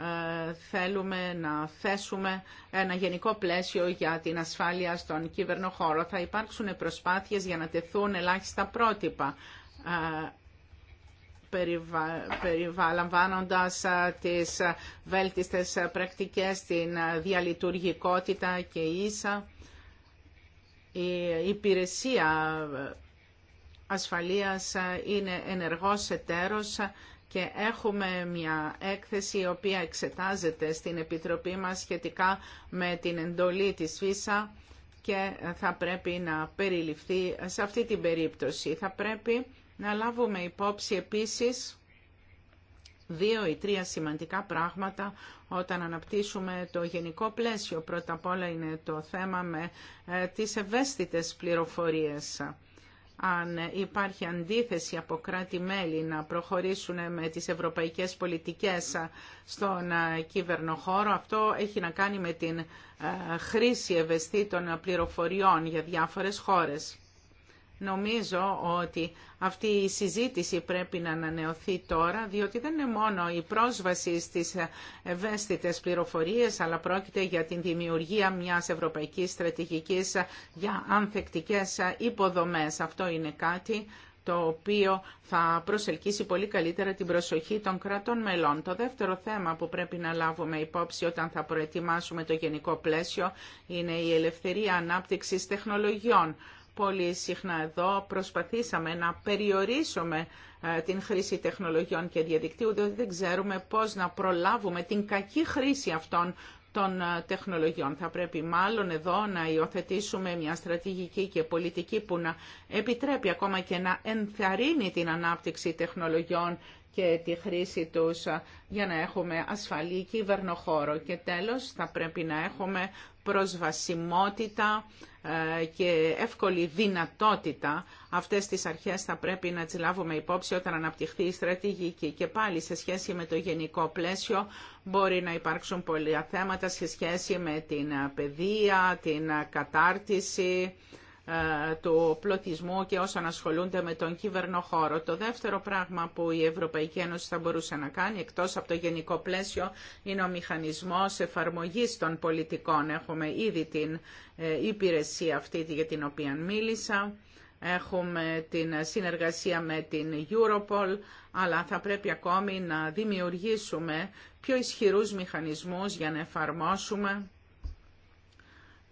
ε, θέλουμε να θέσουμε ένα γενικό πλαίσιο για την ασφάλεια στον κυβερνοχώρο. Θα υπάρξουν προσπάθειες για να τεθούν ελάχιστα πρότυπα ε, περιβαλλαμβάνοντας ε, τις βέλτιστες πρακτικές, την διαλειτουργικότητα και ίσα η υπηρεσία ασφαλείας είναι ενεργός εταίρος και έχουμε μια έκθεση η οποία εξετάζεται στην Επιτροπή μας σχετικά με την εντολή της ΦΙΣΑ και θα πρέπει να περιληφθεί σε αυτή την περίπτωση. Θα πρέπει να λάβουμε υπόψη επίσης δύο ή τρία σημαντικά πράγματα όταν αναπτύσσουμε το γενικό πλαίσιο. Πρώτα απ' όλα είναι το θέμα με ε, τις ευαίσθητες πληροφορίες αν υπάρχει αντίθεση από κράτη-μέλη να προχωρήσουν με τις ευρωπαϊκές πολιτικές στον ε, κυβερνοχώρο. Αυτό έχει να κάνει με την ε, χρήση ευαισθήτων πληροφοριών για διάφορες χώρες. Νομίζω ότι αυτή η συζήτηση πρέπει να ανανεωθεί τώρα, διότι δεν είναι μόνο η πρόσβαση στις ευαίσθητες πληροφορίες, αλλά πρόκειται για την δημιουργία μιας ευρωπαϊκής στρατηγικής για ανθεκτικές υποδομές. Αυτό είναι κάτι το οποίο θα προσελκύσει πολύ καλύτερα την προσοχή των κρατών μελών. Το δεύτερο θέμα που πρέπει να λάβουμε υπόψη όταν θα προετοιμάσουμε το γενικό πλαίσιο είναι η ελευθερία ανάπτυξης τεχνολογιών. Πολύ συχνά εδώ προσπαθήσαμε να περιορίσουμε ε, την χρήση τεχνολογιών και διαδικτύου, διότι δεν ξέρουμε πώς να προλάβουμε την κακή χρήση αυτών των ε, τεχνολογιών. Θα πρέπει μάλλον εδώ να υιοθετήσουμε μια στρατηγική και πολιτική που να επιτρέπει ακόμα και να ενθαρρύνει την ανάπτυξη τεχνολογιών και τη χρήση τους ε, για να έχουμε ασφαλή κυβερνοχώρο. Και τέλος θα πρέπει να έχουμε προσβασιμότητα ε, και εύκολη δυνατότητα. Αυτές τις αρχές θα πρέπει να τις λάβουμε υπόψη όταν αναπτυχθεί η στρατηγική. Και πάλι σε σχέση με το γενικό πλαίσιο μπορεί να υπάρξουν πολλά θέματα σε σχέση με την παιδεία, την κατάρτιση, ε, του πλωτισμού και όσων ασχολούνται με τον κυβερνοχώρο. Το δεύτερο πράγμα που η Ευρωπαϊκή Ένωση θα μπορούσε να κάνει, εκτός από το γενικό πλαίσιο, είναι ο μηχανισμός εφαρμογής των πολιτικών. Έχουμε ήδη την ε, υπηρεσία αυτή για την οποία μίλησα. Έχουμε την συνεργασία με την Europol, αλλά θα πρέπει ακόμη να δημιουργήσουμε πιο ισχυρούς μηχανισμούς για να εφαρμόσουμε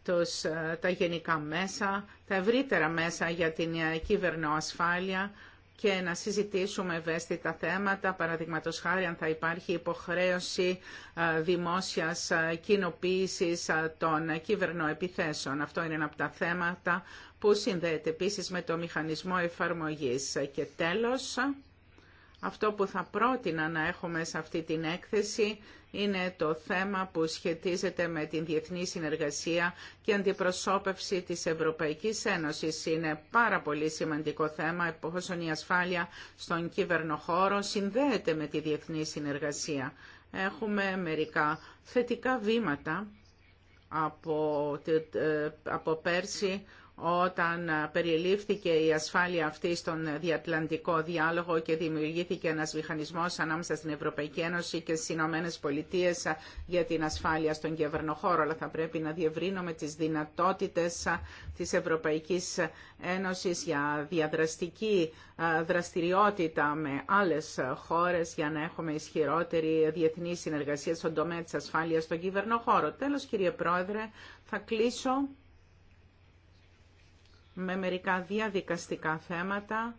τους, ε, τα γενικά μέσα, τα ευρύτερα μέσα για την ε, κυβερνοασφάλεια και να συζητήσουμε ευαίσθητα θέματα, παραδείγματο χάρη αν θα υπάρχει υποχρέωση ε, δημόσιας κοινοποίησης των κυβερνοεπιθέσεων. Αυτό είναι ένα από τα θέματα που συνδέεται επίσης με το μηχανισμό εφαρμογής. Και τέλος, αυτό που θα πρότεινα να έχουμε σε αυτή την έκθεση είναι το θέμα που σχετίζεται με την διεθνή συνεργασία και αντιπροσώπευση της Ευρωπαϊκής Ένωσης. Είναι πάρα πολύ σημαντικό θέμα, εφόσον η ασφάλεια στον κυβερνοχώρο συνδέεται με τη διεθνή συνεργασία. Έχουμε μερικά θετικά βήματα από, ε, από πέρσι όταν περιελήφθηκε η ασφάλεια αυτή στον διατλαντικό διάλογο και δημιουργήθηκε ένας μηχανισμός ανάμεσα στην Ευρωπαϊκή Ένωση και στις Ηνωμένε Πολιτείε για την ασφάλεια στον κυβερνοχώρο. Αλλά θα πρέπει να διευρύνουμε τις δυνατότητες της Ευρωπαϊκής Ένωσης για διαδραστική ε, δραστηριότητα με άλλες χώρες για να έχουμε ισχυρότερη διεθνή συνεργασία στον τομέα της ασφάλειας στον κυβερνοχώρο. Τέλος, κύριε Πρόεδρε, θα κλείσω με μερικά διαδικαστικά θέματα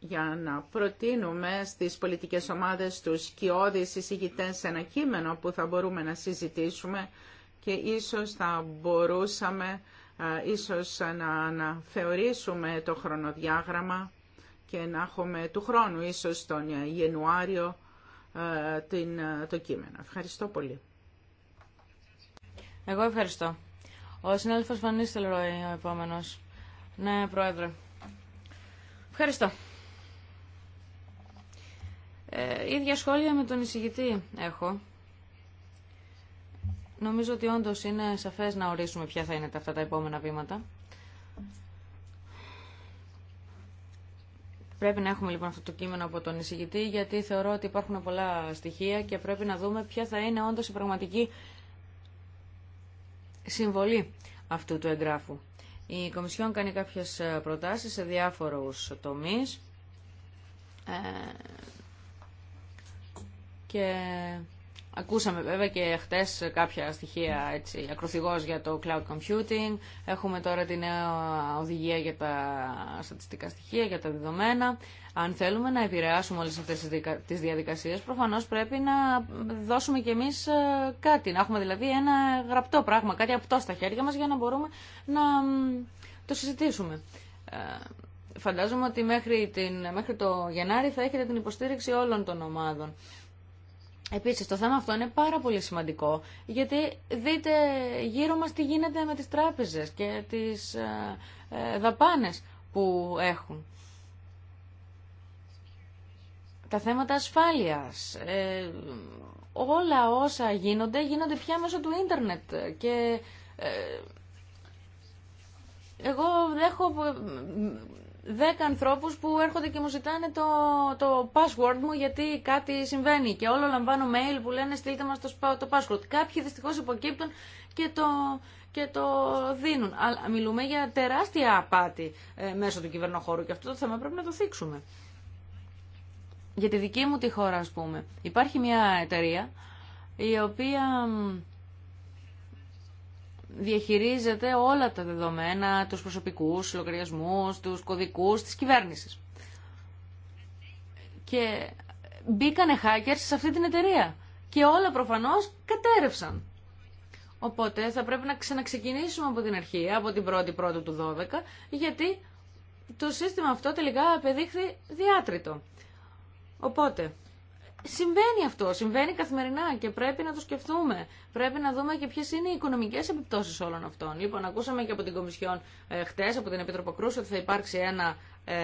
για να προτείνουμε στις πολιτικές ομάδες τους σκιώδεις εισηγητές ένα κείμενο που θα μπορούμε να συζητήσουμε και ίσως θα μπορούσαμε ίσως να, να θεωρήσουμε το χρονοδιάγραμμα και να έχουμε του χρόνου, ίσως τον Ιανουάριο, την, το κείμενο. Ευχαριστώ πολύ. Εγώ ευχαριστώ. Ο συνάδελφος Φανίστελ Ροϊ, ο επόμενος. Ναι, Πρόεδρε. Ευχαριστώ. Ε, ίδια σχόλια με τον εισηγητή έχω. Νομίζω ότι όντως είναι σαφές να ορίσουμε ποια θα είναι αυτά τα επόμενα βήματα. Πρέπει να έχουμε λοιπόν αυτό το κείμενο από τον εισηγητή, γιατί θεωρώ ότι υπάρχουν πολλά στοιχεία και πρέπει να δούμε ποια θα είναι όντω η πραγματική συμβολή αυτού του εγγράφου. Η Κομισιόν κάνει κάποιες ε, προτάσεις σε διάφορους τομείς ε, και Ακούσαμε βέβαια και χτες κάποια στοιχεία έτσι, ακροθυγός για το cloud computing. Έχουμε τώρα τη νέα οδηγία για τα στατιστικά στοιχεία, για τα δεδομένα. Αν θέλουμε να επηρεάσουμε όλες αυτές τις διαδικασίες, προφανώς πρέπει να δώσουμε κι εμείς ε, κάτι. Να έχουμε δηλαδή ένα γραπτό πράγμα, κάτι απτό στα χέρια μας για να μπορούμε να το συζητήσουμε. Ε, φαντάζομαι ότι μέχρι, την, μέχρι το Γενάρη θα έχετε την υποστήριξη όλων των ομάδων. Επίσης το θέμα αυτό είναι πάρα πολύ σημαντικό γιατί δείτε γύρω μας τι γίνεται με τις τράπεζες και τις ε, ε, δαπάνες που έχουν. Τα θέματα ασφάλειας, ε, όλα όσα γίνονται γίνονται πια μέσω του ίντερνετ και εγώ έχω δέκα ανθρώπους που έρχονται και μου ζητάνε το, το password μου γιατί κάτι συμβαίνει και όλο λαμβάνω mail που λένε στείλτε μας το, το password. Κάποιοι δυστυχώς υποκύπτουν και το, και το δίνουν. Αλλά μιλούμε για τεράστια απάτη ε, μέσω του κυβερνοχώρου και αυτό το θέμα πρέπει να το θίξουμε. Για τη δική μου τη χώρα, ας πούμε, υπάρχει μια εταιρεία η οποία διαχειρίζεται όλα τα δεδομένα, τους προσωπικούς λογαριασμούς, τους κωδικούς της κυβέρνησης. Και μπήκανε hackers σε αυτή την εταιρεία και όλα προφανώς κατέρευσαν. Οπότε θα πρέπει να ξαναξεκινήσουμε από την αρχή, από την 1η πρώτη του 12, γιατί το σύστημα αυτό τελικά απεδείχθη διάτρητο Οπότε, Συμβαίνει αυτό, συμβαίνει καθημερινά και πρέπει να το σκεφτούμε. Πρέπει να δούμε και ποιε είναι οι οικονομικέ επιπτώσει όλων αυτών. Λοιπόν, ακούσαμε και από την Κομισιόν ε, χτε, από την Επίτροπο Κρούση, ότι θα υπάρξει ένα ε,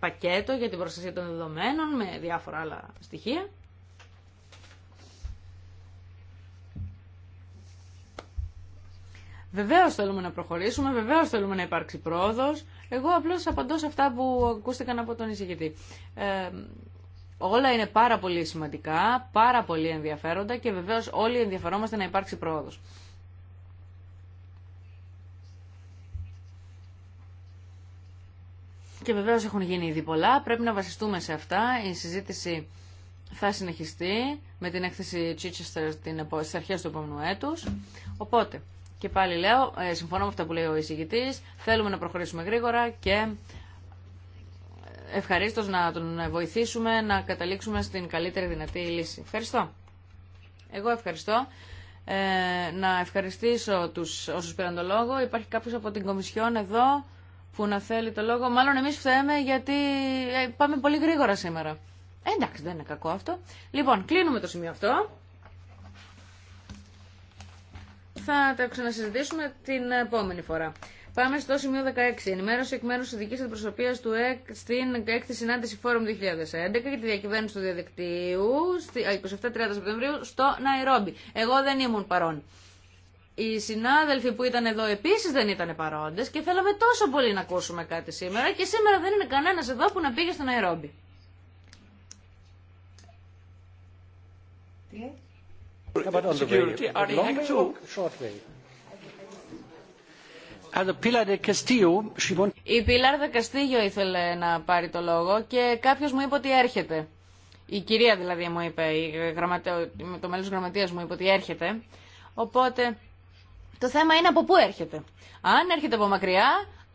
πακέτο για την προστασία των δεδομένων με διάφορα άλλα στοιχεία. Βεβαίω θέλουμε να προχωρήσουμε, βεβαίω θέλουμε να υπάρξει πρόοδο. Εγώ απλώ απαντώ σε αυτά που ακούστηκαν από τον εισηγητή. Ε, Όλα είναι πάρα πολύ σημαντικά, πάρα πολύ ενδιαφέροντα και βεβαίως όλοι ενδιαφερόμαστε να υπάρξει πρόοδος. Και βεβαίως έχουν γίνει ήδη πολλά, πρέπει να βασιστούμε σε αυτά. Η συζήτηση θα συνεχιστεί με την έκθεση Chichester στις αρχές του επόμενου έτους. Οπότε, και πάλι λέω, ε, συμφωνώ με αυτά που λέει ο εισηγητής, θέλουμε να προχωρήσουμε γρήγορα και Ευχαριστώ να τον βοηθήσουμε να καταλήξουμε στην καλύτερη δυνατή λύση. Ευχαριστώ. Εγώ ευχαριστώ. Ε, να ευχαριστήσω τους όσους πήραν το λόγο. Υπάρχει κάποιος από την Κομισιόν εδώ που να θέλει το λόγο. Μάλλον εμείς φταίμε γιατί ε, πάμε πολύ γρήγορα σήμερα. Ε, εντάξει, δεν είναι κακό αυτό. Λοιπόν, κλείνουμε το σημείο αυτό. Θα τα ξανασυζητήσουμε την επόμενη φορά. Πάμε στο σημείο 16. Ενημέρωση εκ μέρου ειδική αντιπροσωπεία του ΕΚ στην 6η συνάντηση Forum 2011 για τη διακυβέρνηση του διαδικτύου 27-30 Σεπτεμβρίου στο Ναϊρόμπι. Εγώ δεν ήμουν παρόν. Οι συνάδελφοι που ήταν εδώ επίση δεν ήταν παρόντε και θέλαμε τόσο πολύ να ακούσουμε κάτι σήμερα και σήμερα δεν είναι κανένα εδώ που να πήγε στο Ναϊρόμπι. Η Πίλαρ Καστίγιο ήθελε να πάρει το λόγο και κάποιος μου είπε ότι έρχεται. Η κυρία δηλαδή μου είπε, η γραμματε... το μέλος γραμματείας μου είπε ότι έρχεται. Οπότε το θέμα είναι από πού έρχεται. Αν έρχεται από μακριά,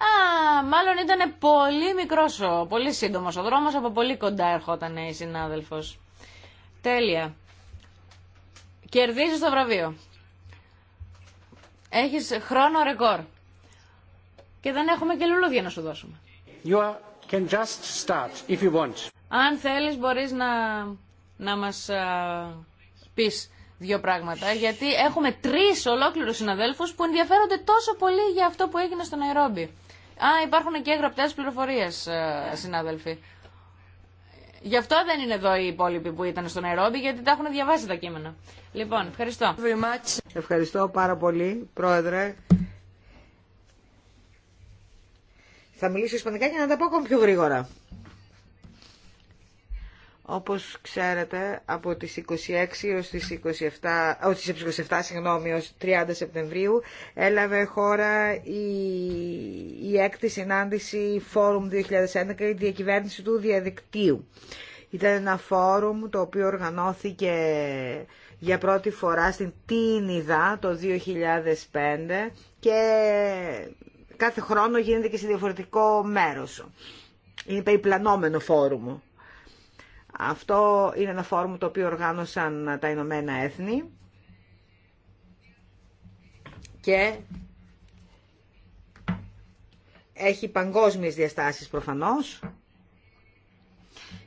α, μάλλον ήταν πολύ μικρός, ο, πολύ σύντομος ο δρόμος, από πολύ κοντά ερχόταν η συνάδελφος. Τέλεια. Κερδίζεις το βραβείο. Έχεις χρόνο ρεκόρ και δεν έχουμε και λουλούδια να σου δώσουμε. You can just start if you want. Αν θέλεις μπορείς να, να μας πεις δύο πράγματα, γιατί έχουμε τρεις ολόκληρους συναδέλφους που ενδιαφέρονται τόσο πολύ για αυτό που έγινε στο Ναϊρόμπι. Α, υπάρχουν και γραπτές πληροφορίες, α, συνάδελφοι. Γι' αυτό δεν είναι εδώ οι υπόλοιποι που ήταν στο Ναϊρόμπι, γιατί τα έχουν διαβάσει τα κείμενα. Λοιπόν, ευχαριστώ. Ευχαριστώ πάρα πολύ, Πρόεδρε. Θα μιλήσω ισπανικά για να τα πω ακόμη πιο γρήγορα. Όπως ξέρετε, από τις 26 έως τις 27, όχι, τις 27 συγγνώμη, ως 30 Σεπτεμβρίου έλαβε χώρα η, η έκτη συνάντηση Forum 2011 η διακυβέρνηση του διαδικτύου. Ήταν ένα φόρουμ το οποίο οργανώθηκε για πρώτη φορά στην Τίνιδα το 2005 και κάθε χρόνο γίνεται και σε διαφορετικό μέρος. Είναι περιπλανόμενο φόρουμ. Αυτό είναι ένα φόρουμ το οποίο οργάνωσαν τα Ηνωμένα Έθνη και έχει παγκόσμιες διαστάσεις προφανώς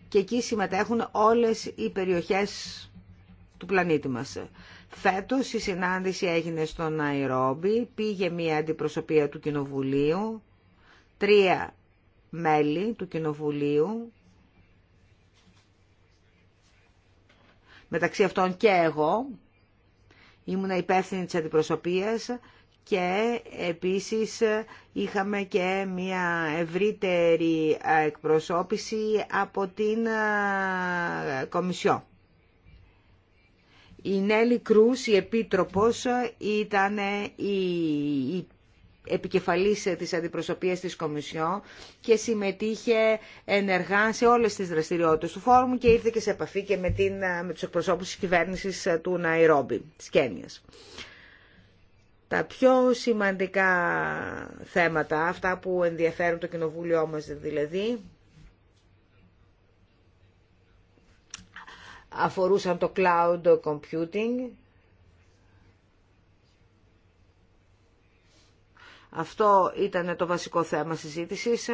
και εκεί συμμετέχουν όλες οι περιοχές του πλανήτη μας. Φέτος η συνάντηση έγινε στο Ναϊρόμπι, πήγε μια αντιπροσωπεία του Κοινοβουλίου, τρία μέλη του Κοινοβουλίου, μεταξύ αυτών και εγώ, ήμουν υπεύθυνη της αντιπροσωπείας και επίσης είχαμε και μια ευρύτερη εκπροσώπηση από την ε, Κομισιό. Η Νέλη Κρούς, η Επίτροπος, ήταν η επικεφαλής της αντιπροσωπείας της Κομισιό και συμμετείχε ενεργά σε όλες τις δραστηριότητες του φόρουμου και ήρθε και σε επαφή και με, την, με τους εκπροσώπους της κυβέρνησης του Ναϊρόμπι, της Κένιας. Τα πιο σημαντικά θέματα, αυτά που ενδιαφέρουν το κοινοβούλιο μας δηλαδή, αφορούσαν το cloud computing. Αυτό ήταν το βασικό θέμα συζήτησης.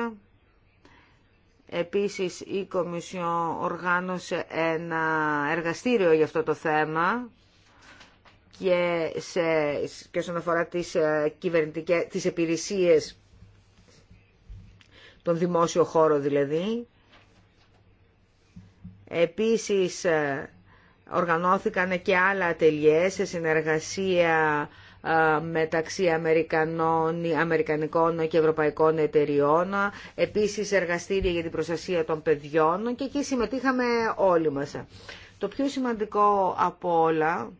Επίσης η Κομισιό οργάνωσε ένα εργαστήριο για αυτό το θέμα και, σε, και όσον αφορά τις, ε, κυβερνητικές, τις υπηρεσίες, τον δημόσιο χώρο δηλαδή, Επίσης ε, οργανώθηκαν και άλλα ατελιέ σε συνεργασία ε, μεταξύ Αμερικανών, Αμερικανικών και Ευρωπαϊκών εταιριών. Επίσης εργαστήρια για την προστασία των παιδιών και εκεί συμμετείχαμε όλοι μας. Το πιο σημαντικό από όλα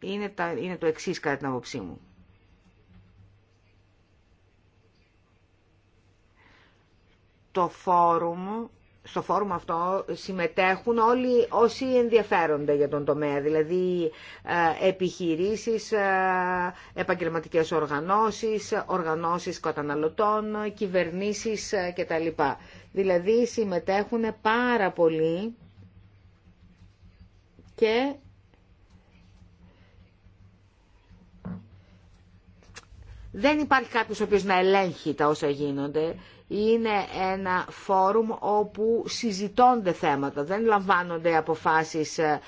είναι, τα, είναι το εξής κατά την άποψή μου. Το φόρουμ στο φόρουμ αυτό συμμετέχουν όλοι όσοι ενδιαφέρονται για τον τομέα, δηλαδή ε, επιχειρήσεις, ε, επαγγελματικές οργανώσεις, οργανώσεις καταναλωτών, κυβερνήσεις ε, κτλ. Δηλαδή συμμετέχουν πάρα πολύ και δεν υπάρχει κάποιος ο οποίος να ελέγχει τα όσα γίνονται είναι ένα φόρουμ όπου συζητώνται θέματα, δεν λαμβάνονται αποφάσεις ε,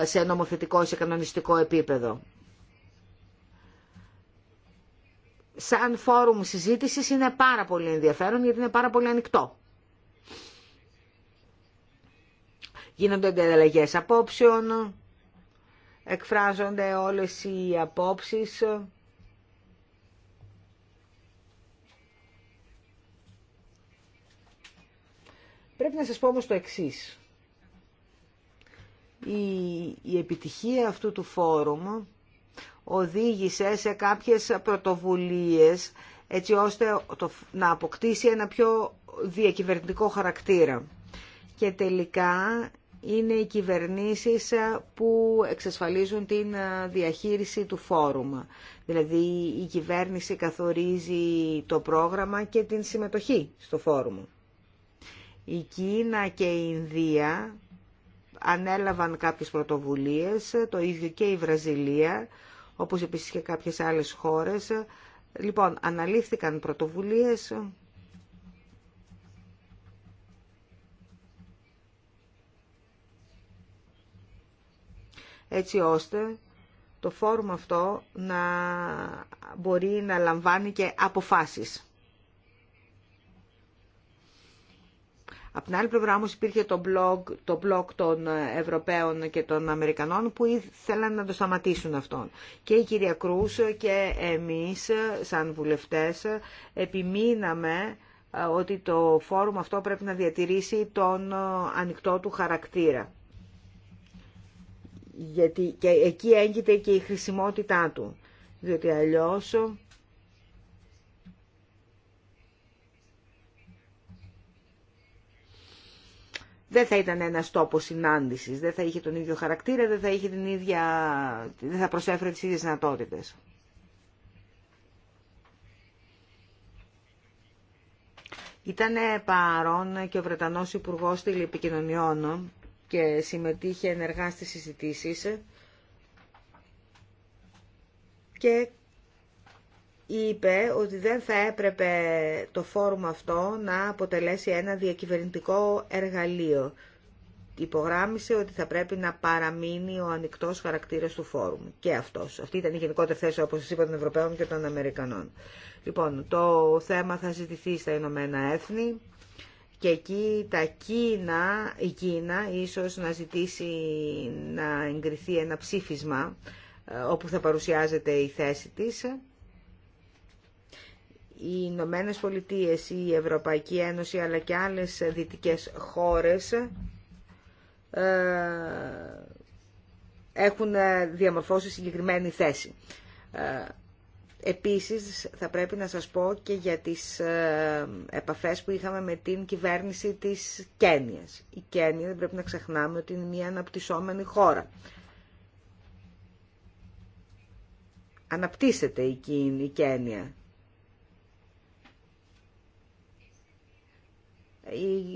ε, σε νομοθετικό, σε κανονιστικό επίπεδο. Σαν φόρουμ συζήτησης είναι πάρα πολύ ενδιαφέρον γιατί είναι πάρα πολύ ανοιχτό. Γίνονται ανταλλαγές απόψεων, εκφράζονται όλες οι απόψεις Πρέπει να σας πω όμως το εξής. Η, επιτυχία αυτού του φόρουμ οδήγησε σε κάποιες πρωτοβουλίες έτσι ώστε να αποκτήσει ένα πιο διακυβερνητικό χαρακτήρα. Και τελικά είναι οι κυβερνήσεις που εξασφαλίζουν την διαχείριση του φόρουμ. Δηλαδή η κυβέρνηση καθορίζει το πρόγραμμα και την συμμετοχή στο φόρουμ. Η Κίνα και η Ινδία ανέλαβαν κάποιες πρωτοβουλίες, το ίδιο και η Βραζιλία, όπως επίσης και κάποιες άλλες χώρες. Λοιπόν, αναλήφθηκαν πρωτοβουλίες έτσι ώστε το φόρουμ αυτό να μπορεί να λαμβάνει και αποφάσεις. Από την άλλη πλευρά όμως υπήρχε το blog, το blog των Ευρωπαίων και των Αμερικανών που ήθελαν να το σταματήσουν αυτόν. Και η κυρία Κρούς και εμείς σαν βουλευτές επιμείναμε ε, ότι το φόρουμ αυτό πρέπει να διατηρήσει τον ε, ανοιχτό του χαρακτήρα. Γιατί και εκεί έγκυται και η χρησιμότητά του. Διότι αλλιώς δεν θα ήταν ένας τόπος συνάντησης, δεν θα είχε τον ίδιο χαρακτήρα, δεν θα, είχε την ίδια, δεν θα προσέφερε τις ίδιες δυνατότητε. Ήταν παρόν και ο Βρετανός Υπουργός Τηλεπικοινωνιών και συμμετείχε ενεργά στις συζητήσεις και είπε ότι δεν θα έπρεπε το φόρουμ αυτό να αποτελέσει ένα διακυβερνητικό εργαλείο. Υπογράμμισε ότι θα πρέπει να παραμείνει ο ανοιχτό χαρακτήρα του φόρουμ. Και αυτό. Αυτή ήταν η γενικότερη θέση, όπω σα είπα, των Ευρωπαίων και των Αμερικανών. Λοιπόν, το θέμα θα ζητηθεί στα Ηνωμένα Έθνη και εκεί τα Κίνα, η Κίνα ίσως να ζητήσει να εγκριθεί ένα ψήφισμα ε, όπου θα παρουσιάζεται η θέση της οι Ηνωμένε Πολιτείε, η Ευρωπαϊκή Ένωση αλλά και άλλες δυτικές χώρες ε, έχουν ε, διαμορφώσει συγκεκριμένη θέση. Ε, επίσης θα πρέπει να σας πω και για τις επαφές που είχαμε με την κυβέρνηση της Κένιας. Η Κένια δεν πρέπει να ξεχνάμε ότι είναι μια αναπτυσσόμενη χώρα. Αναπτύσσεται η Κένια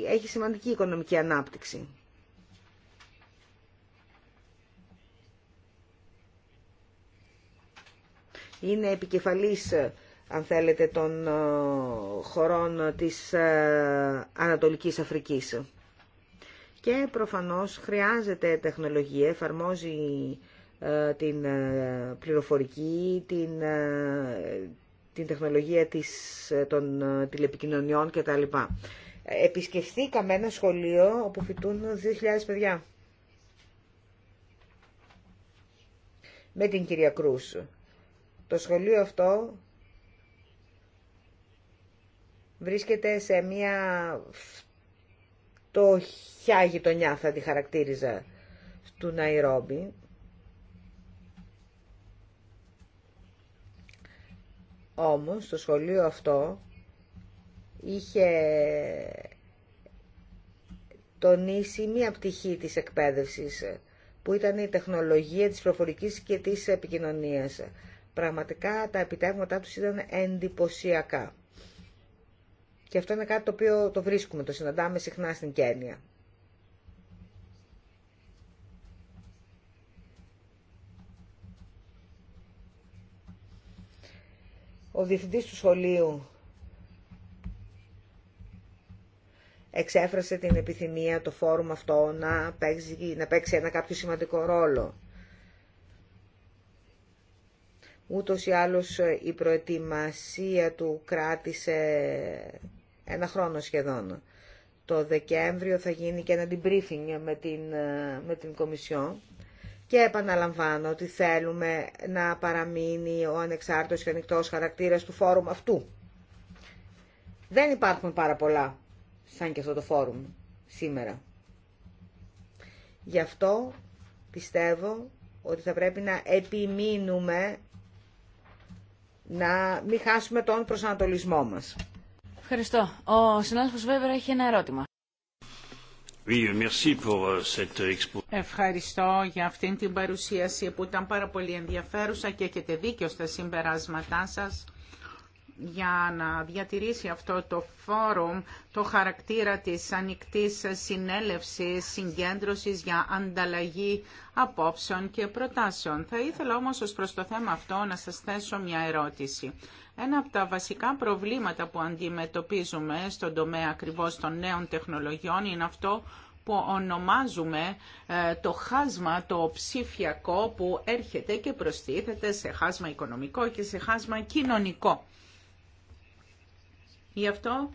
έχει σημαντική οικονομική ανάπτυξη. Είναι επικεφαλής, αν θέλετε, των ε, χωρών της ε, Ανατολικής Αφρικής. Και προφανώς χρειάζεται τεχνολογία, εφαρμόζει ε, την πληροφορική, την, την τεχνολογία της, των τηλεπικοινωνιών κτλ επισκεφθήκαμε ένα σχολείο όπου φοιτούν 2.000 παιδιά. Με την κυρία Κρούς. Το σχολείο αυτό βρίσκεται σε μια φτωχιά γειτονιά θα τη χαρακτήριζα του Ναϊρόμπι. Όμως το σχολείο αυτό είχε τονίσει μία πτυχή της εκπαίδευσης που ήταν η τεχνολογία της προφορικής και της επικοινωνίας. Πραγματικά τα επιτεύγματά τους ήταν εντυπωσιακά. Και αυτό είναι κάτι το οποίο το βρίσκουμε, το συναντάμε συχνά στην Κένια. Ο διευθυντής του σχολείου εξέφρασε την επιθυμία το φόρουμ αυτό να παίξει, να παίξει ένα κάποιο σημαντικό ρόλο. Ούτως ή άλλως η προετοιμασία του κράτησε ένα χρόνο σχεδόν. Το Δεκέμβριο θα γίνει και ένα debriefing με την, με την και επαναλαμβάνω ότι θέλουμε να παραμείνει ο ανεξάρτητος και ανοιχτός χαρακτήρας του φόρουμ αυτού. Δεν υπάρχουν πάρα πολλά σαν και αυτό το φόρουμ σήμερα. Γι' αυτό πιστεύω ότι θα πρέπει να επιμείνουμε να μην χάσουμε τον προσανατολισμό μας. Ευχαριστώ. Ο συνάδελφος Βέβερα έχει ένα ερώτημα. Euh, Ευχαριστώ για αυτήν την παρουσίαση που ήταν πάρα πολύ ενδιαφέρουσα και έχετε δίκιο στα συμπεράσματά σας για να διατηρήσει αυτό το φόρουμ το χαρακτήρα της ανοιχτής συνέλευσης, συγκέντρωσης για ανταλλαγή απόψεων και προτάσεων. Θα ήθελα όμως ως προς το θέμα αυτό να σας θέσω μια ερώτηση. Ένα από τα βασικά προβλήματα που αντιμετωπίζουμε στον τομέα ακριβώς των νέων τεχνολογιών είναι αυτό που ονομάζουμε ε, το χάσμα το ψηφιακό που έρχεται και προστίθεται σε χάσμα οικονομικό και σε χάσμα κοινωνικό. Γι' αυτό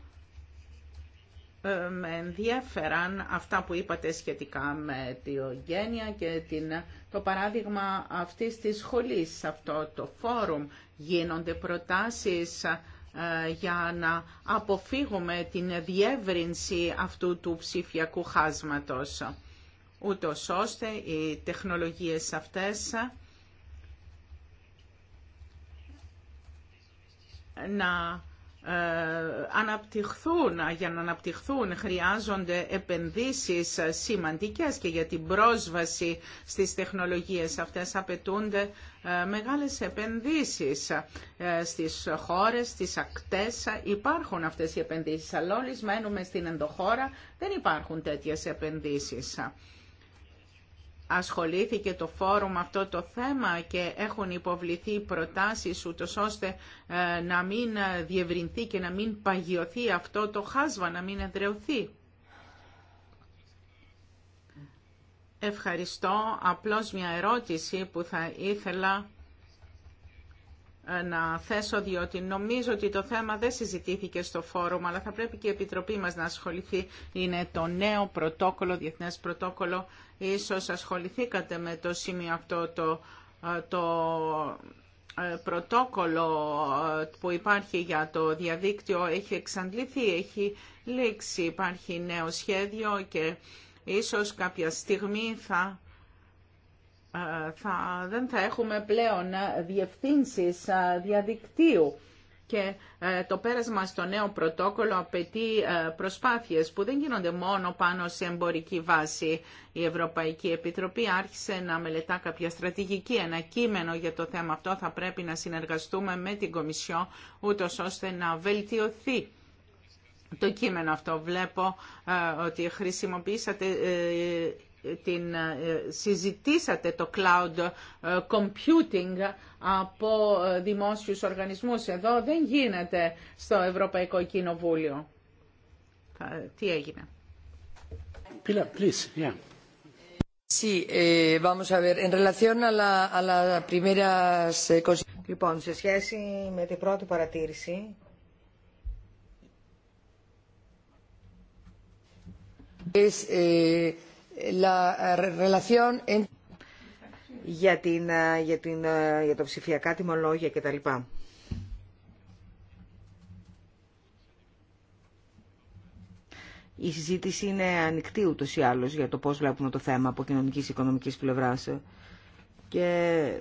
ε, με ενδιαφέραν αυτά που είπατε σχετικά με τη γένεια και την, το παράδειγμα αυτής της σχολής, σε αυτό το φόρουμ. Γίνονται προτάσεις ε, για να αποφύγουμε την διεύρυνση αυτού του ψηφιακού χάσματος, ούτως ώστε οι τεχνολογίες αυτές ε, να ε, αναπτυχθούν, για να αναπτυχθούν χρειάζονται επενδύσεις σημαντικές και για την πρόσβαση στις τεχνολογίες αυτές απαιτούνται ε, μεγάλες επενδύσεις ε, στις χώρες, στις ακτές υπάρχουν αυτές οι επενδύσεις αλλά όλοι μένουμε στην ενδοχώρα δεν υπάρχουν τέτοιες επενδύσεις ασχολήθηκε το φόρουμ αυτό το θέμα και έχουν υποβληθεί προτάσεις ούτως ώστε ε, να μην διευρυνθεί και να μην παγιωθεί αυτό το χάσμα, να μην εδρεωθεί. Ευχαριστώ. Απλώς μια ερώτηση που θα ήθελα ε, να θέσω, διότι νομίζω ότι το θέμα δεν συζητήθηκε στο φόρουμ, αλλά θα πρέπει και η Επιτροπή μας να ασχοληθεί. Είναι το νέο πρωτόκολλο, διεθνές πρωτόκολλο. Ίσως ασχοληθήκατε με το σημείο αυτό το, ε, το ε, πρωτόκολλο που υπάρχει για το διαδίκτυο έχει εξαντληθεί, έχει λήξει, υπάρχει νέο σχέδιο και ίσως κάποια στιγμή θα ε, θα, δεν θα έχουμε πλέον ε, διευθύνσεις ε, διαδικτύου και το πέρασμα στο νέο πρωτόκολλο απαιτεί προσπάθειες που δεν γίνονται μόνο πάνω σε εμπορική βάση. Η Ευρωπαϊκή Επιτροπή άρχισε να μελετά κάποια στρατηγική, ένα κείμενο για το θέμα αυτό. Θα πρέπει να συνεργαστούμε με την Κομισιό, ούτως ώστε να βελτιωθεί το κείμενο αυτό. Βλέπω ότι χρησιμοποιήσατε την, ε, συζητήσατε το cloud ε, computing από ε, δημόσιους οργανισμούς. Εδώ δεν γίνεται στο Ευρωπαϊκό Κοινοβούλιο. Τι έγινε. Πίλα, please, yeah. Sí, eh, vamos a ver. En relación a la, a la Λοιπόν, σε σχέση με την πρώτη παρατήρηση, es, eh, για, τα ε, ε, ψηφιακά τιμολόγια κτλ. Η συζήτηση είναι ανοιχτή ούτω ή άλλω για το πώ βλέπουμε το θέμα από κοινωνική και οικονομική πλευρά. Και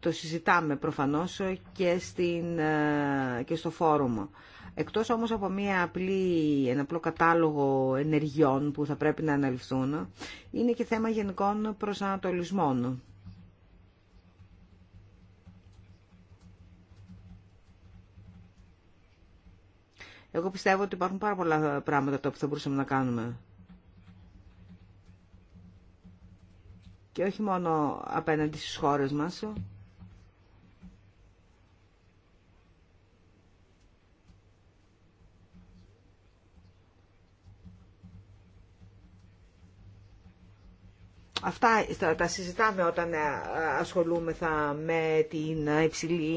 το συζητάμε προφανώ και, ε, και στο φόρουμ. Εκτός όμως από μια απλή, ένα απλό κατάλογο ενεργειών που θα πρέπει να αναλυθούν, είναι και θέμα γενικών προσανατολισμών. Εγώ πιστεύω ότι υπάρχουν πάρα πολλά πράγματα τα που θα μπορούσαμε να κάνουμε. Και όχι μόνο απέναντι στις χώρες μας, Αυτά τα συζητάμε όταν ε, ασχολούμεθα με την, υψηλή,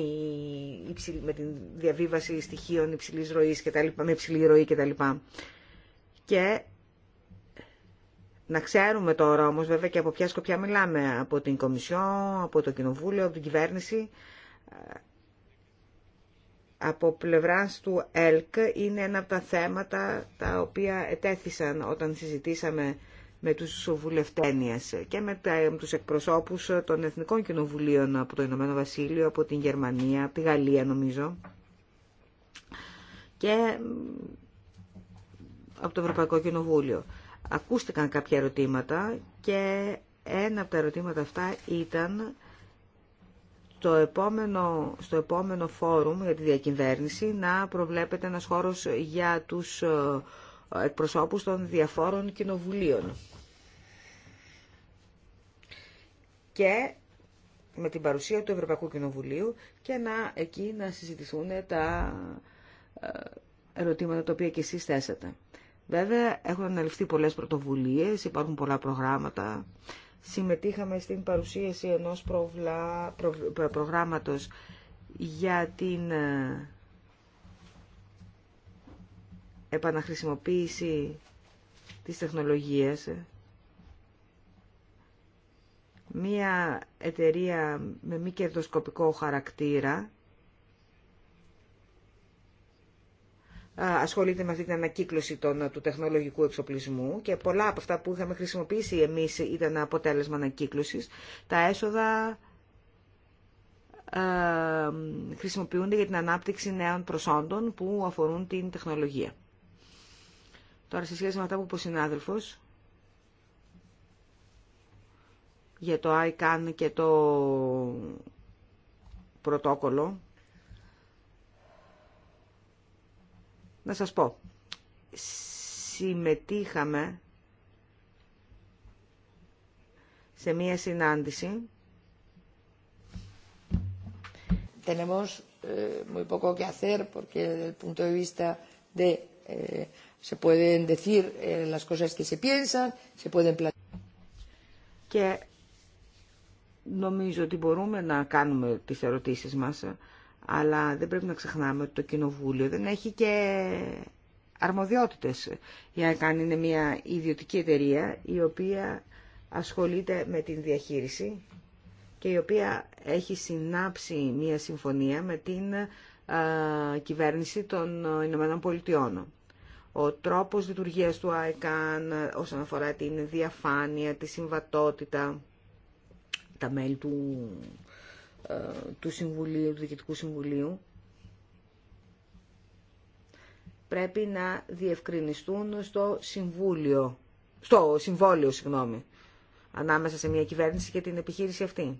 υψηλή, με την διαβίβαση στοιχείων υψηλής ροής και τα λοιπά, με υψηλή ροή Και, τα λοιπά. και να ξέρουμε τώρα όμως βέβαια και από ποια σκοπιά μιλάμε, από την Κομισιό, από το Κοινοβούλιο, από την κυβέρνηση. Από πλευράς του ΕΛΚ είναι ένα από τα θέματα τα οποία ετέθησαν όταν συζητήσαμε με τους βουλευτένιες και με τους εκπροσώπους των Εθνικών Κοινοβουλίων από το Ηνωμένο Βασίλειο, από την Γερμανία, από τη Γαλλία νομίζω και από το Ευρωπαϊκό Κοινοβούλιο. Ακούστηκαν κάποια ερωτήματα και ένα από τα ερωτήματα αυτά ήταν το επόμενο, στο επόμενο φόρουμ για τη διακυβέρνηση να προβλέπεται ένας χώρος για τους ε, εκπροσώπους των διαφόρων κοινοβουλίων. Και με την παρουσία του Ευρωπαϊκού Κοινοβουλίου και να εκεί να συζητηθούν τα ε, ερωτήματα τα οποία και εσείς θέσατε. Βέβαια, έχουν αναλυφθεί πολλές πρωτοβουλίες, υπάρχουν πολλά προγράμματα. Συμμετείχαμε στην παρουσίαση ενός προβλα... προγράμματος για την ε, επαναχρησιμοποίηση της τεχνολογίας. Μία εταιρεία με μη κερδοσκοπικό χαρακτήρα ασχολείται με αυτή την ανακύκλωση των, του τεχνολογικού εξοπλισμού και πολλά από αυτά που είχαμε χρησιμοποιήσει εμείς ήταν αποτέλεσμα ανακύκλωσης. Τα έσοδα χρησιμοποιούνται για την ανάπτυξη νέων προσόντων που αφορούν την τεχνολογία. Τώρα σε σχέση με αυτά που είπε ο συνάδελφος, για το ICAN και το πρωτόκολλο, να σας πω, συμμετείχαμε σε μία συνάντηση. Tenemos ε, muy poco que hacer porque desde el punto de vista de ε, se Και νομίζω ότι μπορούμε να κάνουμε τις ερωτήσεις μας, αλλά δεν πρέπει να ξεχνάμε ότι το Κοινοβούλιο δεν έχει και αρμοδιότητες. Η ΑΕΚΑΝ είναι μια ιδιωτική εταιρεία η οποία ασχολείται με την διαχείριση και η οποία έχει συνάψει μια συμφωνία με την ε, κυβέρνηση των Ηνωμένων Πολιτειών ο τρόπος λειτουργίας του ICAN όσον αφορά την διαφάνεια, τη συμβατότητα, τα μέλη του, ε, του Συμβουλίου, του Διοικητικού Συμβουλίου, πρέπει να διευκρινιστούν στο Συμβούλιο, στο Συμβόλιο, συγγνώμη, ανάμεσα σε μια κυβέρνηση και την επιχείρηση αυτή.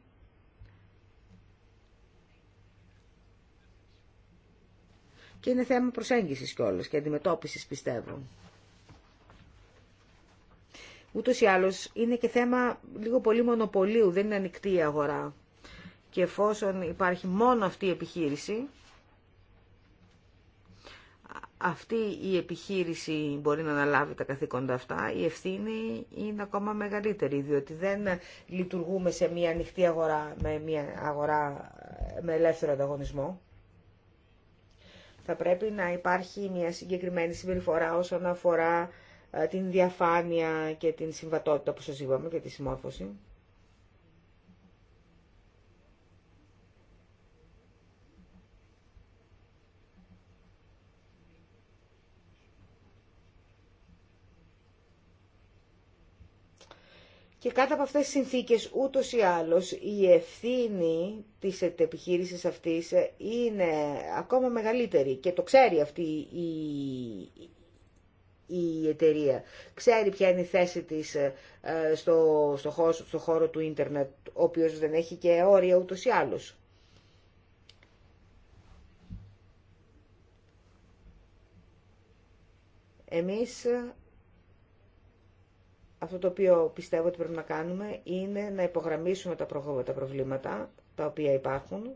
και είναι θέμα προσέγγισης κιόλας και αντιμετώπισης πιστεύω. Ούτως ή άλλως είναι και θέμα λίγο πολύ μονοπωλίου, δεν είναι ανοιχτή η αγορά. Και εφόσον υπάρχει μόνο αυτή η επιχείρηση, αυτή η επιχείρηση μπορεί να αναλάβει τα καθήκοντα αυτά, η ευθύνη είναι ακόμα μεγαλύτερη, διότι δεν λειτουργούμε σε μια ανοιχτή αγορά, με μια αγορά με ελεύθερο ανταγωνισμό. Θα πρέπει να υπάρχει μια συγκεκριμένη συμπεριφορά όσον αφορά ε, την διαφάνεια και την συμβατότητα που σας είπαμε και τη συμμόρφωση. Και κάτω από αυτές τις συνθήκες ούτως ή άλλως η ευθύνη της ε, επιχείρησης αυτής ε, είναι ακόμα μεγαλύτερη και το ξέρει αυτή η, η εταιρεία. Ξέρει ποια είναι η θέση της ε, στο, στο, χώρο, στο του ίντερνετ, ο οποίος δεν έχει και όρια ούτως ή άλλως. Εμείς αυτό το οποίο πιστεύω ότι πρέπει να κάνουμε είναι να υπογραμμίσουμε τα προβλήματα τα οποία υπάρχουν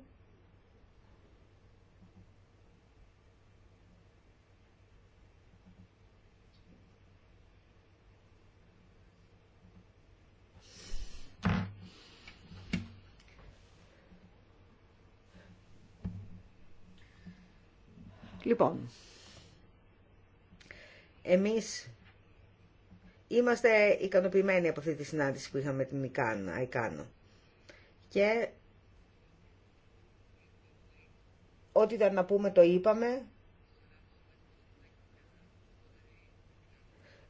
Λοιπόν, εμείς είμαστε ικανοποιημένοι από αυτή τη συνάντηση που είχαμε με την Ικάνο. Και ό,τι ήταν να πούμε το είπαμε.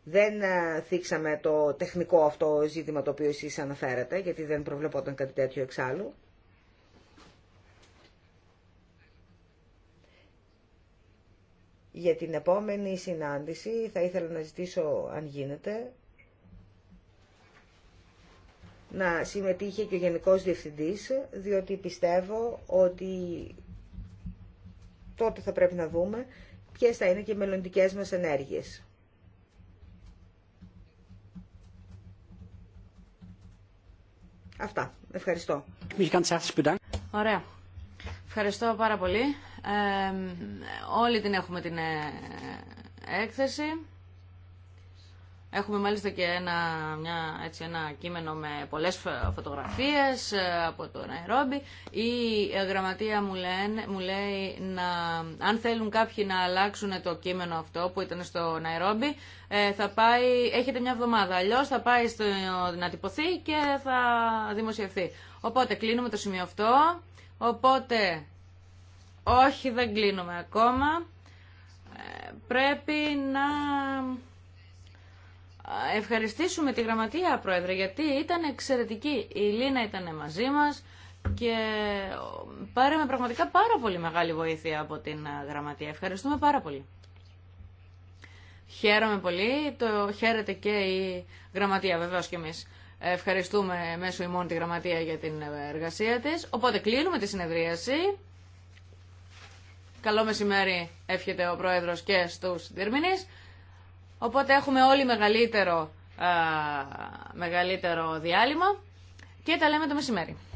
Δεν ε, θίξαμε το τεχνικό αυτό ζήτημα το οποίο εσείς αναφέρατε, γιατί δεν προβλεπόταν κάτι τέτοιο εξάλλου. Για την επόμενη συνάντηση θα ήθελα να ζητήσω, αν γίνεται, να συμμετείχε και ο Γενικός Διευθυντής, διότι πιστεύω ότι τότε θα πρέπει να δούμε ποιες θα είναι και οι μελλοντικές μας ενέργειες. Αυτά. Ευχαριστώ. Ωραία. Ευχαριστώ πάρα πολύ. Ε, όλοι την έχουμε την ε, έκθεση. Έχουμε μάλιστα και ένα, μια, έτσι, ένα κείμενο με πολλές φωτογραφίες ε, από το Ναϊρόμπι. Η ε, γραμματεία μου, λένε, μου λέει να, αν θέλουν κάποιοι να αλλάξουν το κείμενο αυτό που ήταν στο Ναϊρόμπι, θα πάει, έχετε μια εβδομάδα. Αλλιώ θα πάει στο, να τυπωθεί και θα δημοσιευθεί. Οπότε κλείνουμε το σημείο αυτό. Οπότε, όχι δεν κλείνουμε ακόμα. Ε, πρέπει να ε, ευχαριστήσουμε τη Γραμματεία, Πρόεδρε, γιατί ήταν εξαιρετική. Η Λίνα ήταν μαζί μας και πάρεμε πραγματικά πάρα πολύ μεγάλη βοήθεια από την ε, Γραμματεία. Ευχαριστούμε πάρα πολύ. Χαίρομαι πολύ. Το χαίρεται και η Γραμματεία, βεβαίως και εμείς. Ευχαριστούμε μέσω ημών τη Γραμματεία για την εργασία της. Οπότε κλείνουμε τη συνεδρίαση. Καλό μεσημέρι εύχεται ο Πρόεδρος και στους διερμηνείς. Οπότε έχουμε όλοι μεγαλύτερο, α, μεγαλύτερο διάλειμμα και τα λέμε το μεσημέρι.